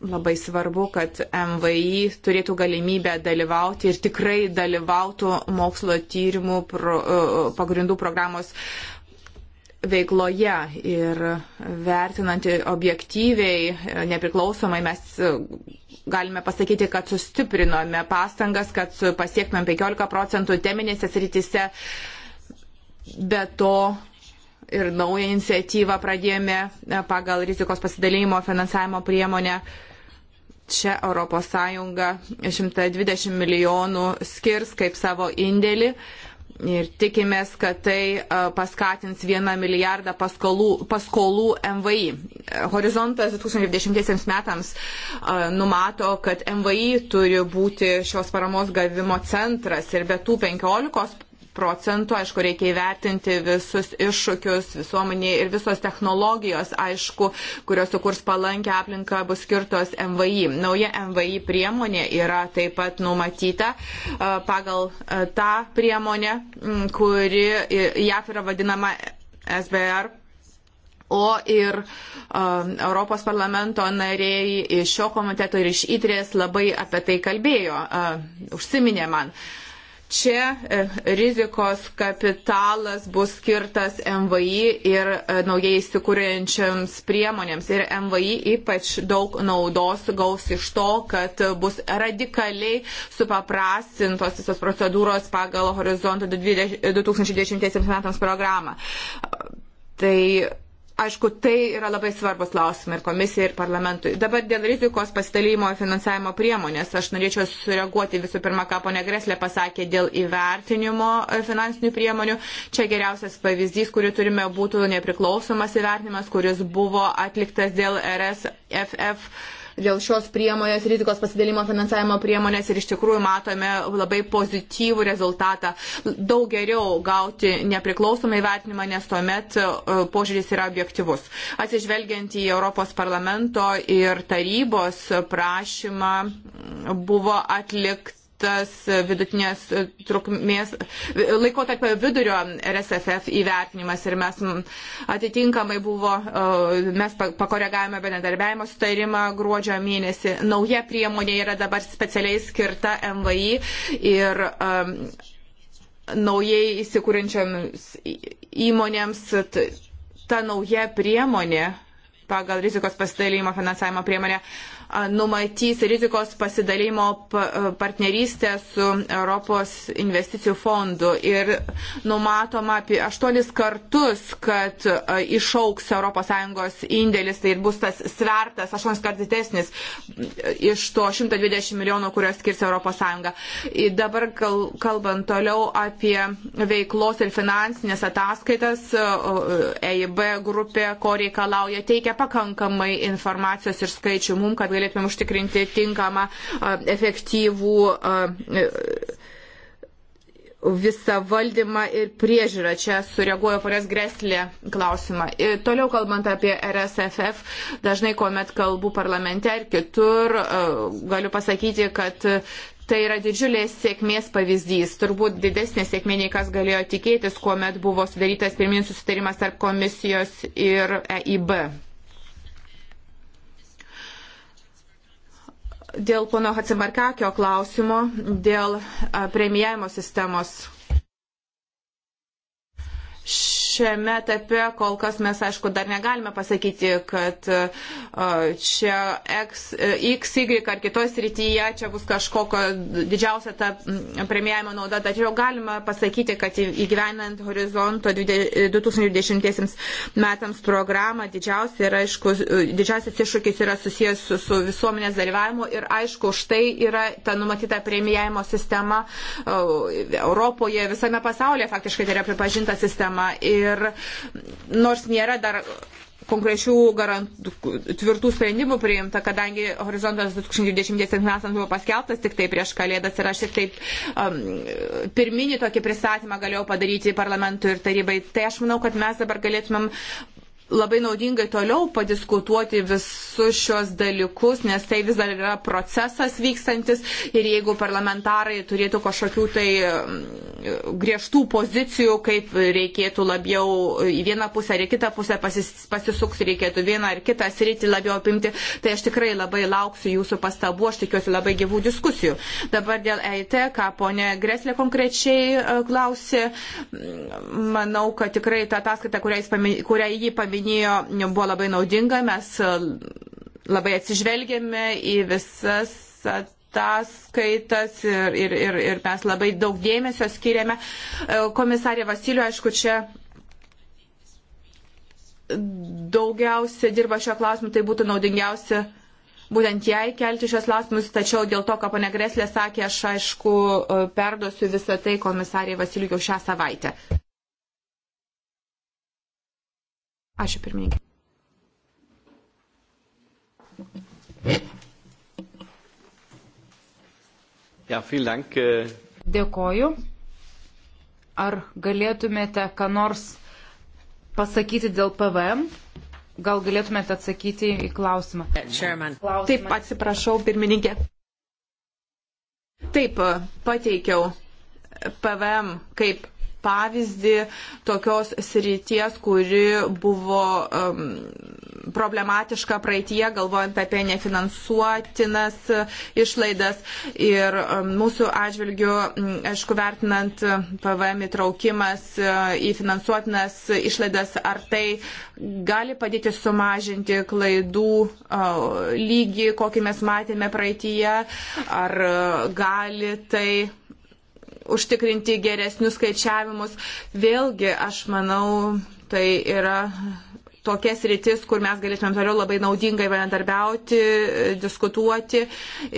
Labai svarbu, kad MVI turėtų galimybę dalyvauti ir tikrai dalyvautų mokslo tyrimų pro, e, pagrindų programos veikloje ir vertinant objektyviai, nepriklausomai mes e, galime pasakyti, kad sustiprinome pastangas, kad pasiektumėm 15 procentų teminėse sritise. Be to ir naują iniciatyvą pradėjome e, pagal rizikos pasidalymo finansavimo priemonę čia ES 120 milijonų skirs kaip savo indėlį. Ir tikimės, kad tai e, paskatins vieną milijardą paskolų, paskolų MVI. Horizontas 2020 metams e, numato, kad MVI turi būti šios paramos gavimo centras ir be tų 15 procentų. Aišku, reikia įvertinti visus iššūkius visuomeniai ir visos technologijos, aišku, kurios sukurs palankę aplinką, bus skirtos MVI. Nauja MVI priemonė yra taip pat numatyta e, pagal e, tą priemonę, kuri JAF yra vadinama SBR o ir um, Europos parlamento nariai iš šio komiteto ir iš įtrės labai apie tai kalbėjo, uh, užsiminė man. Uh, Čia e, rizikos kapitalas bus skirtas MVI ir e, naujai įsikūrėjančiams priemonėms. Ir MVI ypač daug naudos gaus iš to, kad bus radikaliai supaprastintos visos procedūros pagal Horizonto 2010 metams programą. Tai Aišku, tai yra labai svarbus klausimai ir komisijai, ir parlamentui. Dabar dėl rizikos pasidalymo finansavimo priemonės. Aš norėčiau sureaguoti visų pirma, ką ponė Greslė pasakė dėl įvertinimo e, finansinių priemonių. Čia geriausias pavyzdys, kurį turime būtų nepriklausomas įvertinimas, kuris buvo atliktas dėl RSFF dėl šios priemonės, rizikos pasidalimo finansavimo priemonės ir iš tikrųjų matome labai pozityvų rezultatą. Daug geriau gauti nepriklausomą įvertinimą, nes tuomet e, požiūris yra objektivus. Atsižvelgiant į Europos parlamento ir tarybos prašymą buvo atlikta tas vidutinės trukmės laikotarpio vidurio RSFF įvertinimas ir mes mm, atitinkamai buvo, mes pakoregavome bendradarbiavimo sutarimą gruodžio mėnesį. Nauja priemonė yra dabar specialiai skirta MVI ir um, naujai įsikūrinčiams įmonėms ta nauja priemonė pagal rizikos pasidalymo finansavimo priemonę uh, numatys rizikos pasidalymo e, partnerystę su Europos investicijų fondu ir numatoma apie aštuonis kartus, kad e, išauks ES indėlis, tai ir bus tas svertas aštuonis kartus didesnis iš to 120 milijonų, kurios skirs ES. Dabar kalbant toliau apie veiklos ir finansinės ataskaitas, EIB e, grupė, ko reikalauja, teikia pakankamai informacijos ir skaičių mum, kad galėtume galėtumėm užtikrinti tinkamą, efektyvų e, visą valdymą ir priežiūrą. Čia sureaguoja ponės Greslė klausimą. Ir e, toliau kalbant apie RSFF, dažnai, kuomet kalbu parlamente ar kitur, galiu pasakyti, kad Tai yra didžiulės sėkmės pavyzdys, turbūt didesnė sėkmė nei kas galėjo tikėtis, kuomet buvo sudarytas pirminis susitarimas tarp komisijos ir EIB. dėl pono Hatsimarkakio klausimo, dėl premijavimo sistemos šiame etape kol kas mes, aišku, dar negalime pasakyti, kad e, čia X, e, X Y ar kitoje srityje čia bus kažkokio didžiausia ta premijavimo nauda, tačiau galima pasakyti, kad įgyvenant horizonto 2020 e, metams programą didžiausia yra, aišku, didžiausias iššūkis yra susijęs su, su visuomenės dalyvavimu ir, aišku, štai yra ta numatyta premijavimo sistema Europoje, visame pasaulyje faktiškai tai yra pripažinta sistema. Ir Ir nors nėra dar konkrečių garant, tvirtų sprendimų priimta, kadangi horizontas 2020 metams buvo paskeltas tik tai prieš kalėdas ir aš tik taip um, pirminį tokį pristatymą galėjau padaryti parlamentui ir tarybai. Tai aš manau, kad mes dabar galėtumėm labai naudingai toliau padiskutuoti visus šios dalykus, nes tai vis dar yra procesas vykstantis ir jeigu parlamentarai turėtų kažkokių tai mm, griežtų pozicijų, kaip reikėtų labiau į vieną pusę ar į kitą pusę pasis, pasisukti, reikėtų vieną ar kitą sritį labiau apimti, tai aš tikrai labai lauksiu jūsų pastabų, aš tikiuosi labai gyvų diskusijų. Dabar dėl EIT, ką ponė Greslė konkrečiai e, klausė, manau, kad tikrai ta ataskaita, kurią, jis, kurią jį paminėjo, minėjo, buvo labai naudinga. Mes e, labai atsižvelgėme į visas ataskaitas ir, ir, ir, ir mes labai daug dėmesio skiriame. E, komisarė Vasiliu, aišku, čia daugiausia dirba šio klausimu, tai būtų naudingiausia būtent jai kelti šios klausimus, tačiau dėl to, ką ponė Greslė sakė, aš aišku e, perduosiu visą tai komisariai Vasiliukiau šią savaitę. Ačiū pirmininkė. Ja, Dank. Äh, Dėkoju. Ar galėtumėte ką nors pasakyti dėl PVM? Gal galėtumėte atsakyti į klausimą? Klausimas. Taip, atsiprašau, pirmininkė. Taip, pateikiau PVM kaip pavyzdį tokios srities, kuri buvo um, problematiška praeitie, galvojant apie nefinansuotinas išlaidas ir um, mūsų atžvilgių, aišku, vertinant PVM įtraukimas e, į finansuotinas išlaidas, ar tai gali padėti sumažinti klaidų uh, lygį, kokį mes matėme praeitie, ar uh, gali tai užtikrinti geresnius skaičiavimus. Vėlgi, aš manau, tai yra tokias rytis, kur mes galėtumėm toliau labai naudingai bendarbiauti, diskutuoti.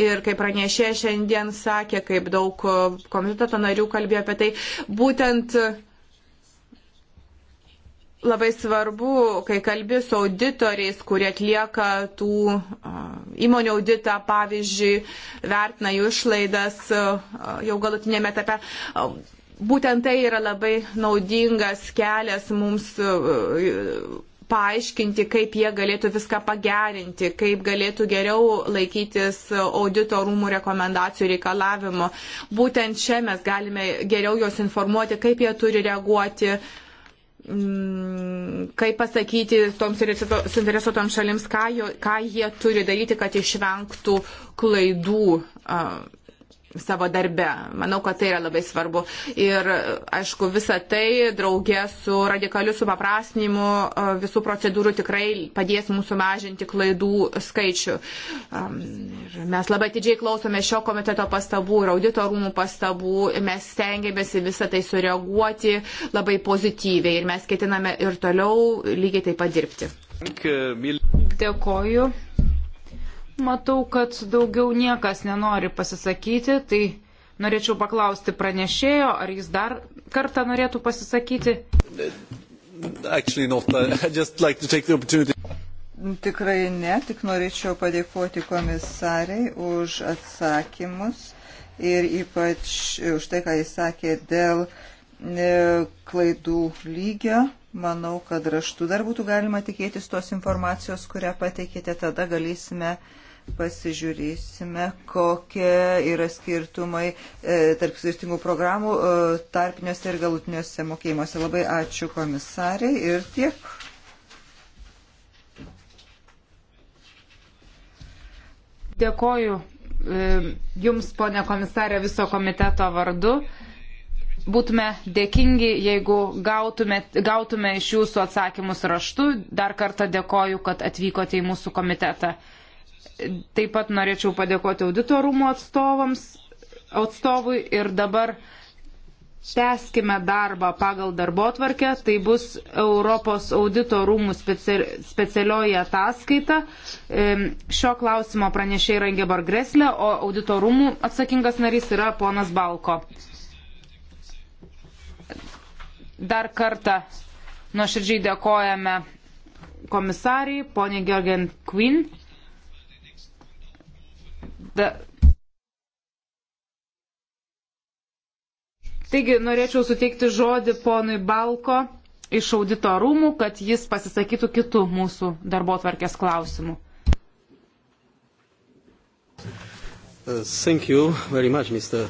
Ir kaip pranešė šiandien sakė, kaip daug komiteto narių kalbėjo apie tai, būtent labai svarbu, kai kalbi su auditoriais, kurie atlieka tų įmonių auditą, pavyzdžiui, vertina jų išlaidas jau galutinėme etape. Būtent tai yra labai naudingas kelias mums paaiškinti, kaip jie galėtų viską pagerinti, kaip galėtų geriau laikytis audito rūmų rekomendacijų reikalavimo. Būtent čia mes galime geriau juos informuoti, kaip jie turi reaguoti, uh, Mm, kaip pasakyti toms suinteresuotoms šalims, ką, jo, ką jie turi daryti, kad išvengtų klaidų. Uh, savo darbe. Manau, kad tai yra labai svarbu. Ir, aišku, visa tai draugė su radikaliu supaprasnimu e, visų procedūrų tikrai padės mūsų mažinti klaidų skaičių. Ir mes labai didžiai klausome šio komiteto pastabų ir audito rūmų pastabų. Mes stengiamės į visą tai sureaguoti labai pozityviai ir mes ketiname ir toliau lygiai taip pat dirbti. Dėkoju. Matau, kad daugiau niekas nenori pasisakyti, tai norėčiau paklausti pranešėjo, ar jis dar kartą norėtų pasisakyti. Actually, not, like Tikrai ne, tik norėčiau padėkoti komisariai už atsakymus ir ypač už tai, ką jis sakė dėl e, klaidų lygio manau, kad raštu dar būtų galima tikėtis tos informacijos, kurią pateikėte, tada galėsime pasižiūrėsime, kokie yra skirtumai e, tarp skirtingų programų e, tarpiniuose ir galutiniuose mokėjimuose. Labai ačiū komisariai ir tiek. Dėkoju e, Jums, ponė komisarė, viso komiteto vardu. Būtume dėkingi, jeigu gautume, gautume iš jūsų atsakymus raštu. Dar kartą dėkoju, kad atvykote į mūsų komitetą. Taip pat norėčiau padėkoti auditorumo atstovams, atstovui ir dabar tęskime darbą pagal darbo tvarkę. Tai bus Europos auditorumų specialioji ataskaita. Šio klausimo pranešė yra Ingeborg Greslė, o auditorumų atsakingas narys yra ponas Balko. Dar kartą nuoširdžiai dėkojame komisariai, poniai Georgian Quinn. Da. Taigi norėčiau suteikti žodį ponui Balko iš audito rūmų, kad jis pasisakytų kitų mūsų darbo tvarkės klausimų. Uh, much, uh,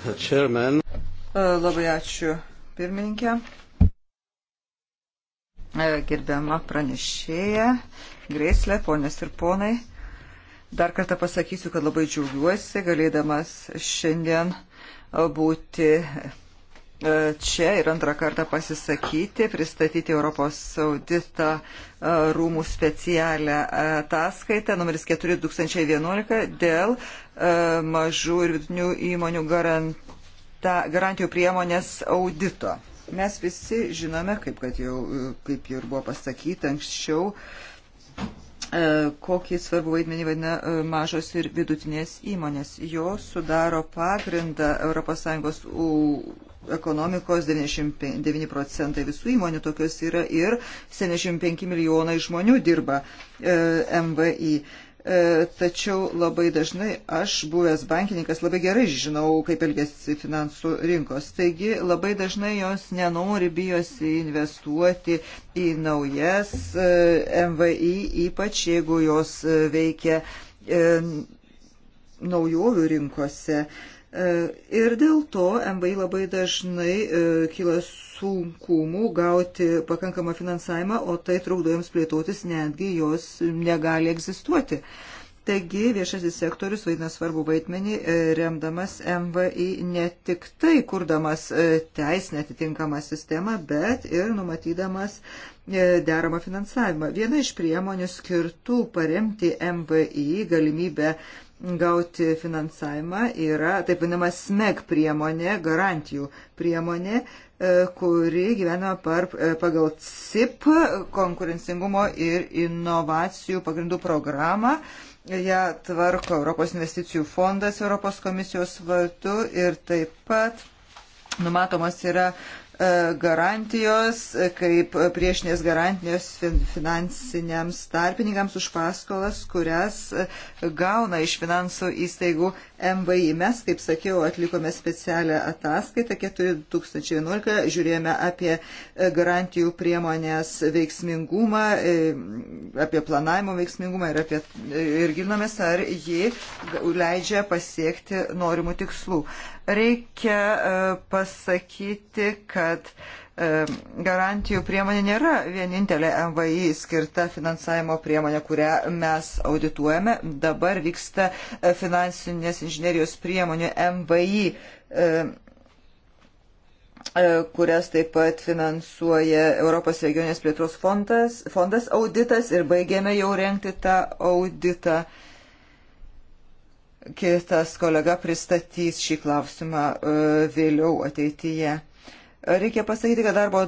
Labai ačiū, pirmininkė. Uh, gerbiama pranešėja, grėslė, ponės ir ponai. Dar kartą pasakysiu, kad labai džiaugiuosi galėdamas šiandien būti e, čia ir antrą kartą pasisakyti, pristatyti Europos audito e, rūmų specialią ataskaitą numeris 4 2011 dėl e, mažų ir vidutinių įmonių garanta, garantijų priemonės audito. Mes visi žinome, kaip, kad jau, kaip jau ir buvo pasakyta anksčiau, E, kokį svarbų vaidmenį vadina e, mažos ir vidutinės įmonės. Jos sudaro pagrindą ES ekonomikos 99 procentai visų įmonių tokios yra ir 75 milijonai žmonių dirba e, MVI. E, tačiau labai dažnai aš, buvęs bankininkas, labai gerai žinau, kaip elgesi finansų rinkos. Taigi labai dažnai jos nenori, bijosi investuoti į naujas e, MVI, ypač jeigu jos e, veikia naujovių rinkose. E, E, ir dėl to MVI labai dažnai e, kyla sunkumų gauti pakankamą finansavimą, o tai trukdo jiems plėtotis, netgi jos negali egzistuoti. Taigi viešasis sektorius vaidina svarbu vaidmenį, e, remdamas MVI ne tik tai kurdamas teisinę atitinkamą sistemą, bet ir numatydamas deramą finansavimą. Viena iš priemonių skirtų paremti MVI galimybę gauti finansavimą yra taip vadinama SMEG priemonė, garantijų priemonė, e, kuri gyvenama par, e, pagal CIP konkurencingumo ir inovacijų pagrindų programą. Ja tvarko Europos investicijų fondas Europos komisijos vardu ir taip pat numatomas yra E, garantijos e, kaip priešinės garantijos finansiniams tarpininkams už paskolas, kurias e, gauna iš finansų įstaigų MVI. Mes, kaip sakiau, atlikome specialią ataskaitą 4011, žiūrėjome apie garantijų priemonės veiksmingumą, apie planavimo veiksmingumą ir, apie, ir gilinomės, ar ji leidžia pasiekti norimų tikslų. Reikia e, pasakyti, kad e, garantijų priemonė nėra vienintelė MVI skirta finansavimo priemonė, kurią mes audituojame. Dabar vyksta e, finansinės inžinierijos priemonė MVI kurias taip pat finansuoja Europos regionės plėtros fondas, fondas auditas ir baigėme jau renkti tą auditą. Uh, Kitas kolega pristatys šį klausimą e, vėliau ateityje. Reikia pasakyti, kad darbo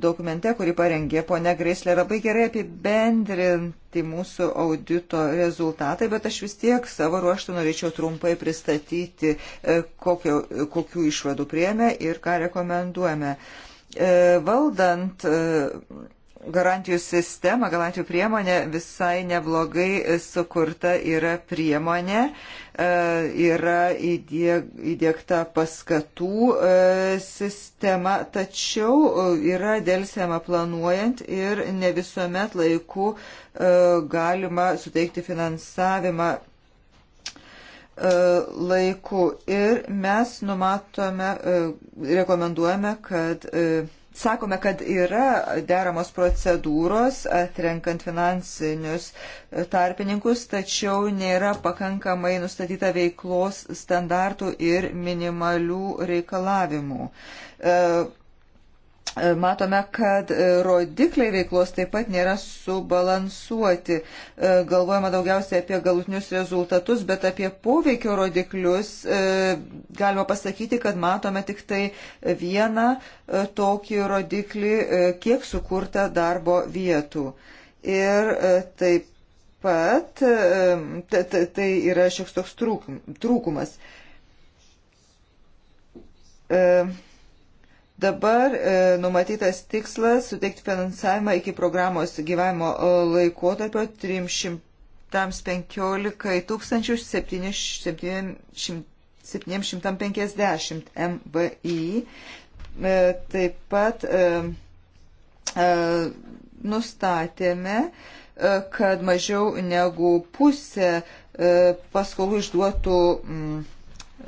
dokumente, kurį parengė ponia Greislė, labai gerai apibendrinti mūsų audito rezultatai, bet aš vis tiek savo ruoštų norėčiau trumpai pristatyti, e, kokio, kokių išvadų prieme ir ką rekomenduojame. E, valdant garantijų sistemą, garantijų priemonę visai neblogai sukurta yra priemonė, e, yra įdėkta paskatų e, sistema, tačiau e, yra dėlsiama planuojant ir ne visuomet laiku galima suteikti finansavimą laiku. Ir mes numatome, rekomenduojame, kad sakome, kad yra deramos procedūros atrenkant finansinius tarpininkus, tačiau nėra pakankamai nustatyta veiklos standartų ir minimalių reikalavimų. E, matome, kad rodikliai veiklos taip pat nėra subalansuoti. E, galvojama daugiausiai apie galutinius rezultatus, bet apie poveikio rodiklius e, galima pasakyti, kad matome tik tai vieną e, tokį rodiklį, kiek sukurta darbo vietų. Ir taip pat tai yra šioks toks trūkumas. E, Dabar e, numatytas tikslas suteikti finansavimą iki programos gyvavimo e, laikotarpio 315 750 MVI. E, taip pat e, e, nustatėme, e, kad mažiau negu pusė e, paskolų išduotų. M,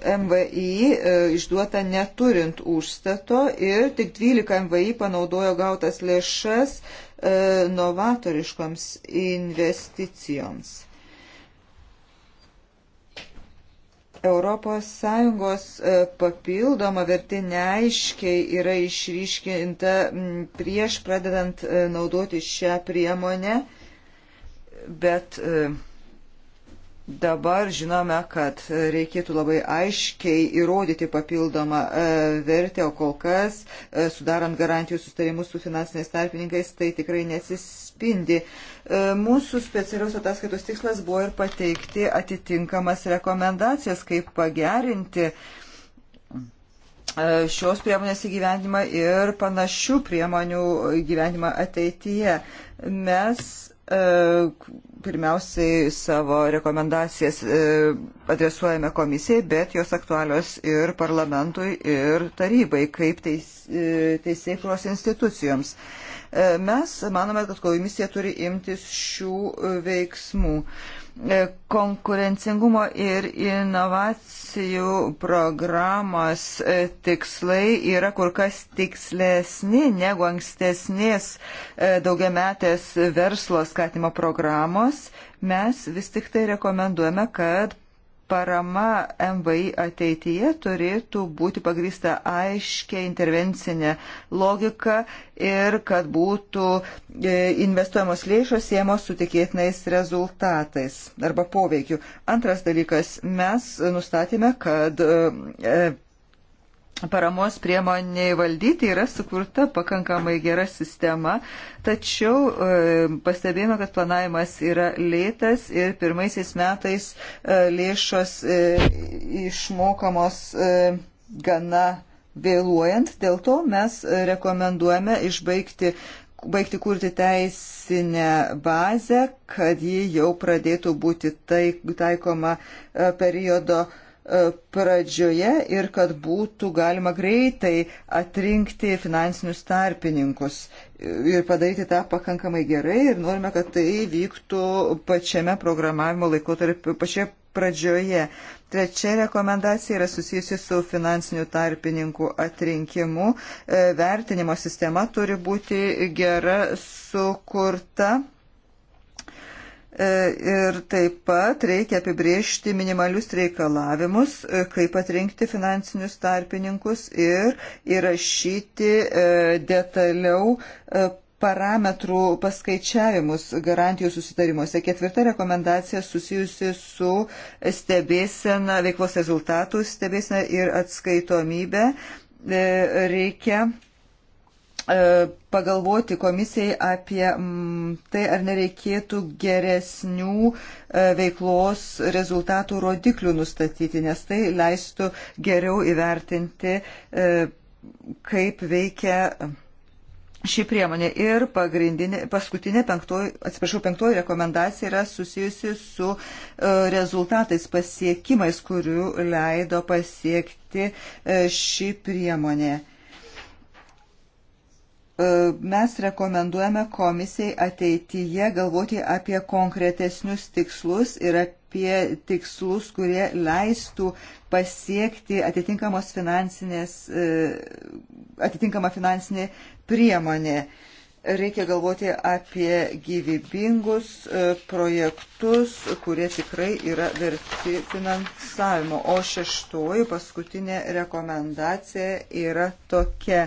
MVI e, išduota neturint užstato ir tik 12 MVI panaudojo gautas lėšas e, novatoriškoms investicijoms. ES e, papildoma vertė neaiškiai yra išryškinta prieš pradedant naudoti šią priemonę, bet uh, Dabar žinome, kad reikėtų labai aiškiai įrodyti papildomą e, vertę, o kol kas, e, sudarant garantijų sustarimus su finansiniais tarpininkais, tai tikrai nesispindi. E, mūsų specialios ataskaitos tikslas buvo ir pateikti atitinkamas rekomendacijas, kaip pagerinti šios priemonės įgyvendimą ir panašių priemonių įgyvendimą ateityje. Mes E, pirmiausiai savo rekomendacijas e, adresuojame komisijai, bet jos aktualios ir parlamentui, ir tarybai, kaip teis, e, teisėkros institucijoms. Mes manome, kad komisija turi imtis šių veiksmų. E, konkurencingumo ir inovacijų programos e, tikslai yra kur kas tikslesni negu ankstesnės e, daugiametės verslo skatimo programos. Mes vis tik tai rekomenduojame, kad parama MVI ateityje turėtų būti pagrįsta aiškia intervencinė logika ir kad būtų e, investuojamos lėšos siemos su tikėtinais rezultatais arba poveikiu. Antras dalykas, mes nustatėme, kad e, paramos priemoniai valdyti yra sukurta pakankamai gera sistema, tačiau e, pastebėjome, kad planavimas yra lėtas ir pirmaisiais metais e, lėšos e, išmokamos e, gana vėluojant, dėl to mes rekomenduojame išbaigti baigti kurti teisinę bazę, kad ji jau pradėtų būti tai, taikoma e, periodo e, E, pradžioje ir kad būtų galima greitai atrinkti finansinius tarpininkus ir padaryti tą pakankamai gerai ir norime, kad tai vyktų pačiame programavimo laikotarpiu, pačioje pradžioje. Trečia rekomendacija yra susijusi su finansinių tarpininkų atrinkimu. E, vertinimo sistema turi būti gera sukurta E, ir taip pat reikia apibriežti minimalius reikalavimus, e, kaip atrinkti finansinius tarpininkus ir įrašyti e, detaliau parametrų paskaičiavimus garantijų susitarimuose. Ketvirta rekomendacija susijusi su stebėsena, veiklos rezultatų stebėsena ir atskaitomybė. Reikia E, pagalvoti komisijai apie mm, tai, ar nereikėtų geresnių e, veiklos rezultatų rodiklių nustatyti, nes tai leistų geriau įvertinti, e, kaip veikia ši priemonė. Ir pagrindinė, paskutinė penktoji, atsiprašau, penktoji rekomendacija yra susijusi su rezultatais, pasiekimais, kurių leido pasiekti ši priemonė. E, mes rekomenduojame komisijai ateityje galvoti apie konkretesnius tikslus ir apie tikslus, kurie leistų pasiekti atitinkamos finansinės, e, atitinkamą finansinę priemonę. Reikia galvoti apie gyvybingus e, projektus, kurie tikrai yra verti finansavimo. O šeštoji paskutinė rekomendacija yra tokia.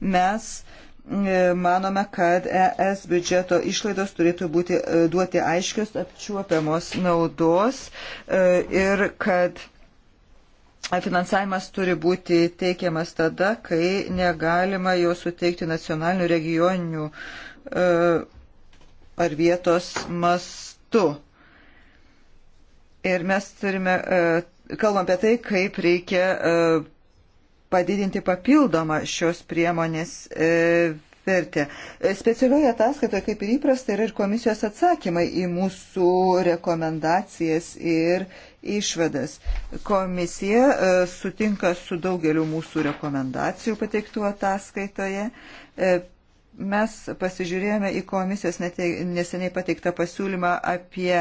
Mes uh, E, manome, kad ES biudžeto išlaidos turėtų būti e, duoti aiškios apčiuopiamos naudos e, ir kad finansavimas turi būti teikiamas tada, kai negalima jo suteikti nacionalinių regioninių ar vietos mastu. Ir mes turime, kalbam apie tai, kaip reikia padidinti papildomą šios priemonės e, vertę. E, specialioje ataskaitoje, kaip ir įprasta, yra ir komisijos atsakymai į mūsų rekomendacijas ir išvadas. Komisija e, sutinka su daugeliu mūsų rekomendacijų pateiktų ataskaitoje. Mes pasižiūrėjome į komisijos neseniai pateiktą pasiūlymą apie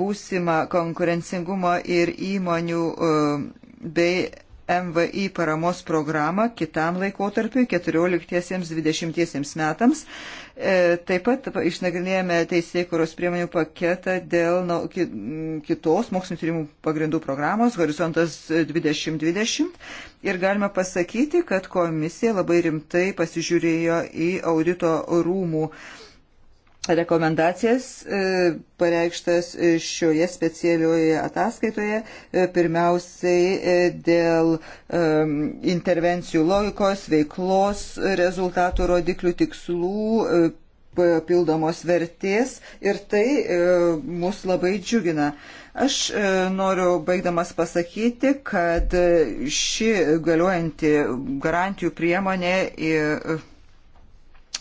būsimą konkurencingumo ir įmonių bei MVI paramos programą kitam laikotarpiu 14-20 metams. E, taip pat išnagrinėjame teisėkuros priemonių paketą dėl kitos mokslinio tyrimų pagrindų programos Horizontas 2020 ir galime pasakyti, kad komisija labai rimtai pasižiūrėjo į audito rūmų rekomendacijas e, pareikštas šioje specialioje ataskaitoje, e, pirmiausiai e, dėl intervencijų logikos, veiklos, rezultatų rodiklių tikslų, papildomos vertės ir tai mus labai džiugina. Aš noriu baigdamas pasakyti, kad ši galiuojanti garantijų priemonė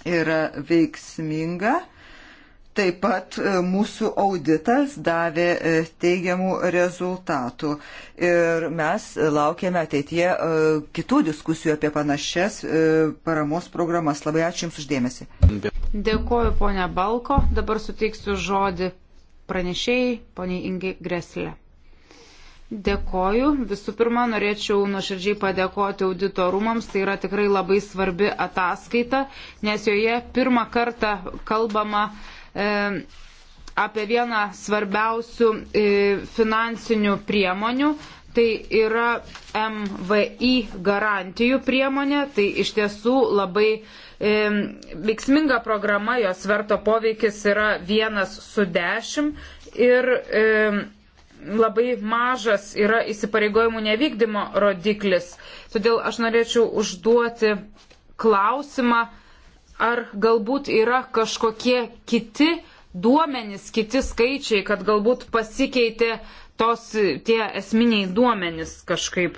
yra veiksminga Taip pat e, mūsų auditas davė e, teigiamų rezultatų ir mes laukiame ateitie e, kitų diskusijų apie panašias paramos programas. Labai ačiū Jums uždėmesi. Dėkuoju, ponia Balko. Dabar suteiksiu žodį pranešėjai, poniai Ingi Greslė. Dėkoju. Visų pirma, norėčiau nuoširdžiai padėkoti auditorumams. Tai yra tikrai labai svarbi ataskaita, nes joje pirmą kartą kalbama E, apie vieną svarbiausių e, finansinių priemonių. Tai yra MVI garantijų priemonė, tai iš tiesų labai e, veiksminga programa, jos verto poveikis yra vienas su dešimt ir e, labai mažas yra įsipareigojimų nevykdymo rodiklis. Todėl aš norėčiau užduoti klausimą, ar galbūt yra kažkokie kiti duomenys, kiti skaičiai, kad galbūt pasikeitė tos tie esminiai duomenys kažkaip.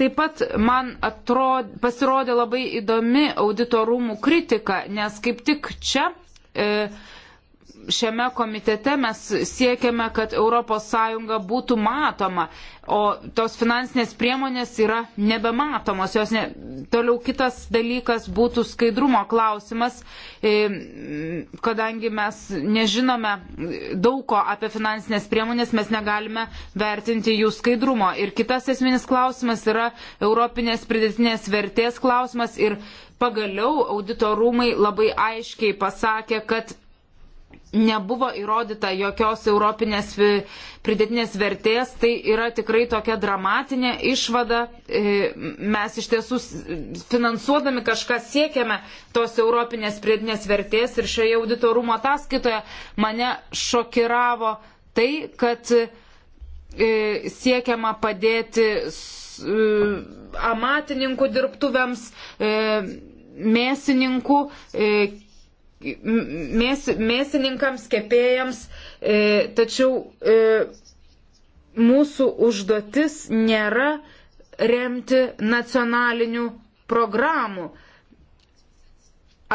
Taip pat man atrod, pasirodė labai įdomi auditorumų kritika, nes kaip tik čia e, šiame komitete mes siekiame, kad ES būtų matoma, o tos finansinės priemonės yra nebematomos. Jos ne... Toliau kitas dalykas būtų skaidrumo klausimas, e, kadangi mes nežinome daug ko apie finansinės priemonės, mes negalime vertinti jų skaidrumo. Ir kitas esminis klausimas yra Europinės pridėtinės vertės klausimas ir pagaliau auditorumai labai aiškiai pasakė, kad nebuvo įrodyta jokios europinės pridėtinės vertės, tai yra tikrai tokia dramatinė išvada. E, mes iš tiesų finansuodami kažką siekiame tos europinės pridėtinės vertės ir šioje auditorumo ataskaitoje mane šokiravo tai, kad e, siekiama padėti e, amatininkų dirbtuvėms, mėsininkų, mės, mėsininkams, kepėjams, e, tačiau e, mūsų užduotis nėra remti nacionalinių programų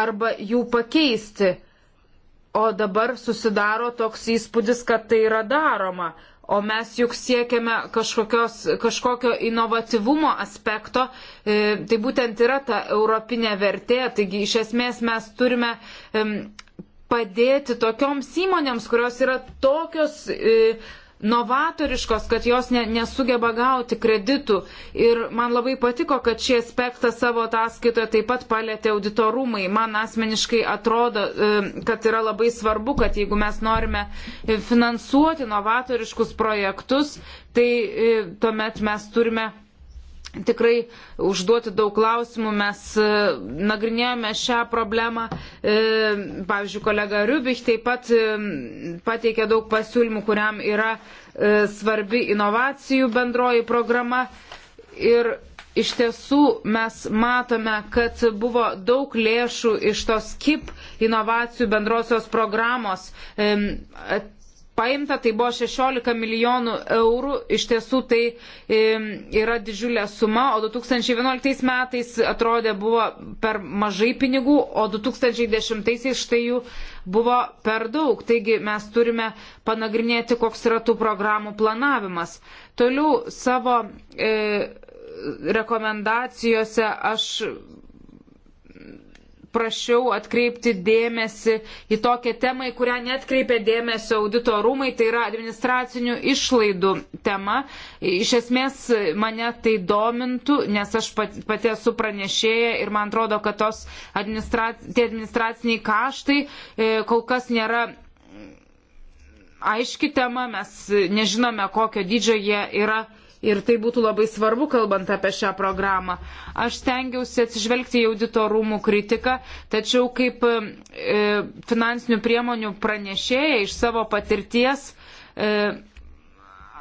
arba jų pakeisti. O dabar susidaro toks įspūdis, kad tai yra daroma o mes juk siekiame kažkokio inovatyvumo aspekto, e, tai būtent yra ta europinė vertė, taigi iš esmės mes turime e, padėti tokioms įmonėms, kurios yra tokios e, novatoriškos, kad jos ne, nesugeba gauti kreditų. Ir man labai patiko, kad šį aspektą savo ataskaitoje taip pat palėtė auditorumai. Man asmeniškai atrodo, e, kad yra labai svarbu, kad jeigu mes norime finansuoti novatoriškus projektus, tai e, tuomet mes turime tikrai užduoti daug klausimų. Mes e, nagrinėjome šią problemą. E, pavyzdžiui, kolega Rubich taip pat e, pateikė daug pasiūlymų, kuriam yra svarbi inovacijų bendroji programa. Ir iš tiesų mes matome, kad buvo daug lėšų iš tos KIP inovacijų bendrosios programos paimta, tai buvo 16 milijonų eurų, iš tiesų tai yra didžiulė suma, o 2011 metais atrodė buvo per mažai pinigų, o 2010 štai jų buvo per daug. Taigi mes turime panagrinėti, koks yra tų programų planavimas. Toliau savo e, rekomendacijose aš prašiau atkreipti dėmesį į tokią temą, į kurią netkreipia dėmesio audito rūmai, tai yra administracinių išlaidų tema. Iš esmės mane tai domintų, nes aš pati esu pranešėja ir man atrodo, kad tos administrac... tie administraciniai kaštai e, kol kas nėra. Aiški tema, mes nežinome, kokio dydžio jie yra ir tai būtų labai svarbu, kalbant apie šią programą. Aš stengiausi atsižvelgti į auditorumų kritiką, tačiau kaip e, finansinių priemonių pranešėja iš savo patirties, e,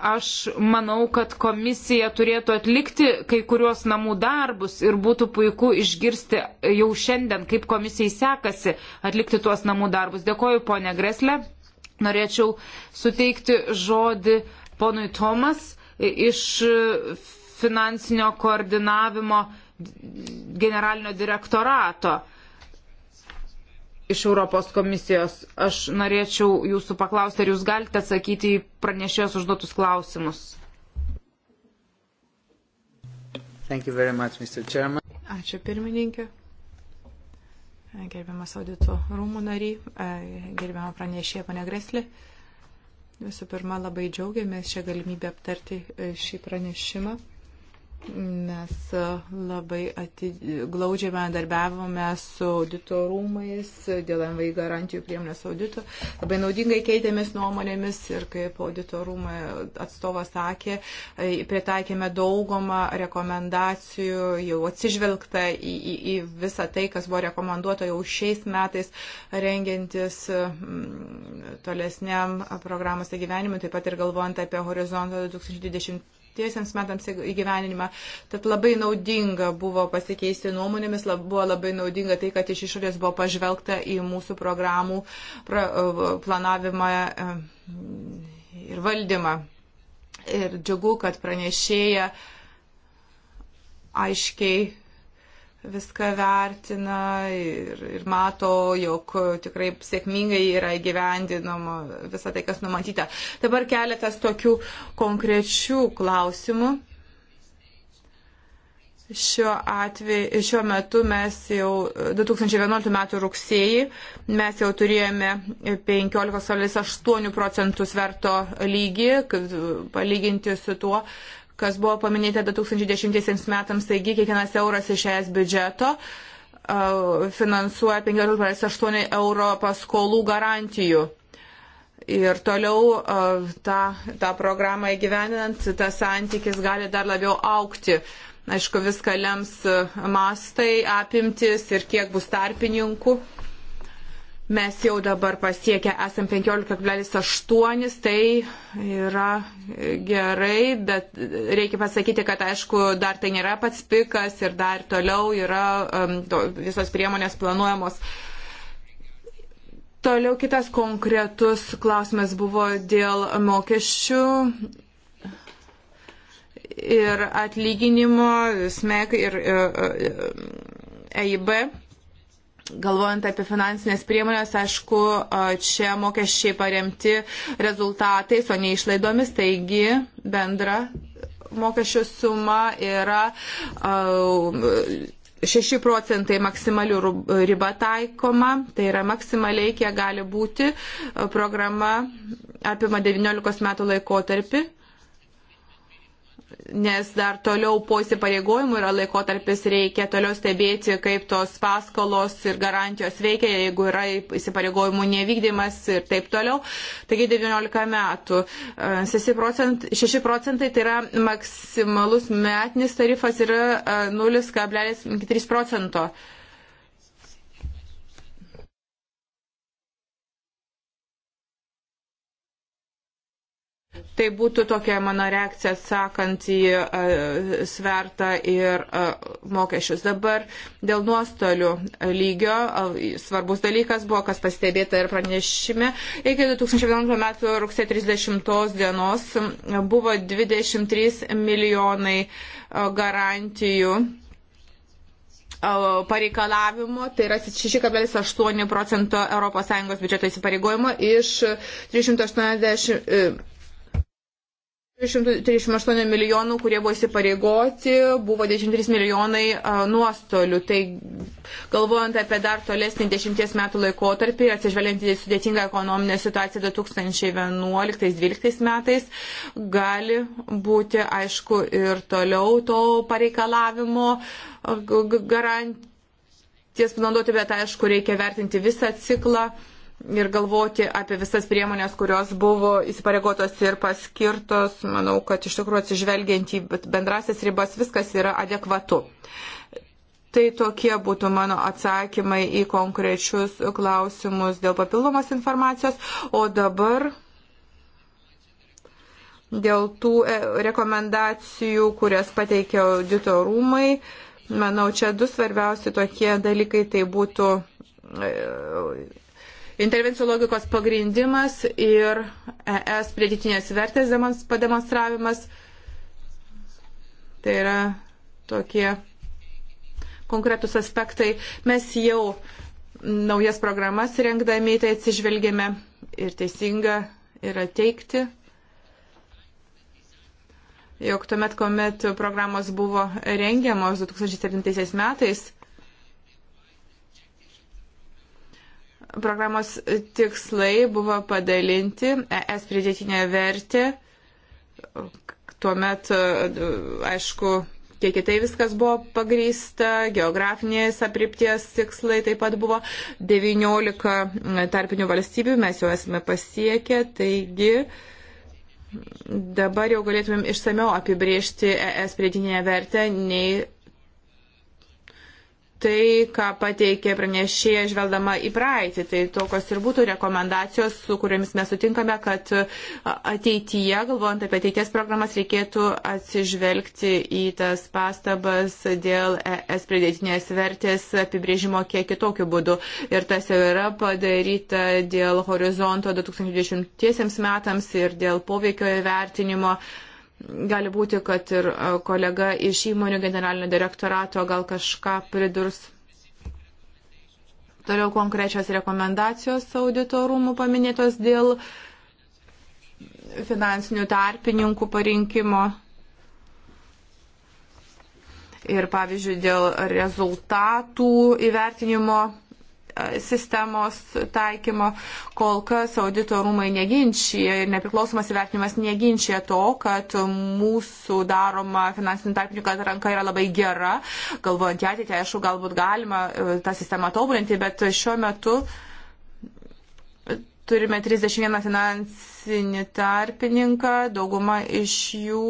aš manau, kad komisija turėtų atlikti kai kuriuos namų darbus ir būtų puiku išgirsti jau šiandien, kaip komisijai sekasi atlikti tuos namų darbus. Dėkoju, ponė Greslė. Norėčiau suteikti žodį ponui Tomas iš finansinio koordinavimo generalinio direktorato iš Europos komisijos. Aš norėčiau jūsų paklausti, ar jūs galite atsakyti į pranešėjos užduotus klausimus. Much, Ačiū pirmininkė. Gerbiamas audito rūmų nariai, e, gerbiamą pranešėją, pane Greslį. Visų pirma, labai džiaugiamės šią galimybę aptarti e, šį pranešimą. Mes e, labai atid... glaudžiai bendarbiavome su auditorumais e, dėl MVI garantijų priemonės audito. Labai naudingai keitėmės nuomonėmis ir kaip auditorumai atstovas sakė, e, pritaikėme daugumą rekomendacijų, jau atsižvelgta į, į, į visą tai, kas buvo rekomenduota jau šiais metais rengiantis tolesniam programos įgyvenimui, taip pat ir galvojant apie horizontą 2020 septyniesiams metams įgyveninimą. Tad labai naudinga buvo pasikeisti nuomonėmis, lab, buvo labai naudinga tai, kad iš išorės buvo pažvelgta į mūsų programų pra, planavimą ir valdymą. Ir džiugu, kad pranešėja aiškiai viską vertina ir, ir mato, jog tikrai sėkmingai yra įgyvendinama visą tai, kas numatyta. Dabar keletas tokių konkrečių klausimų. Šiuo, atveju, šiuo metu mes jau 2011 m. rugsėjį mes jau turėjome 15,8 procentų sverto lygį, palyginti su tuo, kas buvo paminėta 2010 metams, taigi kiekvienas euras iš ES biudžeto e, finansuoja 15,8 euro paskolų garantijų. Ir toliau e, tą, tą programą įgyveninant, tas santykis gali dar labiau aukti. Aišku, viską lems mastai, apimtis ir kiek bus tarpininkų. Mes jau dabar pasiekę esam 15,8, tai yra gerai, bet reikia pasakyti, kad aišku, dar tai nėra pats pikas ir dar toliau yra um, to, visos priemonės planuojamos. Toliau kitas konkretus klausimas buvo dėl mokesčių ir atlyginimo, SMEC ir EIB. E, e, e uh, uh, Galvojant apie finansinės priemonės, aišku, čia mokesčiai paremti rezultatais, o ne išlaidomis, taigi bendra mokesčių suma yra. Uh, 6 procentai maksimalių riba taikoma, tai yra maksimaliai, kiek gali būti. Programa apima 19 metų laikotarpį nes dar toliau po įsipareigojimų yra laikotarpis, reikia toliau stebėti, kaip tos paskolos ir garantijos veikia, jeigu yra įsipareigojimų nevykdymas ir taip toliau. Taigi 19 metų. 6 e, procentai, 6 procentai tai yra maksimalus metinis tarifas yra 0,3 e, procento. Tai būtų tokia mano reakcija atsakant į e, svertą ir e, mokesčius. Dabar dėl nuostolių lygio e, svarbus dalykas buvo, kas pastebėta ir pranešime. Iki 2011 metų rugsėjo 30 dienos buvo 23 milijonai garantijų pareikalavimo, tai yra 6,8 procento ES biudžeto įsipareigojimo iš 380 338 milijonų, kurie buvo įsipareigoti, buvo 23 milijonai nuostolių. Tai galvojant apie dar tolesnį dešimties metų laikotarpį, atsižvelgiant į sudėtingą ekonominę situaciją 2011-2012 metais, gali būti, aišku, ir toliau to pareikalavimo garantijas panaudoti, bet aišku, reikia vertinti visą ciklą ir galvoti apie visas priemonės, kurios buvo įsipareigotos ir paskirtos. Manau, kad iš tikrųjų atsižvelgiant į bendrasias ribas viskas yra adekvatu. Tai tokie būtų mano atsakymai į konkrečius klausimus dėl papildomos informacijos. O dabar dėl tų e, rekomendacijų, kurias pateikė audito rūmai. Manau, čia du svarbiausi tokie dalykai tai būtų e, intervencijų logikos pagrindimas ir ES pridėtinės vertės pademonstravimas. Tai yra tokie konkretus aspektai. Mes jau naujas programas rengdami tai atsižvelgėme ir teisinga yra teikti jog tuomet, kuomet programos buvo rengiamos 2007 metais, programos tikslai buvo padalinti ES pridėtinė vertė. Tuomet, aišku, kiek kitai viskas buvo pagrysta, geografinės aprypties tikslai taip pat buvo 19 tarpinių valstybių, mes jau esame pasiekę, taigi dabar jau galėtumėm išsameu apibriežti ES pridėtinę vertę nei tai, ką pateikė pranešėja žvelgdama į praeitį. Tai tokios ir būtų rekomendacijos, su kuriamis mes sutinkame, kad ateityje, galvojant apie ateities programas, reikėtų atsižvelgti į tas pastabas dėl ES pridėtinės vertės apibrėžimo kiek kitokiu būdu. Ir tas jau yra padaryta dėl horizonto 2020 metams ir dėl poveikio įvertinimo. Uh, Gali būti, kad ir e, kolega iš įmonių generalinio direktorato gal kažką pridurs. Toliau konkrečios rekomendacijos auditorumų paminėtos dėl finansinių tarpininkų parinkimo ir, pavyzdžiui, dėl rezultatų įvertinimo sistemos taikymo. Kol kas audito rūmai neginčia ir nepriklausomas įvertinimas neginčia to, kad mūsų daroma finansinių tarpininkų atranka yra labai gera. Galvojant ateitį, aišku, galbūt galima e, tą sistemą tobulinti, bet šiuo metu turime 31 finansinį tarpininką, dauguma iš jų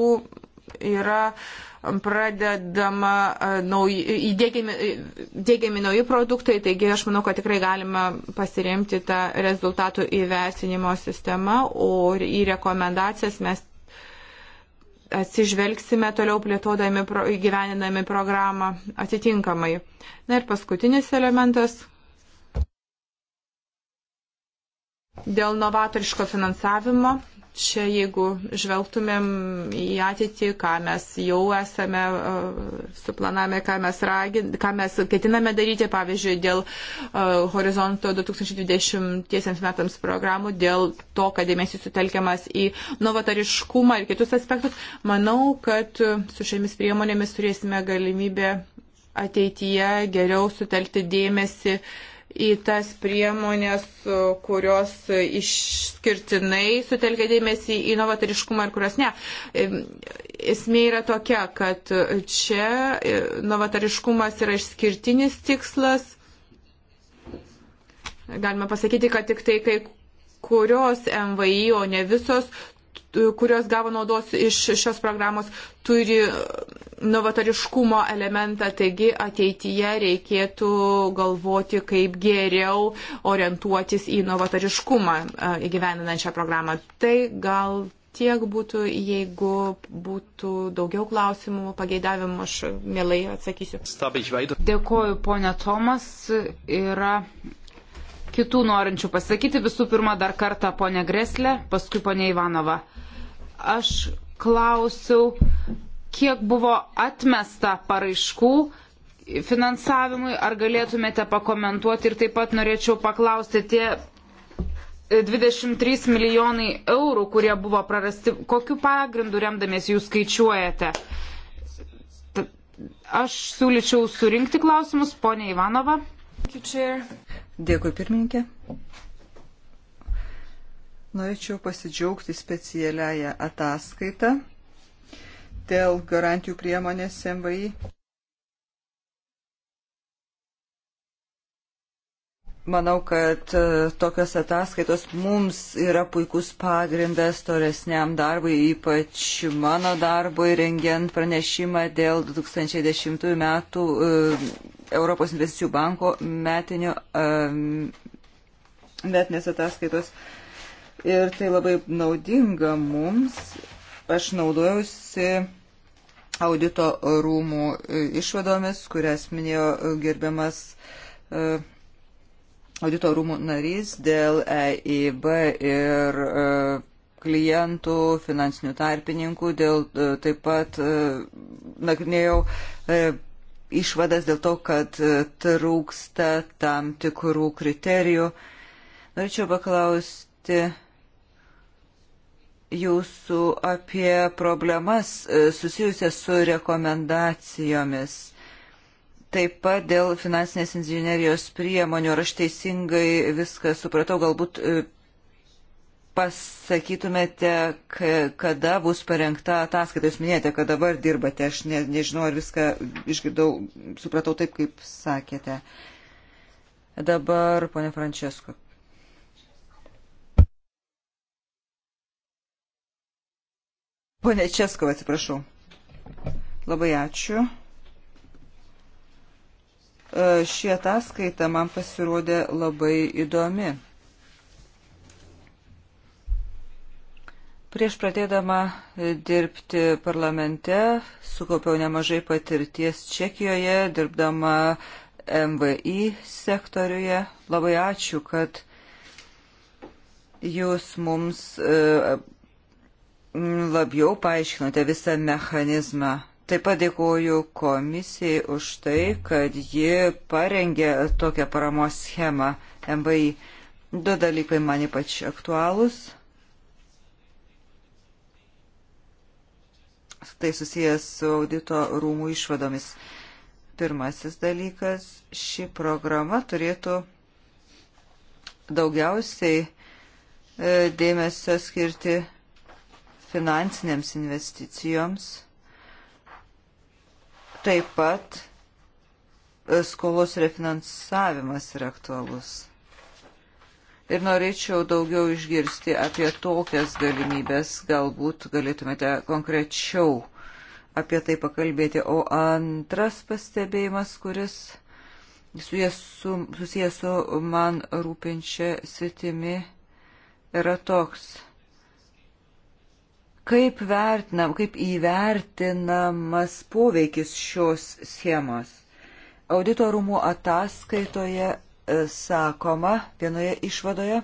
yra uh, pradedama e, nauji, įdėgiami, įdėgiami e, nauji produktai, taigi aš manau, kad tikrai galima pasiremti tą rezultatų įvertinimo sistemą, o į rekomendacijas mes atsižvelgsime toliau plėtodami, gyveninami programą atitinkamai. Na ir paskutinis elementas. Dėl novatoriško finansavimo Čia, jeigu žvelgtumėm į ateitį, ką mes jau esame uh, suplanavę, ką mes, ragin, ką mes ketiname daryti, pavyzdžiui, dėl uh, horizonto 2020 metams programų, dėl to, kad dėmesys sutelkiamas į novatariškumą ir kitus aspektus, manau, kad su šiomis priemonėmis turėsime galimybę ateityje geriau sutelkti dėmesį uh, į tas priemonės, e, kurios išskirtinai sutelkia dėmesį į novatoriškumą ir kurios ne. E, esmė yra tokia, kad čia e, novatoriškumas yra išskirtinis tikslas. Galima pasakyti, kad tik tai kai kurios MVI, o ne visos, kurios gavo naudos iš šios programos, turi novatoriškumo elementą, taigi ateityje reikėtų galvoti, kaip geriau orientuotis į novatoriškumą e, įgyveninant šią programą. Tai gal tiek būtų, jeigu būtų daugiau klausimų, pageidavimų, aš mielai atsakysiu. Dėkoju, ponė Tomas. Yra kitų norinčių pasakyti. Visų pirma, dar kartą ponė Greslė, paskui ponė Ivanova. Aš klausiau, kiek buvo atmesta paraiškų finansavimui, ar galėtumėte pakomentuoti ir taip pat norėčiau paklausti tie 23 milijonai eurų, kurie buvo prarasti, kokiu pagrindu remdamiesi jūs skaičiuojate? Aš siūlyčiau surinkti klausimus, ponė Ivanova. Dėkui, pirmininkė. Norėčiau pasidžiaugti specialiąją ataskaitą dėl garantijų priemonės MVI. Manau, kad e, tokios ataskaitos mums yra puikus pagrindas toresniam darbui, ypač mano darbui rengiant pranešimą dėl 2010 metų e, Europos investicijų banko metinio, metinės ataskaitos. Ir tai labai naudinga mums. Aš naudojausi audito rūmų e, išvadomis, kurias minėjo e, gerbiamas e, audito rūmų narys dėl EIB ir klientų, finansinių tarpininkų, dėl taip pat nagrinėjau išvadas dėl to, kad e, trūksta tam tikrų kriterijų. Norėčiau paklausti jūsų apie problemas e, susijusias su rekomendacijomis. Taip pat dėl finansinės inžinierijos priemonių, ar aš teisingai viską supratau, galbūt e, pasakytumėte, kada bus parengta ataskaita? Jūs minėjote, kad dabar dirbate. Aš ne, nežinau, ar viską išgirdau, supratau taip, kaip sakėte. Dabar, ponė Frančesko. Pone Českova, atsiprašau. Labai ačiū. Ši ataskaita man pasirodė labai įdomi. Prieš pradėdama e, dirbti parlamente sukaupiau nemažai patirties Čekijoje, dirbdama MVI sektoriuje. Labai ačiū, kad jūs mums e, labiau paaiškinote visą mechanizmą. Taip pat dėkoju komisijai už tai, kad ji parengė tokią paramos schemą MVI. Du dalykai man ypač aktualūs. tai susijęs su audito rūmų išvadomis. Pirmasis dalykas, ši programa turėtų daugiausiai e, dėmesio skirti finansinėms investicijoms, taip pat e, skolos refinansavimas yra aktualus ir norėčiau daugiau išgirsti apie tokias galimybės, galbūt galėtumėte konkrečiau apie tai pakalbėti. O antras pastebėjimas, kuris susijęs su, susijęs su man rūpinčia sritimi, yra toks kaip vertinam, kaip įvertinamas poveikis šios schemos. Auditorumų ataskaitoje sakoma vienoje išvadoje,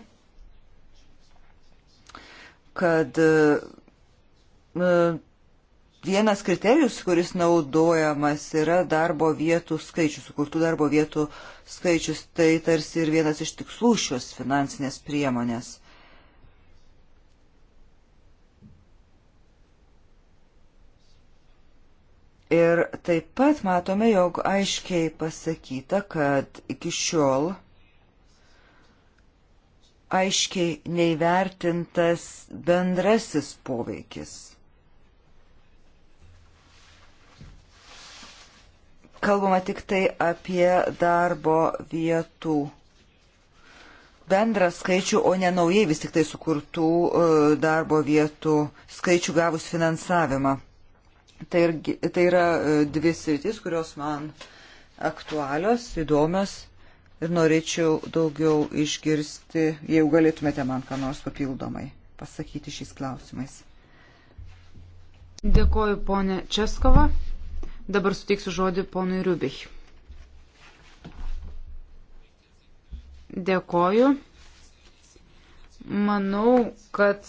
kad e, vienas kriterijus, kuris naudojamas, yra darbo vietų skaičius, sukurtų darbo vietų skaičius. Tai tarsi ir vienas iš tikslų šios finansinės priemonės. Ir taip pat matome, jog aiškiai pasakyta, kad iki šiol aiškiai neįvertintas bendrasis poveikis. Kalbama tik tai apie darbo vietų bendrą skaičių, o ne naujai vis tik tai sukurtų e, darbo vietų skaičių gavus finansavimą. Tai, ir, tai yra e, dvi sritis, kurios man aktualios, įdomios ir norėčiau daugiau išgirsti, jeigu galėtumėte man ką nors papildomai pasakyti šiais klausimais. Dėkoju ponė Českova. Dabar suteiksiu žodį ponui Rubich. Dėkoju. Manau, kad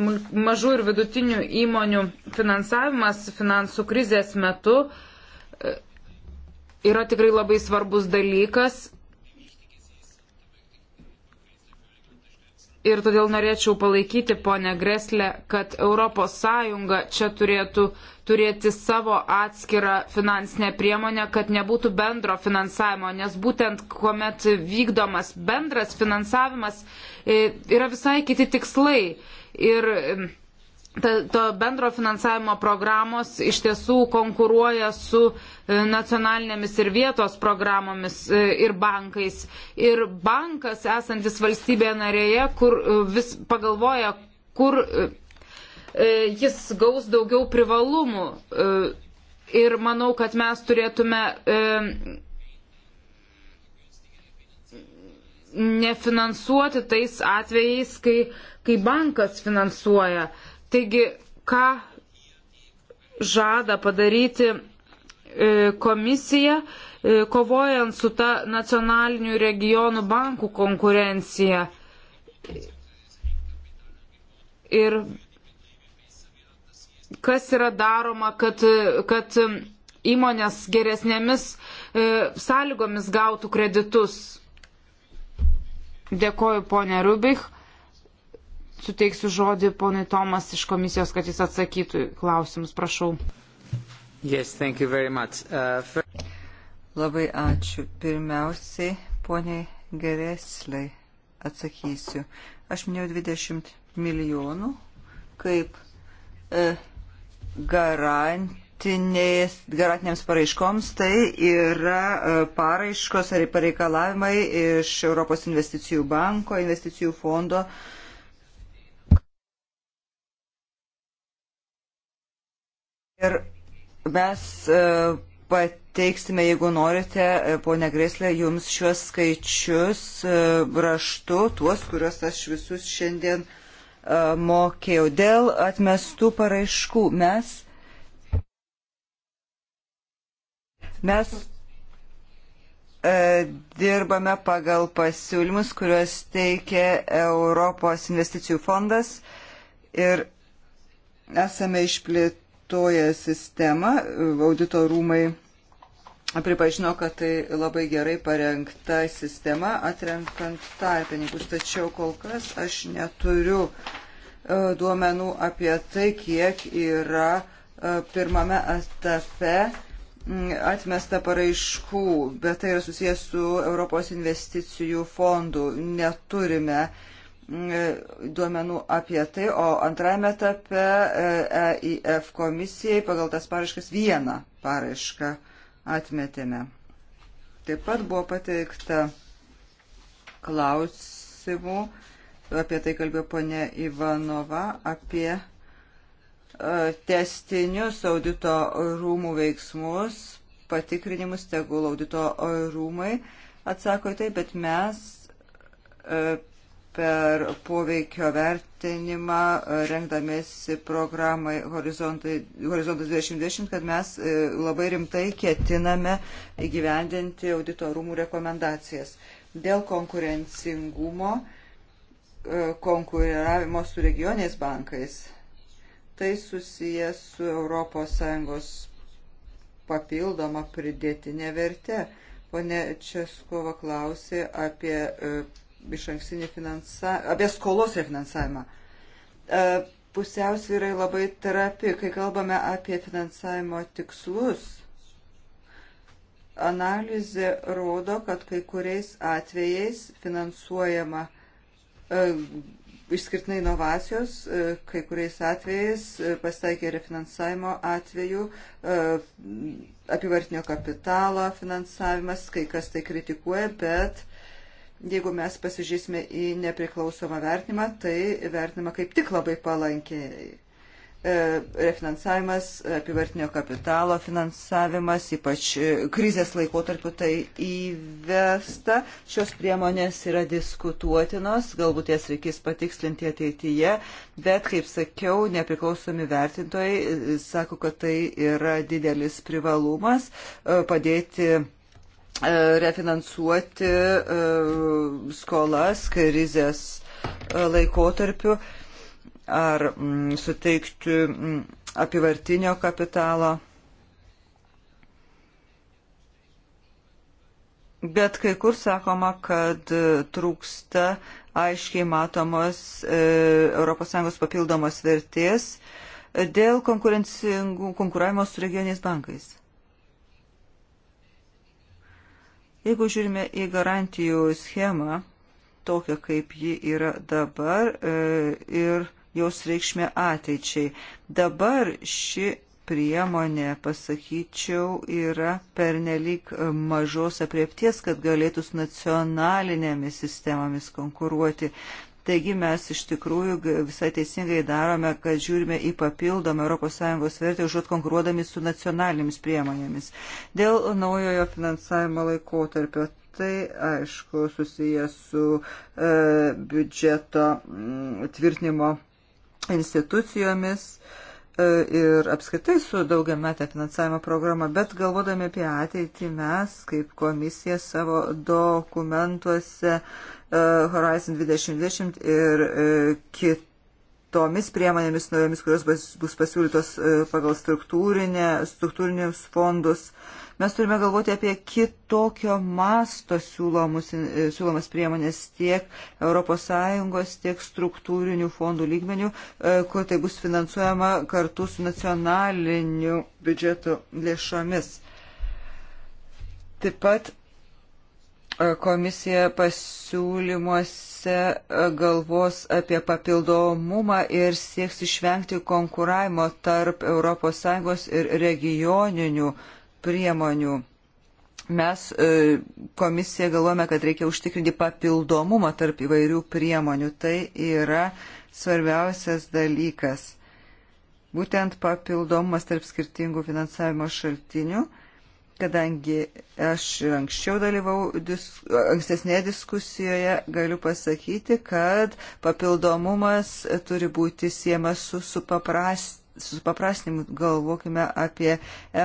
mažų ir vidutinių įmonių finansavimas finansų krizės metu e, yra tikrai labai svarbus dalykas. Ir todėl norėčiau palaikyti ponę Greslę, kad ES čia turėtų turėti savo atskirą finansinę priemonę, kad nebūtų bendro finansavimo, nes būtent kuomet vykdomas bendras finansavimas e, yra visai kiti tikslai ir ta, to bendro finansavimo programos iš tiesų konkuruoja su e, nacionalinėmis ir vietos programomis e, ir bankais. Ir bankas esantis valstybėje narėje, kur e, vis pagalvoja, kur jis gaus daugiau privalumų. Ir manau, kad mes turėtume nefinansuoti tais atvejais, kai kai bankas finansuoja. Taigi, ką žada padaryti e, komisija, e, kovojant su ta nacionalinių regionų bankų konkurencija. Ir kas yra daroma, kad, kad įmonės geresnėmis e, sąlygomis gautų kreditus. Dėkoju, ponė Rubik suteiksiu žodį ponui Tomas iš komisijos, kad jis atsakytų klausimus. Prašau. Yes, thank you very much. Uh, for... Labai ačiū. Pirmiausiai, poniai Gereslai, atsakysiu. Aš minėjau 20 milijonų kaip e, garantinėms paraiškoms. Tai yra e, paraiškos ar pareikalavimai iš Europos investicijų banko, investicijų fondo. E, Ir mes e, pateiksime, jeigu norite, e, ponia Greslė, jums šiuos skaičius e, raštu, tuos, kuriuos aš visus šiandien mokėjau. Dėl atmestų paraiškų mes. Mes dirbame pagal pasiūlymus, kuriuos teikia Europos investicijų fondas ir esame išplėtę plėtoja sistemą, audito rūmai pripažino, kad tai labai gerai parengta sistema atrenkant tarpininkus, tačiau kol kas aš neturiu e, duomenų apie tai, kiek yra e, pirmame etape atmesta paraiškų, bet tai yra susijęs su Europos investicijų fondu. Neturime uh, E, duomenų apie tai, o antrajame etape EIF e komisijai pagal tas paraiškas vieną paraišką atmetėme. Taip pat buvo pateikta klausimų, apie tai kalbėjo ponė Ivanova, apie e, testinius audito rūmų veiksmus, patikrinimus, tegul audito rūmai atsako į tai, bet mes per poveikio vertinimą, e, rengdamėsi programai Horizontas 2020, kad mes e, labai rimtai ketiname įgyvendinti auditorumų rekomendacijas. Dėl konkurencingumo, e, konkuravimo su regioniais bankais, tai susijęs su ES papildoma pridėtinė vertė. Pone Českova klausė apie iš ankstinį finansavimą, apie skolos refinansavimą. E, pusiausvyrai labai terapi, kai kalbame apie finansavimo tikslus. Analizė rodo, kad kai kuriais atvejais finansuojama e, išskirtinai inovacijos, e, kai kuriais atvejais pasitaikė refinansavimo atveju, apivartinio kapitalo finansavimas, kai kas tai kritikuoja, bet Jeigu mes pasižiūrėsime į nepriklausomą vertinimą, tai vertinimą kaip tik labai palankiai. E, refinansavimas, apivartinio kapitalo finansavimas, ypač e, krizės laikotarpiu tai įvesta. Šios priemonės yra diskutuotinos, galbūt jas reikės patikslinti ateityje, bet, kaip sakiau, nepriklausomi vertintojai e, sako, kad tai yra didelis privalumas padėti E, refinansuoti e, skolas krizės e, laikotarpiu ar mm, suteikti mm, apivartinio kapitalo. Bet kai kur sakoma, kad trūksta aiškiai matomos ES papildomos vertės dėl konkuravimo su regioniais bankais. Jeigu žiūrime į garantijų schemą, tokią kaip ji yra dabar e, ir jos reikšmė ateičiai, dabar ši priemonė, pasakyčiau, yra pernelyg mažos apriepties, kad galėtų su nacionalinėmis sistemomis konkuruoti. Taigi mes iš tikrųjų visai teisingai darome, kad žiūrime į papildomą ES vertę užuot konkuruodami su nacionalinėmis priemonėmis. Dėl naujojo finansavimo laikotarpio tai aišku susijęs su e, biudžeto m, tvirtinimo institucijomis e, ir apskritai su daugiametė finansavimo programa, bet galvodami apie ateitį mes kaip komisija savo dokumentuose e, E, Horizon 2020 ir e, kitų tomis priemonėmis naujomis, kurios bus pasiūlytos e, pagal struktūrinius fondus. Mes turime galvoti apie kitokio masto siūlomus, siūlomas priemonės tiek ES, tiek struktūrinių fondų lygmenių, kur tai bus finansuojama kartu su nacionaliniu biudžetu lėšomis. Taip pat komisija pasiūlymuose e, galvos apie papildomumą ir sieks išvengti konkuravimo tarp ES ir regioninių priemonių. Mes e, komisija galvojame, kad reikia užtikrinti papildomumą tarp įvairių priemonių. Tai yra svarbiausias dalykas. Būtent papildomumas tarp skirtingų finansavimo šaltinių Kadangi aš ir anksčiau dalyvau dis, ankstesnėje diskusijoje, galiu pasakyti, kad papildomumas turi būti siemas su supaprastinimu supaprastinimu galvokime apie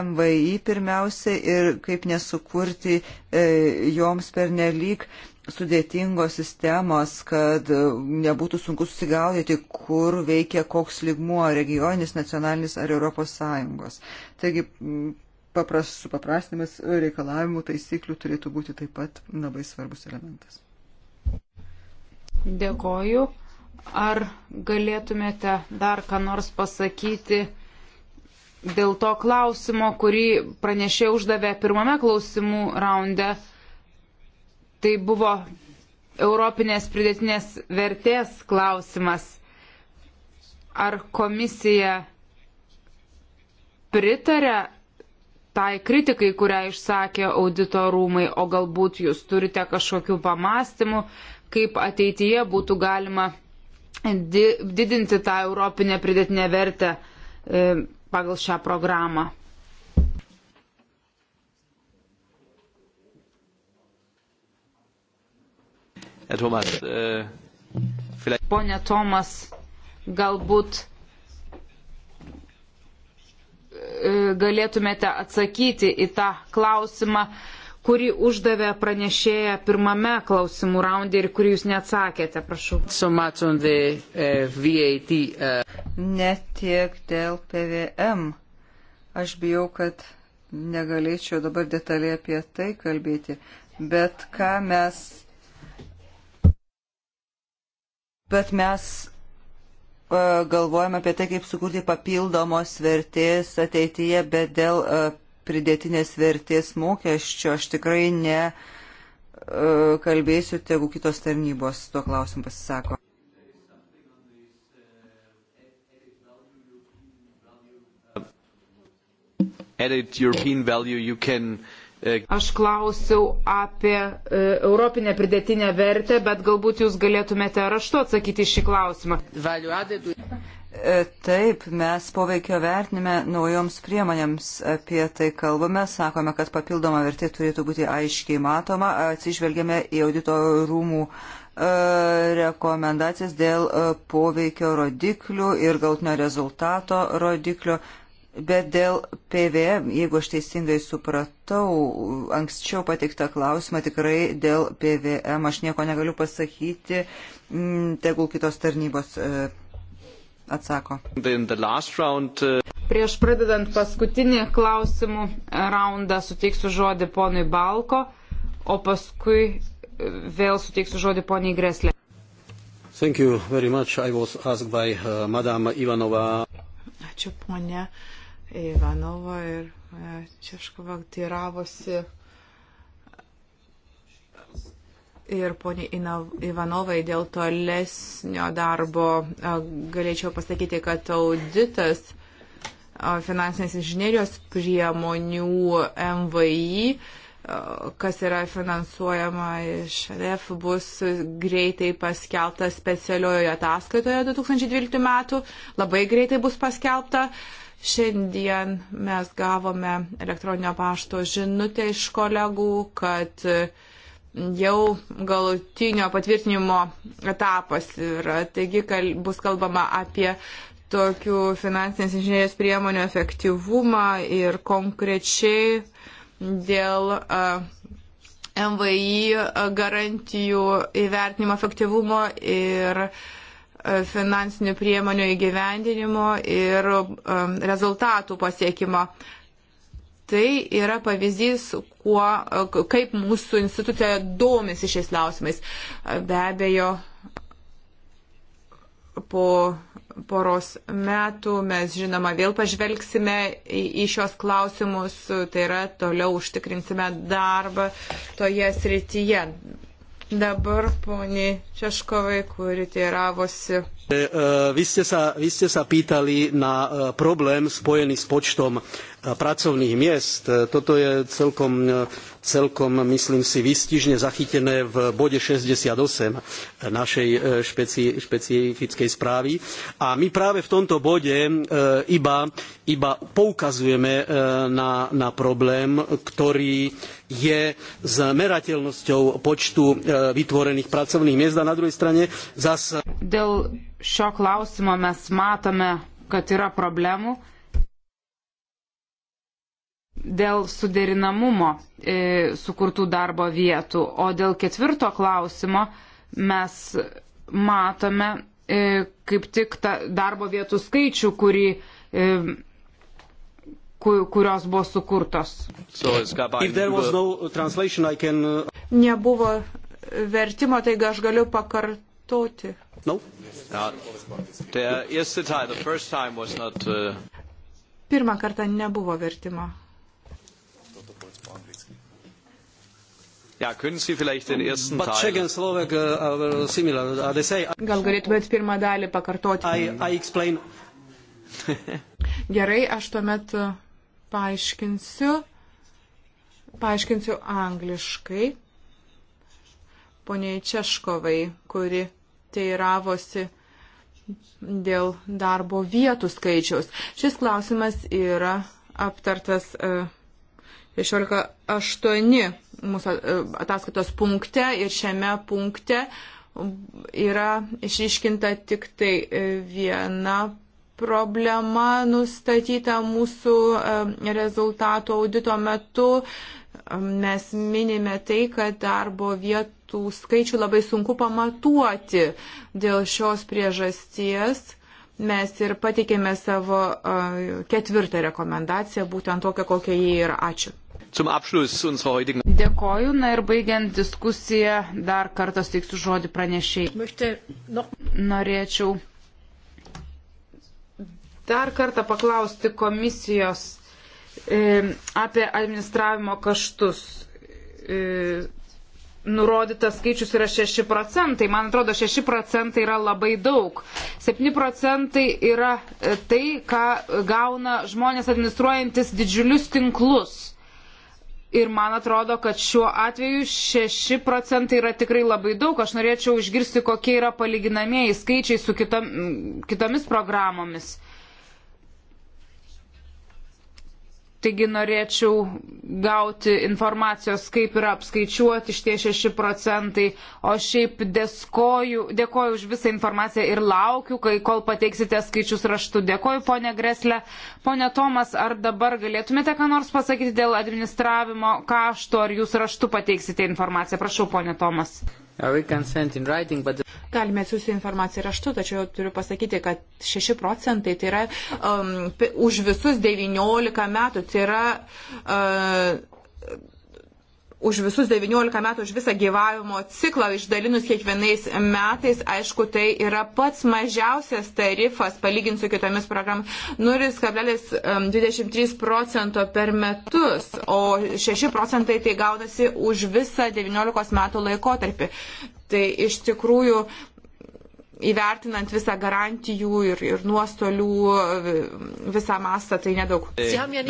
MVI pirmiausia ir kaip nesukurti e, joms pernelyg sudėtingos sistemos, kad e, nebūtų sunku susigaudyti, kur veikia koks ligmuo - regioninis, nacionalinis ar Europos Sąjungos. Taigi papras, supaprastinimas reikalavimų taisyklių turėtų būti taip pat labai svarbus elementas. Dėkoju. Ar galėtumėte dar ką nors pasakyti dėl to klausimo, kurį pranešė uždavė pirmame klausimų raunde? Tai buvo Europinės pridėtinės vertės klausimas. Ar komisija pritarė tai kritikai, kurią išsakė auditorumai, o galbūt jūs turite kažkokių pamastymų, kaip ateityje būtų galima di didinti tą europinę pridėtinę vertę e, pagal šią programą. Herr Thomas, äh, vielleicht... Pone Tomas, galbūt E, galėtumėte atsakyti į tą klausimą, kurį uždavė pranešėja pirmame klausimų raundė ir kurį jūs neatsakėte, prašau. So much on the uh, e, VAT. Uh... E. Ne tiek dėl PVM. Aš bijau, kad negalėčiau dabar detaliai apie tai kalbėti, bet ką mes. Bet mes E, galvojame apie tai, kaip sukurti papildomos vertės ateityje, bet dėl e, pridėtinės vertės mokesčio aš tikrai ne e, kalbėsiu, tegu kitos tarnybos tuo klausimu pasisako. Added European value you can uh, Aš klausiau apie e, Europinę pridėtinę vertę, bet galbūt jūs galėtumėte raštu atsakyti šį klausimą. E, taip, mes poveikio vertinime naujoms priemonėms apie tai kalbame, sakome, kad papildoma vertė turėtų būti aiškiai matoma, atsižvelgiame į audito rūmų e, rekomendacijas dėl e, poveikio rodiklių ir galtinio rezultato rodiklių. Bet dėl PVM, jeigu aš teisingai supratau, anksčiau pateiktą klausimą tikrai dėl PVM aš nieko negaliu pasakyti, mm, tegul kitos tarnybos e, atsako. Round, uh... Prieš pradedant paskutinį klausimų raundą suteiksiu žodį ponui Balko, o paskui e, vėl suteiksiu žodį poniai Greslė. Thank you very much. I was asked by uh, Madame Ivanova. Ačiū, ponė. Uh, Ivanova ir e, Češkova teiravosi. Ir ponė Ivanovai dėl tolesnio darbo e, galėčiau pasakyti, kad auditas e, finansinės inžinierijos priemonių MVI kas yra finansuojama iš REF, bus greitai paskelbta specialiojoje ataskaitoje 2012 metų, labai greitai bus paskelbta. Šiandien mes gavome elektroninio pašto žinutę iš kolegų, kad jau galutinio patvirtinimo etapas yra. Taigi kal, bus kalbama apie tokių finansinės inžinierės priemonių efektyvumą ir konkrečiai dėl uh, MVI garantijų įvertinimo efektyvumo ir uh, E, finansinių priemonių įgyvendinimo ir e, rezultatų pasiekimo. Tai yra pavyzdys, kuo, e, kaip mūsų institucija domisi šiais klausimais. Be abejo, po poros metų mes, žinoma, vėl pažvelgsime į, į šios klausimus, tai yra toliau užtikrinsime darbą toje srityje. Dabar poniai Češkovai, kuri teiravosi. E, e, vy ste, sa, vy ste sa pýtali na e, problém spojený s počtom pracovných miest. Toto je celkom celkom, myslím si, výstižne zachytené v bode 68 našej e, špeci, špecifickej správy. A my práve v tomto bode e, iba, iba poukazujeme e, na, na problém, ktorý je s merateľnosťou počtu vytvorených pracovných miest a na druhej strane zase. Dėl šio klausimo mes matome, kad yra problemų dėl suderinamumo e, sukurtų darbo vietų, o dėl ketvirto klausimo mes matome e, kaip tik tą darbo vietų skaičių, kurį, e, kur, kurios buvo sukurtos. So no can... Uh, nebuvo vertimo, taigi aš galiu pakartoti. No? Uh, the, the time, the not, uh... Pirmą kartą nebuvo vertimo. Ja, können Sie vielleicht den ersten But Teil. Czech and Slovak uh, are similar. Uh, they say. Gal galėtumėt pirmą dalį pakartoti? I, I explain. *laughs* Gerai, aš tuomet uh, paaiškinsiu. Paaiškinsiu angliškai. Poniai Češkovai, kuri teiravosi dėl darbo vietų skaičiaus. Šis klausimas yra aptartas. Uh, 16.8 mūsų e, ataskaitos punkte ir šiame punkte yra išiškinta tik tai e, viena problema nustatyta mūsų e, rezultato audito metu. Mes minime tai, kad darbo vietų skaičių labai sunku pamatuoti dėl šios priežasties mes ir pateikėme savo ketvirtą rekomendaciją, būtent tokią, kokia jie yra. Ačiū. Dėkoju, na ir baigiant diskusiją, dar kartą steiksiu žodį pranešiai. Norėčiau dar kartą paklausti komisijos e, apie administravimo kaštus. E, nurodytas skaičius yra 6 procentai. Man atrodo, 6 procentai yra labai daug. 7 procentai yra e, tai, ką gauna žmonės administruojantis didžiulius tinklus. Ir man atrodo, kad šiuo atveju 6 procentai yra tikrai labai daug. Aš norėčiau išgirsti, kokie yra palyginamieji skaičiai su kitom, kitomis programomis. Taigi norėčiau gauti informacijos, kaip yra apskaičiuoti šitie 6 procentai. O šiaip dėkoju, dėkoju už visą informaciją ir laukiu, kai kol pateiksite skaičius raštu. Dėkoju, ponė Greslė. Pone Tomas, ar dabar galėtumėte ką nors pasakyti dėl administravimo kašto, ar jūs raštu pateiksite informaciją? Prašau, ponė Tomas. Galime atsiųsti informaciją raštu, tačiau turiu pasakyti, kad 6 procentai tai yra um, už visus 19 metų, tai yra uh, už visus 19 metų, už visą gyvavimo ciklą išdalinus kiekvienais metais, aišku, tai yra pats mažiausias tarifas palyginti su kitomis programomis 0,23 procento per metus, o 6 procentai tai gaunasi už visą 19 metų laikotarpį. Tai iš tikrųjų įvertinant visą garantijų ir, ir nuostolių e, visą mastą, tai nedaug. E,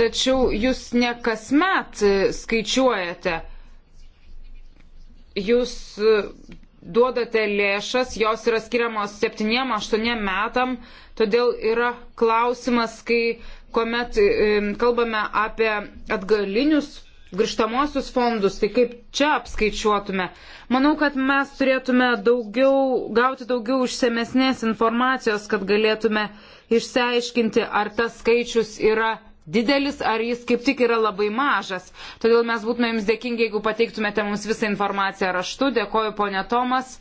Tačiau jūs ne kasmet e, skaičiuojate, jūs duodate lėšas, jos yra skiriamos 7-8 metam, todėl yra klausimas, kai kuomet kalbame apie atgalinius grįžtamosius fondus, tai kaip čia apskaičiuotume. Manau, kad mes turėtume daugiau, gauti daugiau išsamesnės informacijos, kad galėtume išsiaiškinti, ar tas skaičius yra didelis, ar jis kaip tik yra labai mažas. Todėl mes būtume jums dėkingi, jeigu pateiktumėte mums visą informaciją raštu. Dėkoju, ponė Tomas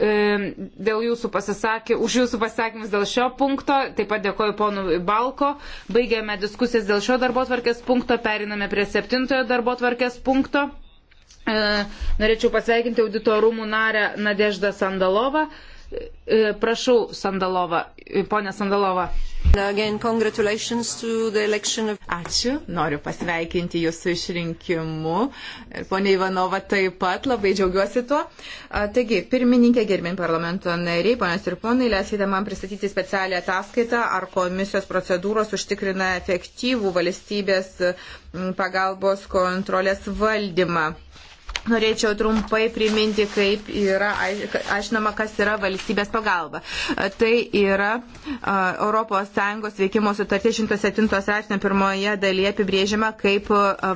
dėl jūsų pasisakė, už jūsų pasisakymus dėl šio punkto. Taip pat dėkoju ponui Balko. Baigėme diskusijas dėl šio darbo tvarkės punkto, periname prie septintojo darbo tvarkės punkto. Norėčiau pasveikinti auditorumų narę Nadeždą Sandalovą. Prašau, Sandalova, ponė Sandalova. Again, of... Ačiū, noriu pasveikinti jūsų išrinkimu. Pone Ivanova, taip pat labai džiaugiuosi tuo. Taigi, pirmininkė, gerbėm parlamento nariai, ponas ir ponai, leiskite man pristatyti specialią ataskaitą, ar komisijos procedūros užtikrina efektyvų valstybės pagalbos kontrolės valdymą. Norėčiau trumpai priminti, kaip yra aišinama, kas yra valstybės pagalba. Tai yra ES veikimo sutartė 107 straipsnio pirmoje dalyje apibrėžiama kaip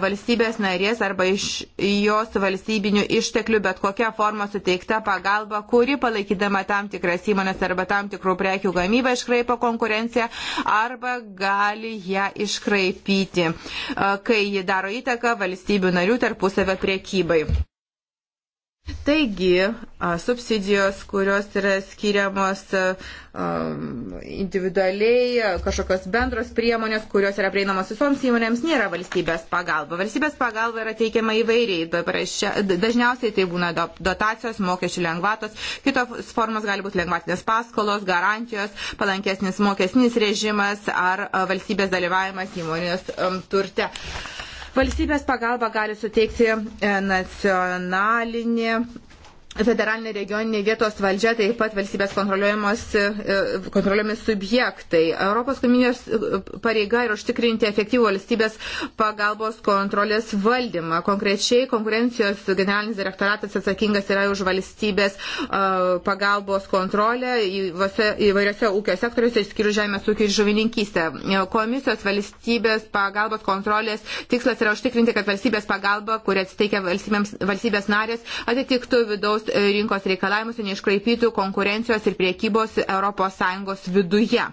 valstybės narės arba iš jos valstybinių išteklių bet kokia forma suteikta pagalba, kuri palaikydama tam tikras įmonės arba tam tikrų prekių gamybą iškraipo konkurenciją arba gali ją iškraipyti, kai ji daro įtaką valstybių narių tarpusavę priekybai. Taigi, subsidijos, kurios yra skiriamos individualiai, kažkokios bendros priemonės, kurios yra prieinamos visoms įmonėms, nėra valstybės pagalba. Valstybės pagalba yra teikiama įvairiai. Dažniausiai tai būna dotacijos, mokesčių lengvatos, kitos formos gali būti lengvatinės paskolos, garantijos, palankesnis mokesnis režimas ar valstybės dalyvavimas įmonės turte. Valstybės pagalba gali suteikti e, nacionalinė federalinė regioninė vietos valdžia, taip pat valstybės e, e, kontroliuojami subjektai. Europos komisijos e, pareiga yra užtikrinti efektyvų valstybės pagalbos kontrolės valdymą. Konkrečiai konkurencijos generalinis direktoratas atsakingas yra už valstybės pagalbos kontrolę įvairiose ūkio sektoriuose, išskyrus žemės ūkį ir žuvininkystę. Komisijos valstybės pagalbos kontrolės tikslas yra užtikrinti, kad valstybės pagalba, kurią teikia valstybės narės, atitiktų vidaus vidaus e, rinkos reikalavimus ir neiškraipytų konkurencijos ir priekybos ES viduje.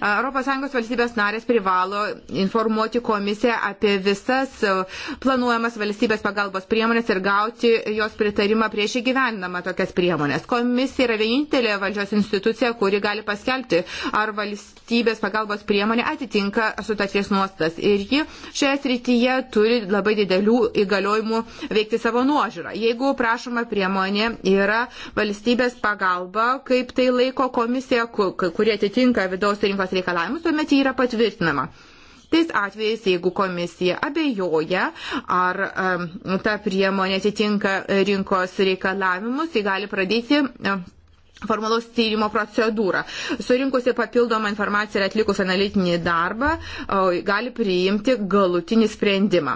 ES valstybės narės privalo informuoti komisiją apie visas e, planuojamas valstybės pagalbos priemonės ir gauti jos pritarimą prieš įgyvendinamą tokias priemonės. Komisija yra vienintelė valdžios institucija, kuri gali paskelbti, ar valstybės pagalbos priemonė atitinka sutarties nuostas. Ir ji šioje srityje turi labai didelių įgaliojimų veikti savo nuožiūrą. Jeigu prašoma priemonė yra valstybės pagalba, kaip tai laiko komisija, kurie atitinka vidaus rinkos reikalavimus, tuomet ji yra patvirtinama. Tais atvejais, jeigu komisija abejoja, ar um, ta priemonė atitinka rinkos reikalavimus, ji gali pradėti um, formalaus tyrimo procedūrą. Surinkusi papildomą informaciją ir atlikus analitinį darbą, gali priimti galutinį sprendimą.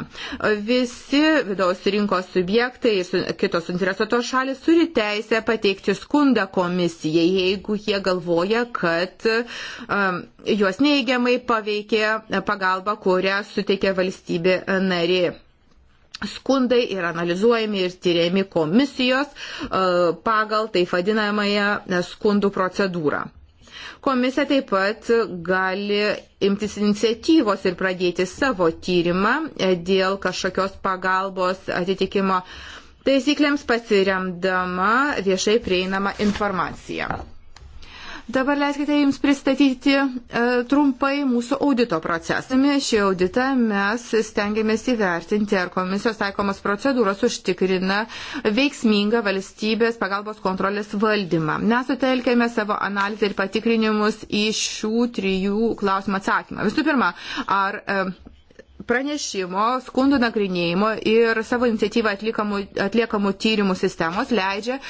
Visi vidaus rinkos subjektai ir kitos interesuotos šalis turi teisę pateikti skundą komisijai, jeigu jie galvoja, kad um, juos neigiamai paveikė pagalba, kurią suteikė valstybė narė skundai yra analizuojami ir tyriami komisijos e, pagal taip vadinamąją e, skundų procedūrą. Komisija taip pat gali imtis iniciatyvos ir pradėti savo tyrimą e, dėl kažkokios pagalbos atitikimo taisyklėms pasiremdama viešai prieinama informacija. Dabar leiskite Jums pristatyti e, trumpai mūsų audito procesą. Šį auditą mes stengiamės įvertinti, ar komisijos taikomas procedūros užtikrina veiksmingą valstybės pagalbos kontrolės valdymą. Mes sutelkėme savo analizę ir patikrinimus į šių trijų klausimų atsakymą. Visų pirma, ar e, pranešimo, skundų nagrinėjimo ir savo iniciatyvą atliekamų, atliekamų tyrimų sistemos leidžia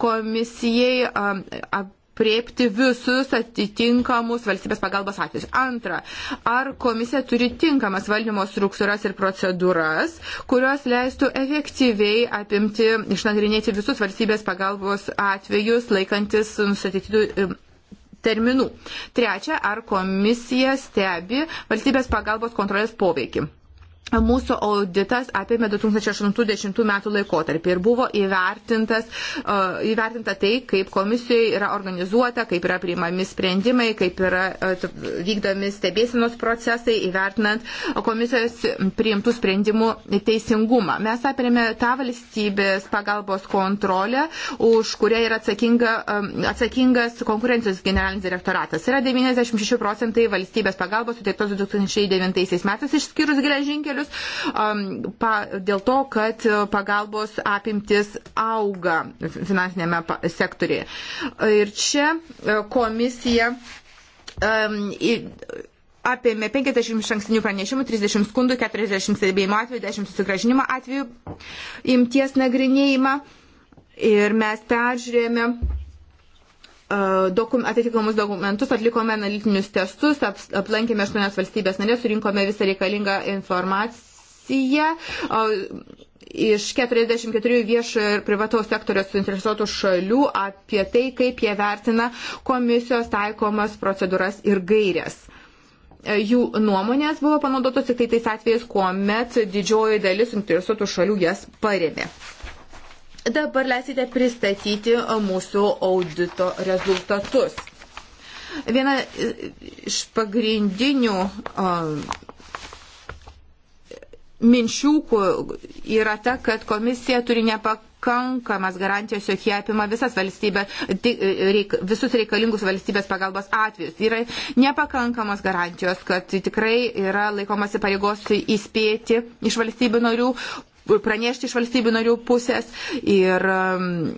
komisijai priepti visus atitinkamus valstybės pagalbos atvejus. Antra, ar komisija turi tinkamas valdymo struktūras ir procedūras, kurios leistų efektyviai apimti, išnagrinėti visus valstybės pagalbos atvejus, laikantis nustatytų terminų. Trečia, ar komisija stebi valstybės pagalbos kontrolės poveikį. Mūsų auditas apėmė 2080 metų laikotarpį ir buvo įvertintas, uh, įvertinta tai, kaip komisijoje yra organizuota, kaip yra priimami sprendimai, kaip yra uh, vykdomi stebėsinos procesai, įvertinant komisijos priimtų sprendimų teisingumą. Mes apėmė tą valstybės pagalbos kontrolę, už kurią yra atsakinga, um, atsakingas konkurencijos generalinis direktoratas. Yra 96 procentai valstybės pagalbos suteiktos 2009 metais išskyrus geležinkelių dolerius pa, dėl to, kad e, pagalbos apimtis auga finansinėme sektorėje. Ir čia e, komisija um, apėmė 50 šankstinių pranešimų, 30 skundų, 40 stebėjimo atvejų, 10 susigražinimo atvejų, imties nagrinėjimą. Ir mes peržiūrėjome E, dokum, atitikamus dokumentus, atlikome analitinius testus, ap, aplankėme 8 valstybės narės, surinkome visą reikalingą informaciją. Iš 44 viešo ir privataus sektorio suinteresuotų šalių apie tai, kaip jie vertina komisijos taikomas procedūras ir gairias e, jų nuomonės buvo panaudotos tik tai tais atvejais, kuomet didžioji dalis suinteresuotų šalių jas paremė. Dabar leisite pristatyti mūsų audito rezultatus. Viena e, iš pagrindinių minčių yra ta, kad komisija turi nepakankamas garantijos, jog jie apima visas valstybės, e, reik, visus reikalingus valstybės pagalbos atvejus. Yra nepakankamas garantijos, kad tikrai yra laikomasi pareigos įspėti iš valstybių narių, pranešti iš valstybių narių pusės. Ir, um,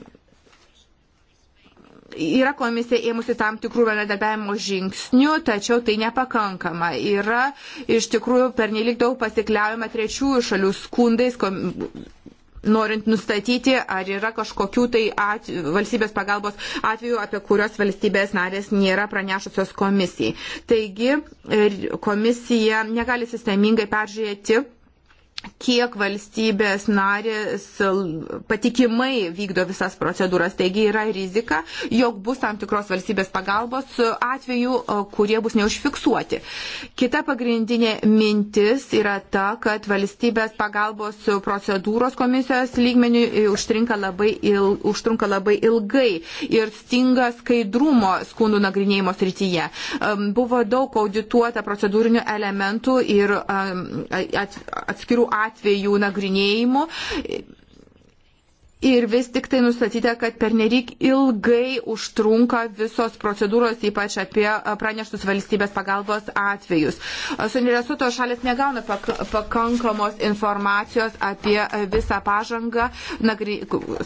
yra komisija ėmusi tam tikrų bendradarbiavimo žingsnių, tačiau tai nepakankama. Yra iš tikrųjų pernelyg daug pasikliaujama trečiųjų šalių skundais. Kom... Norint nustatyti, ar yra kažkokių tai at, valstybės pagalbos atvejų, apie kurios valstybės narės nėra pranešusios komisijai. Taigi komisija negali sistemingai peržiūrėti kiek valstybės narės patikimai vykdo visas procedūras. Taigi yra rizika, jog bus tam tikros valstybės pagalbos atveju, kurie bus neužfiksuoti. Kita pagrindinė mintis yra ta, kad valstybės pagalbos procedūros komisijos lygmenių e, užtrunka labai, il, užtrunka labai ilgai ir stinga skaidrumo skundų nagrinėjimo srityje. Buvo daug audituota procedūrinių elementų ir atskirų atvejų nagrinėjimu. Ir vis tik tai nustatyta, kad pernelyg ilgai užtrunka visos procedūros, ypač apie praneštus valstybės pagalbos atvejus. Suinteresuotos šalis negauna pakankamos informacijos apie visą pažangą nagri,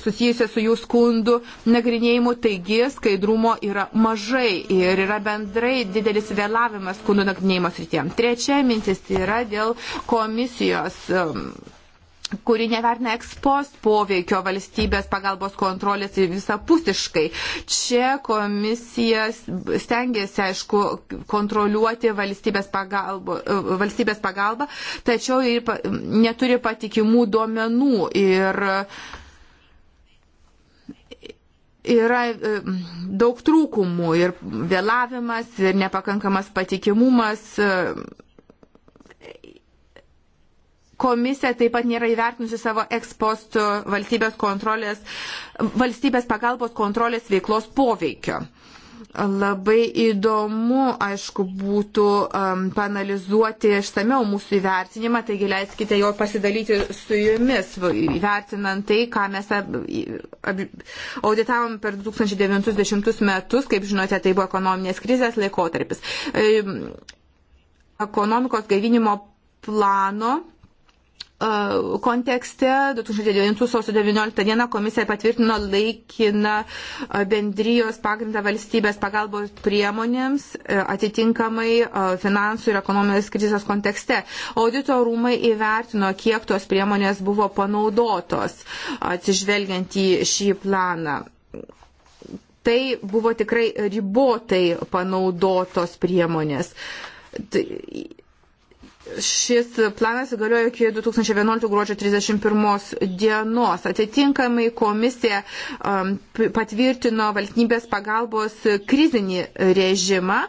susijusią su jų skundų nagrinėjimu, taigi skaidrumo yra mažai ir yra bendrai didelis vėlavimas skundų nagrinėjimo srityje. Trečia mintis tai yra dėl komisijos. Um, kuri nevertina ekspost poveikio valstybės pagalbos kontrolės visapusiškai. Čia komisija stengiasi, aišku, kontroliuoti valstybės, pagalbo, valstybės pagalbą, tačiau ir neturi patikimų duomenų. Ir, yra e, daug trūkumų ir vėlavimas, ir nepakankamas patikimumas e, Komisija taip pat nėra įvertinusi savo ekspostų valstybės, valstybės pagalbos kontrolės veiklos poveikio. Labai įdomu, aišku, būtų um, panalizuoti išsameu mūsų įvertinimą, taigi leiskite jo pasidalyti su jumis, įvertinant tai, ką mes ab, ab, auditavom per 2090 metus, kaip žinote, tai buvo ekonominės krizės laikotarpis. E, ekonomikos gaivinimo plano kontekste 2009 sausio 19 dieną komisija patvirtino laikiną bendrijos pagrindą valstybės pagalbos priemonėms e, atitinkamai finansų ir ekonominės krizės kontekste. Audito rūmai įvertino, kiek tos priemonės buvo panaudotos atsižvelgiant į šį planą. Tai buvo tikrai ribotai panaudotos priemonės Šis planas įgaliojo iki 2011 gruodžio 31 dienos. Atitinkamai komisija um, patvirtino valstybės pagalbos krizinį režimą.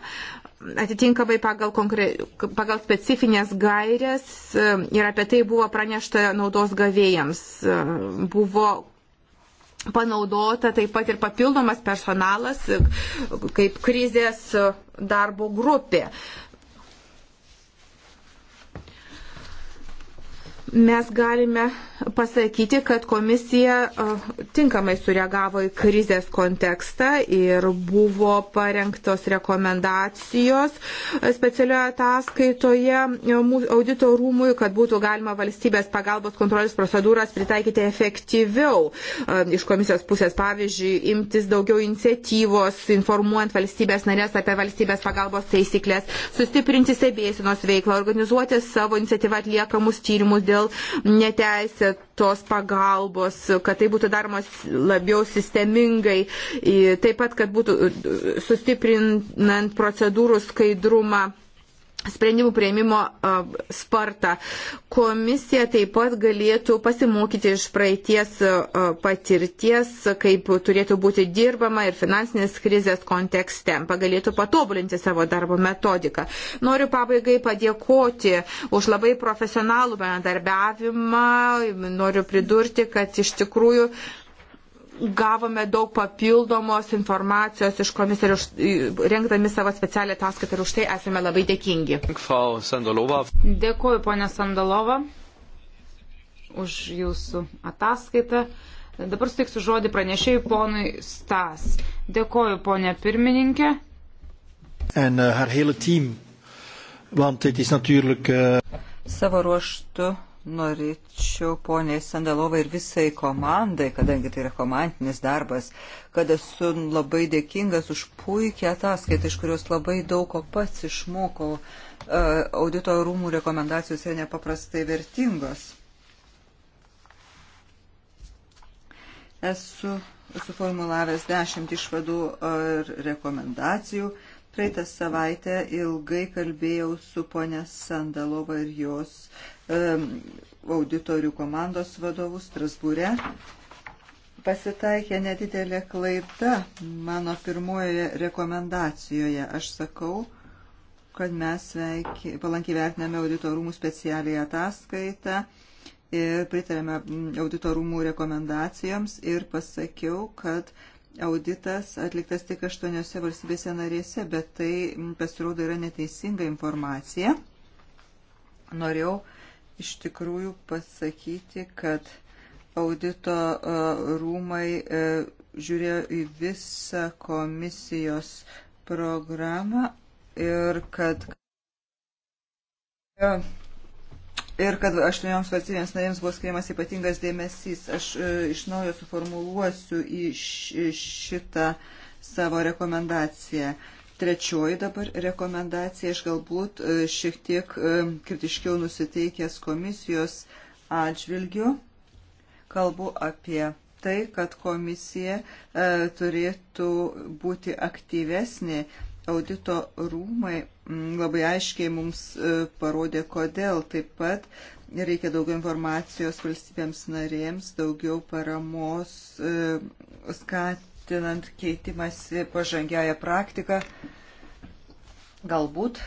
Atitinkamai pagal, konkre... pagal specifinės gairės um, ir apie tai buvo pranešta naudos gavėjams. Um, buvo panaudota taip pat ir papildomas personalas um, kaip krizės darbo grupė. Uh, mes galime pasakyti, kad komisija e, tinkamai sureagavo į krizės kontekstą ir buvo parengtos rekomendacijos specialioje ataskaitoje e, audito rūmui, kad būtų galima valstybės pagalbos kontrolės procedūras pritaikyti efektyviau e, iš komisijos pusės, pavyzdžiui, imtis daugiau iniciatyvos, informuojant valstybės narės apie valstybės pagalbos taisyklės, sustiprinti stebėsinos veiklą, organizuoti savo iniciatyvą atliekamus tyrimus dėl neteisės reikia tos pagalbos, kad tai būtų daromas labiau sistemingai, taip pat, kad būtų e, sustiprinant procedūrų skaidrumą sprendimų prieimimo spartą. Komisija taip pat galėtų pasimokyti iš praeities patirties, kaip turėtų būti dirbama ir finansinės krizės kontekste. Pagalėtų patobulinti savo darbo metodiką. Noriu pabaigai padėkoti už labai profesionalų bendarbiavimą. Noriu pridurti, kad iš tikrųjų gavome daug papildomos informacijos iš komisarių, rengdami savo specialią ataskaitą ir už tai esame labai dėkingi. Dėkuoju, ponė Sandalova, už jūsų ataskaitą. Dabar steiksiu žodį pranešėjui ponui Stas. Dėkuoju, ponė pirmininkė. En, uh, Want, uh... Savo ruoštų norėčiau poniai Sandalovai ir visai komandai, kadangi tai yra komandinis darbas, kad esu labai dėkingas už puikią ataskaitą, iš kurios labai daug ko pats išmokau. E, audito rūmų rekomendacijos yra nepaprastai vertingos. Esu suformulavęs dešimt išvadų ar e, rekomendacijų. Praeitą savaitę ilgai kalbėjau su ponė Sandalova ir jos uh, auditorių komandos vadovus Strasbūre. Pasitaikė nedidelė klaida mano pirmojoje rekomendacijoje. Aš sakau, kad mes palankiai vertiname auditorumų specialiai ataskaitą ir pritarėme auditorumų rekomendacijoms ir pasakiau, kad auditas atliktas tik aštuoniuose valstybėse narėse, bet tai pasirodo yra neteisinga informacija. Norėjau iš tikrųjų pasakyti, kad audito e, rūmai e, žiūrėjo į visą komisijos programą ir kad e, ir kad aštuonioms valstybėms narėms buvo skiriamas ypatingas dėmesys. Aš iš naujo suformuluosiu į šitą savo rekomendaciją. Uh, Trečioji dabar rekomendacija, aš galbūt e, šiek tiek e, kritiškiau nusiteikęs komisijos atžvilgiu. Kalbu apie tai, kad komisija e, turėtų būti aktyvesnė. Audito rūmai labai aiškiai mums parodė, kodėl. Taip pat reikia daugiau informacijos valstybėms narėms, daugiau paramos skat skatinant keitimąsi pažangiają praktiką. Galbūt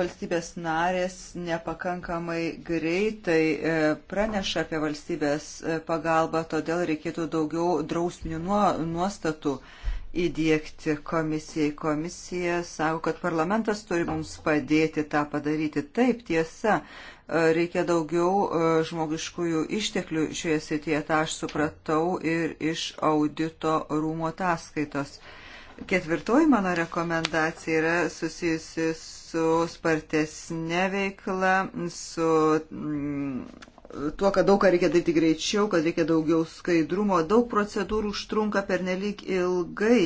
valstybės narės nepakankamai greitai e, praneša apie valstybės e, pagalbą, todėl reikėtų daugiau drausminių nuostatų. Nuo įdėkti komisijai. Komisija sako, kad parlamentas turi mums padėti tą padaryti. Taip, tiesa, reikia daugiau e, žmogiškųjų išteklių šioje srityje, tą aš supratau ir iš audito rūmo ataskaitos. Ketvirtoji mano rekomendacija yra susijusi su spartesnė veikla, su mm, tuo, kad daug ką reikia daryti greičiau, kad reikia daugiau skaidrumo, daug procedūrų užtrunka per nelik ilgai.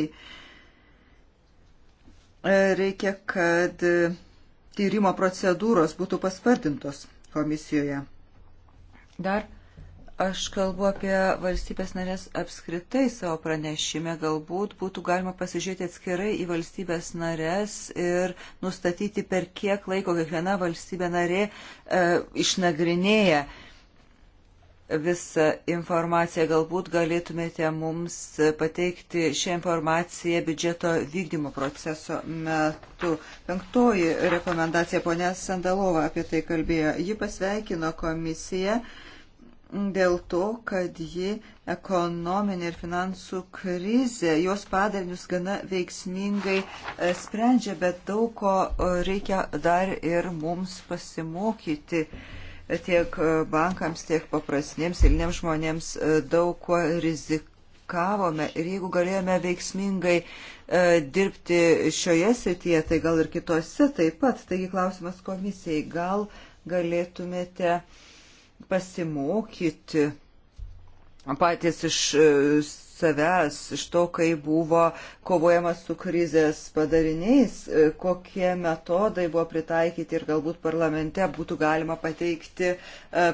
E, reikia, kad e, tyrimo procedūros būtų paspartintos komisijoje. Dar aš kalbu apie valstybės narės apskritai savo pranešime. Galbūt būtų galima pasižiūrėti atskirai į valstybės narės ir nustatyti, per kiek laiko kiekviena valstybė narė e, išnagrinėja e, visą informaciją. Galbūt galėtumėte mums pateikti šią informaciją biudžeto vykdymo proceso metu. Penktoji rekomendacija, ponė Sandalova apie tai kalbėjo. Ji pasveikino komisiją dėl to, kad ji ekonominė ir finansų krizė, jos padarinius gana veiksmingai e, sprendžia, bet daug ko reikia dar ir mums pasimokyti. Uh, tiek e, bankams, tiek paprastiniams eiliniams žmonėms e, daug kuo rizikavome. Ir jeigu galėjome veiksmingai e, dirbti šioje srityje, tai gal ir kitose taip pat. Taigi klausimas komisijai, gal galėtumėte pasimokyti patys iš savęs, iš to, kai buvo kovojama su krizės padariniais, e, kokie metodai buvo pritaikyti ir galbūt parlamente būtų galima pateikti e,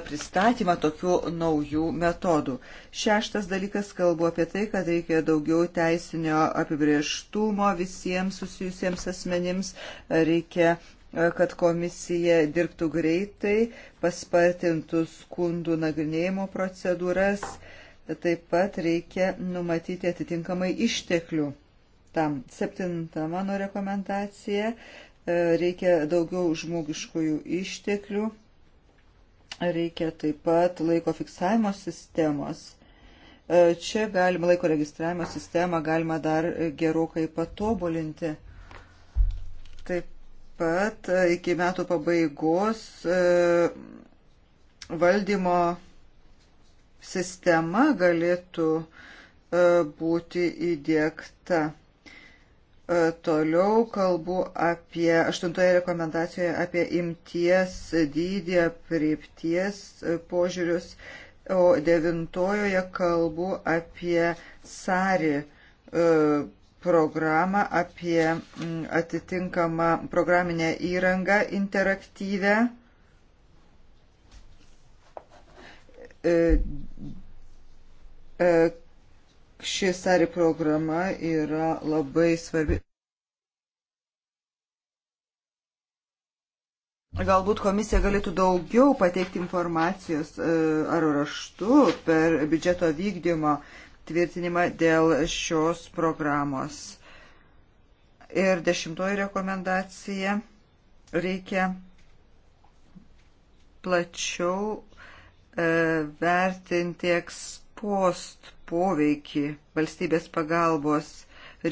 pristatymą tokių naujų metodų. Šeštas dalykas kalbu apie tai, kad reikia daugiau teisinio apibrieštumo visiems susijusiems asmenims, reikia e, kad komisija dirbtų greitai, paspartintų skundų nagrinėjimo procedūras, taip pat reikia numatyti atitinkamai išteklių. Tam septinta mano rekomendacija e, - reikia daugiau žmogiškųjų išteklių, reikia taip pat laiko fiksavimo sistemos. E, čia galima laiko registravimo sistemą galima dar gerokai patobulinti. Taip pat e, iki metų pabaigos valdymo sistema galėtų e, būti įdėkta. E, toliau kalbu apie aštuntoje rekomendacijoje apie imties dydį, priepties e, požiūrius, o devintojoje kalbu apie sari programą, apie atitinkamą programinę įrangą interaktyvę E, e, ši sari programa yra labai svarbi. Galbūt komisija galėtų daugiau pateikti informacijos e, ar raštu per biudžeto vykdymo tvirtinimą dėl šios programos. Ir dešimtoji rekomendacija reikia plačiau E, vertinti ekspost poveikį valstybės pagalbos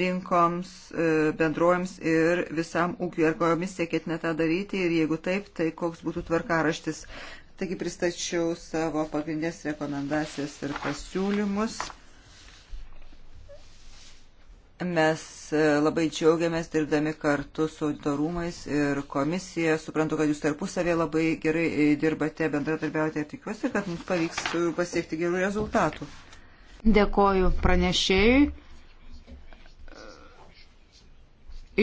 rinkoms, e, bendrojams ir visam ūkiu. Ar komisija ketina tą daryti ir jeigu taip, tai koks būtų tvarkaraštis. Taigi pristačiau savo pagrindinės rekomendacijas ir pasiūlymus. Mes e, labai džiaugiamės dirbdami kartu su auditorumais ir komisija. Suprantu, kad jūs tarpusavė labai gerai e, dirbate, bendradarbiaujate ir tikiuosi, kad mums pavyks e, pasiekti gerų rezultatų. Dėkoju pranešėjui.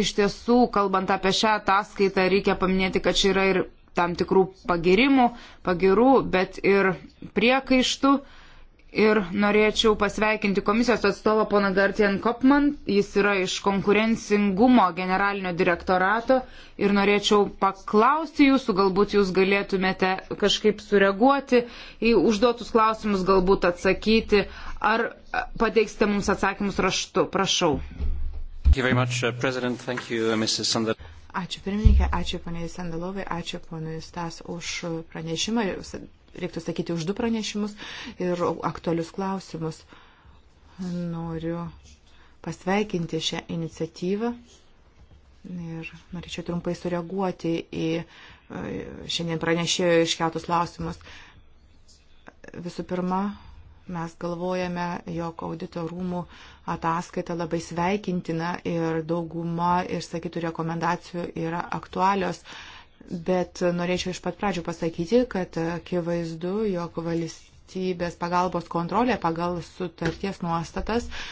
Iš tiesų, kalbant apie šią ataskaitą, reikia paminėti, kad čia yra ir tam tikrų pagirimų, pagirų, bet ir priekaištų. Uh, ir norėčiau pasveikinti komisijos atstovą poną Gartian Kopman. Jis yra iš konkurencingumo generalinio direktorato ir norėčiau paklausti jūsų, galbūt jūs galėtumėte kažkaip sureaguoti į užduotus klausimus, galbūt atsakyti, ar pateiksite mums atsakymus raštu. Prašau. Much, uh, you, uh, ačiū pirmininkė, ačiū poniai Sandalovai, ačiū ponui Stas už pranešimą reiktų sakyti, už du pranešimus ir aktualius klausimus. Noriu pasveikinti šią iniciatyvą ir norėčiau trumpai sureaguoti į e, šiandien pranešėjo iškeltus klausimus. Visų pirma, mes galvojame, jog audito rūmų ataskaita labai sveikintina ir dauguma išsakytų rekomendacijų yra aktualios. Uh, Bet norėčiau iš pat pradžių pasakyti, kad akivaizdu, jog valstybės pagalbos kontrolė pagal sutarties nuostatas uh,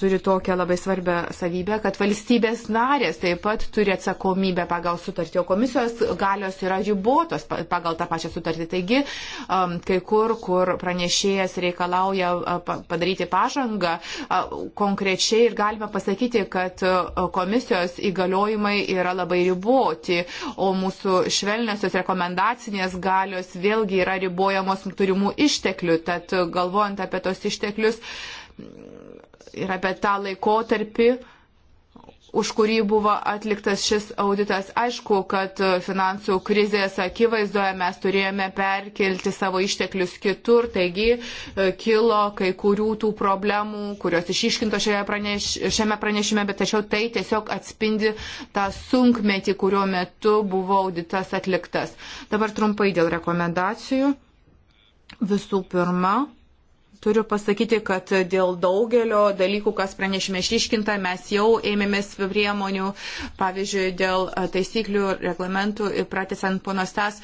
turi tokią labai svarbę savybę, kad valstybės narės taip pat turi atsakomybę pagal sutartį, o komisijos galios yra ribotos pagal tą pačią sutartį. Taigi, um, kai kur, kur pranešėjas reikalauja uh, padaryti pažangą, uh, konkrečiai ir galime pasakyti, kad uh, komisijos įgaliojimai yra labai riboti, o mūsų švelniosios rekomendacinės galios vėlgi yra ribojamos turimų išteklių. Tad galvojant apie tos išteklius, ir apie tą laikotarpį, už kurį buvo atliktas šis auditas. Aišku, kad finansų krizės akivaizdoje mes turėjome perkelti savo išteklius kitur, taigi e, kilo kai kurių tų problemų, kurios išiškinto praneš, šiame pranešime, bet tačiau tai tiesiog atspindi tą sunkmetį, kuriuo metu buvo auditas atliktas. Dabar trumpai dėl rekomendacijų. Visų pirma, Turiu pasakyti, kad dėl daugelio dalykų, kas pranešime išryškinta, mes jau ėmėmės priemonių, pavyzdžiui, dėl taisyklių, reglamentų ir pratesant ponostas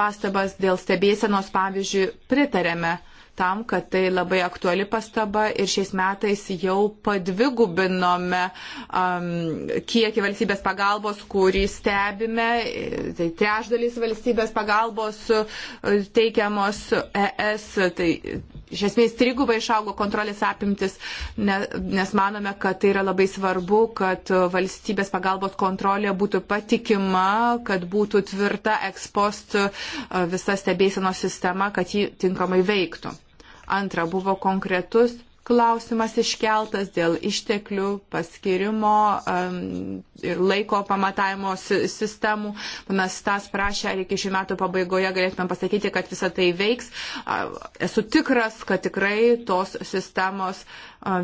pastabas dėl stebėsenos, pavyzdžiui, pritarėme tam, kad tai labai aktuali pastaba ir šiais metais jau padvigubinome um, kiekį valstybės pagalbos, kurį stebime. Tai trešdalis valstybės pagalbos teikiamos ES, tai iš esmės trigubai išaugo kontrolės apimtis, nes manome, kad tai yra labai svarbu, kad valstybės pagalbos kontrolė būtų patikima, kad būtų tvirta ekspost e, visa stebėsino sistema, kad ji tinkamai veiktų. Antra, buvo konkretus klausimas iškeltas dėl išteklių paskirimo um, ir laiko pamatavimo sistemų. Mes tas prašė, ar iki šių metų pabaigoje galėtume pasakyti, kad visa tai veiks. Esu tikras, kad tikrai tos sistemos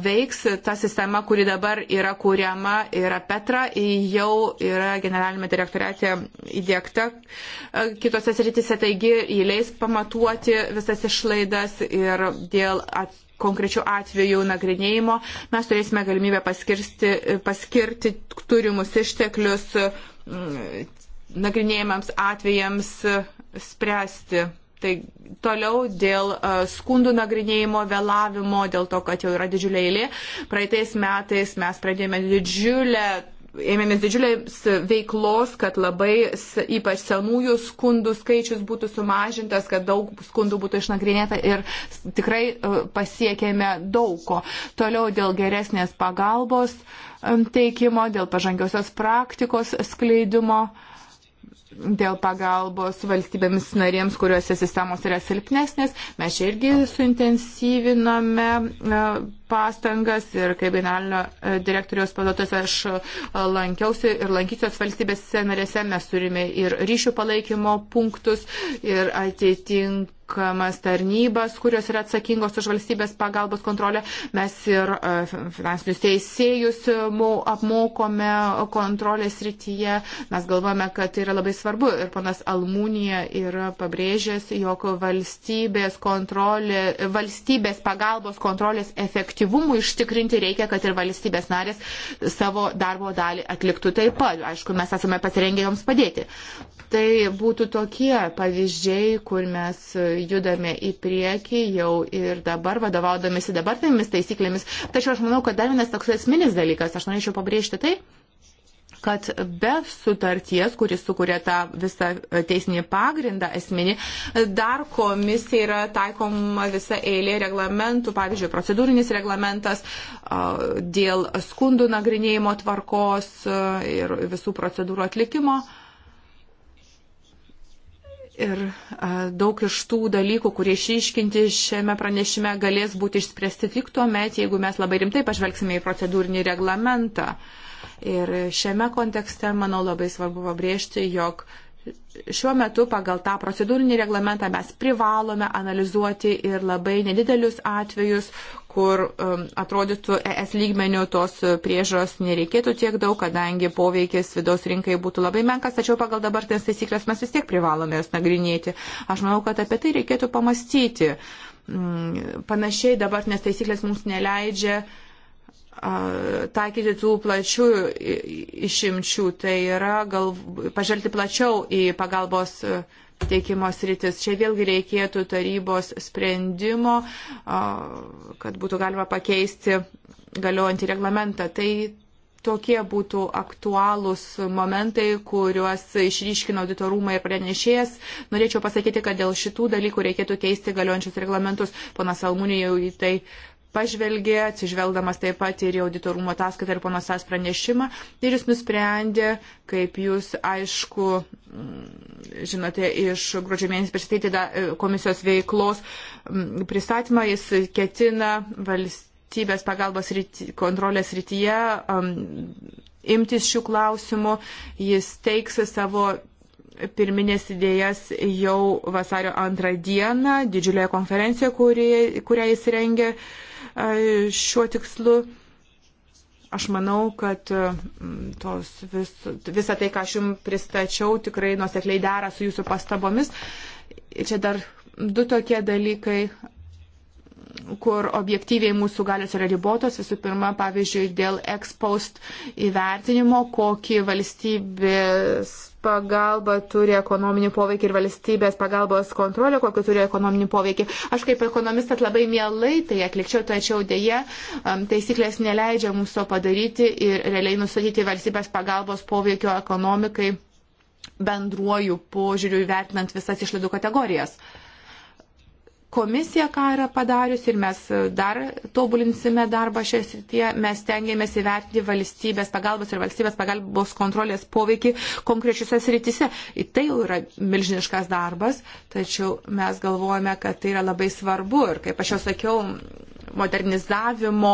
veiks. Ta sistema, kuri dabar yra kūriama, yra Petra, jau yra generalinėme direktoriate įdėkta kitose srityse, taigi įleis pamatuoti visas išlaidas ir dėl atsitikimų konkrečių atvejų nagrinėjimo, mes turėsime galimybę paskirti turimus išteklius mm, nagrinėjimams atvejams spręsti. Tai toliau dėl e, skundų nagrinėjimo vėlavimo, dėl to, kad jau yra didžiulė eilė. Praeitais metais mes pradėjome didžiulę ėmėmės didžiulės veiklos, kad labai ypač senųjų skundų skaičius būtų sumažintas, kad daug skundų būtų išnagrinėta ir tikrai e, pasiekėme daug ko. Toliau dėl geresnės pagalbos teikimo, dėl pažangiosios praktikos skleidimo dėl pagalbos valstybėms narėms, kuriuose sistemos yra silpnesnės. Mes čia irgi suintensyviname e, pastangas ir kaip generalinio e, direktoriaus pavaduotojas aš e, lankiausi ir lankysios valstybės narėse. Mes turime ir ryšių palaikymo punktus ir atitink tinkamas tarnybas, kurios yra atsakingos už valstybės pagalbos kontrolę. Mes ir e, finansinius teisėjus e, apmokome kontrolės rytyje. Mes galvojame, kad tai yra labai svarbu. Ir panas Almūnija yra pabrėžęs, jog valstybės, kontrolė, valstybės pagalbos kontrolės efektyvumui ištikrinti reikia, kad ir valstybės narės savo darbo dalį atliktų taip pat. Aišku, mes esame pasirengę joms padėti. Tai būtų tokie pavyzdžiai, kur mes judame į priekį jau ir dabar, vadovaudomisi dabartinėmis taisyklėmis. Tačiau aš manau, kad dar vienas toks esminis dalykas, aš norėčiau pabrėžti tai, kad be sutarties, kuris sukuria tą visą teisinį pagrindą esminį, dar komisija yra taikoma visa eilė reglamentų, pavyzdžiui, procedūrinis reglamentas dėl skundų nagrinėjimo tvarkos ir visų procedūrų atlikimo. Uh, Ir daug iš tų dalykų, kurie išiškinti šiame pranešime, galės būti išspręsti tik tuo met, jeigu mes labai rimtai pažvelgsime į procedūrinį reglamentą. Ir šiame kontekste, manau, labai svarbu pabrėžti, jog šiuo metu pagal tą procedūrinį reglamentą mes privalome analizuoti ir labai nedidelius atvejus, kur um, atrodytų ES lygmenių tos uh, priežos nereikėtų tiek daug, kadangi poveikis vidaus rinkai būtų labai menkas, tačiau pagal dabartinės taisyklės mes vis tiek privalome jas nagrinėti. Aš manau, kad apie tai reikėtų pamastyti. Mm, panašiai dabartinės taisyklės mums neleidžia taikyti tų plačių išimčių, tai yra gal, pažvelgti plačiau į pagalbos teikimo sritis. Čia vėlgi reikėtų tarybos sprendimo, kad būtų galima pakeisti galiojantį reglamentą. Tai tokie būtų aktualūs momentai, kuriuos išryškino auditorumai ir pranešėjas. Norėčiau pasakyti, kad dėl šitų dalykų reikėtų keisti galiojančius reglamentus. Ponas Almūnė jau į tai pažvelgė, atsižvelgdamas taip pat ir į auditorumo ataskaitą ir ponos Sas pranešimą, ir jis nusprendė, kaip jūs aišku, mm, žinote, iš gruodžio mėnesį pristatyti e, komisijos veiklos mm, pristatymą, jis ketina valstybės pagalbos ryti, kontrolės rytyje um, imtis šių klausimų, jis teiks savo pirminės idėjas jau vasario antrą dieną didžiulėje konferencijoje, kurią jis rengė. Uh, šiuo tikslu. Aš manau, kad mm, tos vis, visa tai, ką aš jums pristačiau, tikrai nusekliai dera su jūsų pastabomis. Ir čia dar du tokie dalykai, kur objektyviai mūsų galios yra ribotos. Visų pirma, pavyzdžiui, dėl ekspost įvertinimo, kokį valstybės pagalba turi ekonominį poveikį ir valstybės pagalbos kontrolė, kokį turi ekonominį poveikį. Aš kaip ekonomistas labai mielai tai atlikčiau, tačiau dėje taisyklės neleidžia mums to padaryti ir realiai nustatyti valstybės pagalbos poveikio ekonomikai bendruoju požiūriu vertinant visas išlaidų kategorijas komisija ką yra padariusi ir mes dar tobulinsime darbą šią srityje. Mes tengiamės įvertinti valstybės pagalbos ir valstybės pagalbos kontrolės poveikį konkrečiuose srityse. Ir tai jau yra milžiniškas darbas, tačiau mes galvojame, kad tai yra labai svarbu ir, kaip aš jau sakiau, modernizavimo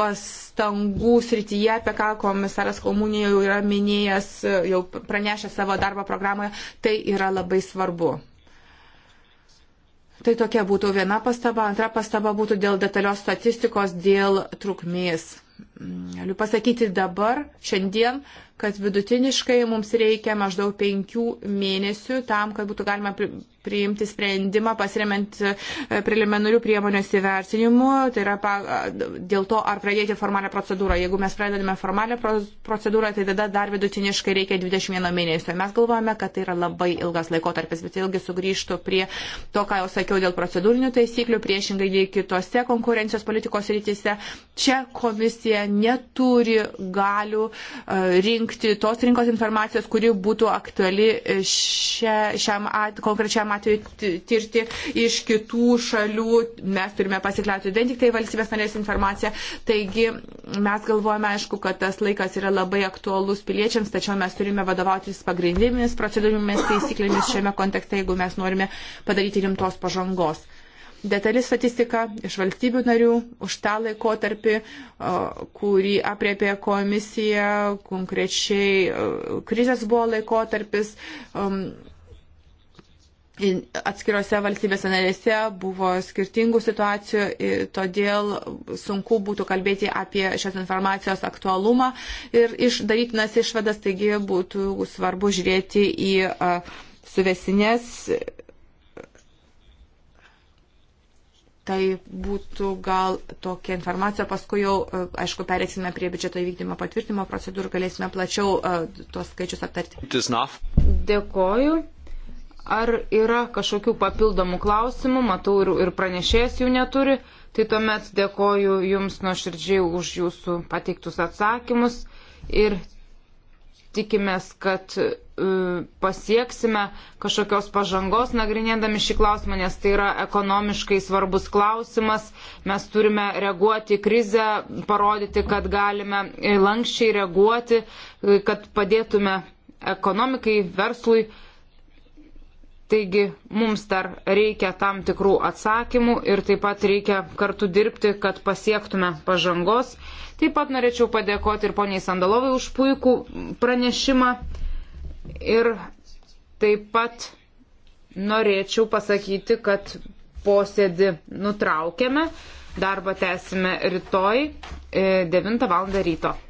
pastangų srityje, apie ką komisaras Komunija jau yra minėjęs, jau pranešė savo darbo programoje, tai yra labai svarbu. Tai tokia būtų viena pastaba. Antra pastaba būtų dėl detalios statistikos, dėl trukmės. Mm, galiu pasakyti dabar, šiandien, kad vidutiniškai mums reikia maždaug penkių mėnesių tam, kad būtų galima priimti sprendimą pasiremiant e, preliminarių priemonės įvertinimu, tai yra pa, dėl to, ar pradėti formalią procedūrą. Jeigu mes pradedame formalią procedūrą, tai tada dar vidutiniškai reikia 21 mėnesio. Mes galvojame, kad tai yra labai ilgas laikotarpis, bet ilgi sugrįžtų prie to, ką jau sakiau dėl procedūrinių taisyklių, priešingai nei kitose konkurencijos politikos rytise. Čia komisija neturi galių e, rinkti rinkti tos rinkos informacijos, kuri būtų aktuali e, šia, šiam at, konkrečiam atveju tirti iš kitų šalių. Mes turime pasikliauti vien tik tai valstybės narės informaciją. Taigi mes galvojame, aišku, kad tas laikas yra labai aktualus piliečiams, tačiau mes turime vadovautis pagrindinėmis procedūrimis taisyklėmis šiame kontekste, jeigu mes norime padaryti rimtos pažangos detali statistika iš valstybių narių už tą laikotarpį, kurį apriepė komisija, konkrečiai krizės buvo laikotarpis. Um, atskirose valstybėse narėse buvo skirtingų situacijų, todėl sunku būtų kalbėti apie šios informacijos aktualumą ir išdarytinas išvadas, taigi būtų svarbu žiūrėti į suvesinės Tai būtų gal tokia informacija, paskui jau, e, aišku, pereiksime prie biudžeto įvykdymo patvirtimo procedūrų, galėsime plačiau e, tuos skaičius aptarti. Dėkoju. Ar yra kažkokių papildomų klausimų, matau ir, ir pranešėjas jų neturi, tai tuomet dėkoju Jums nuoširdžiai už Jūsų pateiktus atsakymus ir tikimės, kad e, pasieksime kažkokios pažangos nagrinėdami šį klausimą, nes tai yra ekonomiškai svarbus klausimas. Mes turime reaguoti į krizę, parodyti, kad galime e, lankščiai reaguoti, e, kad padėtume ekonomikai, verslui Taigi mums dar reikia tam tikrų atsakymų ir taip pat reikia kartu dirbti, kad pasiektume pažangos. Taip pat norėčiau padėkoti ir poniai Sandalovai už puikų pranešimą. Ir taip pat norėčiau pasakyti, kad posėdį nutraukėme, darbą tęsime rytoj 9 e, val. ryto.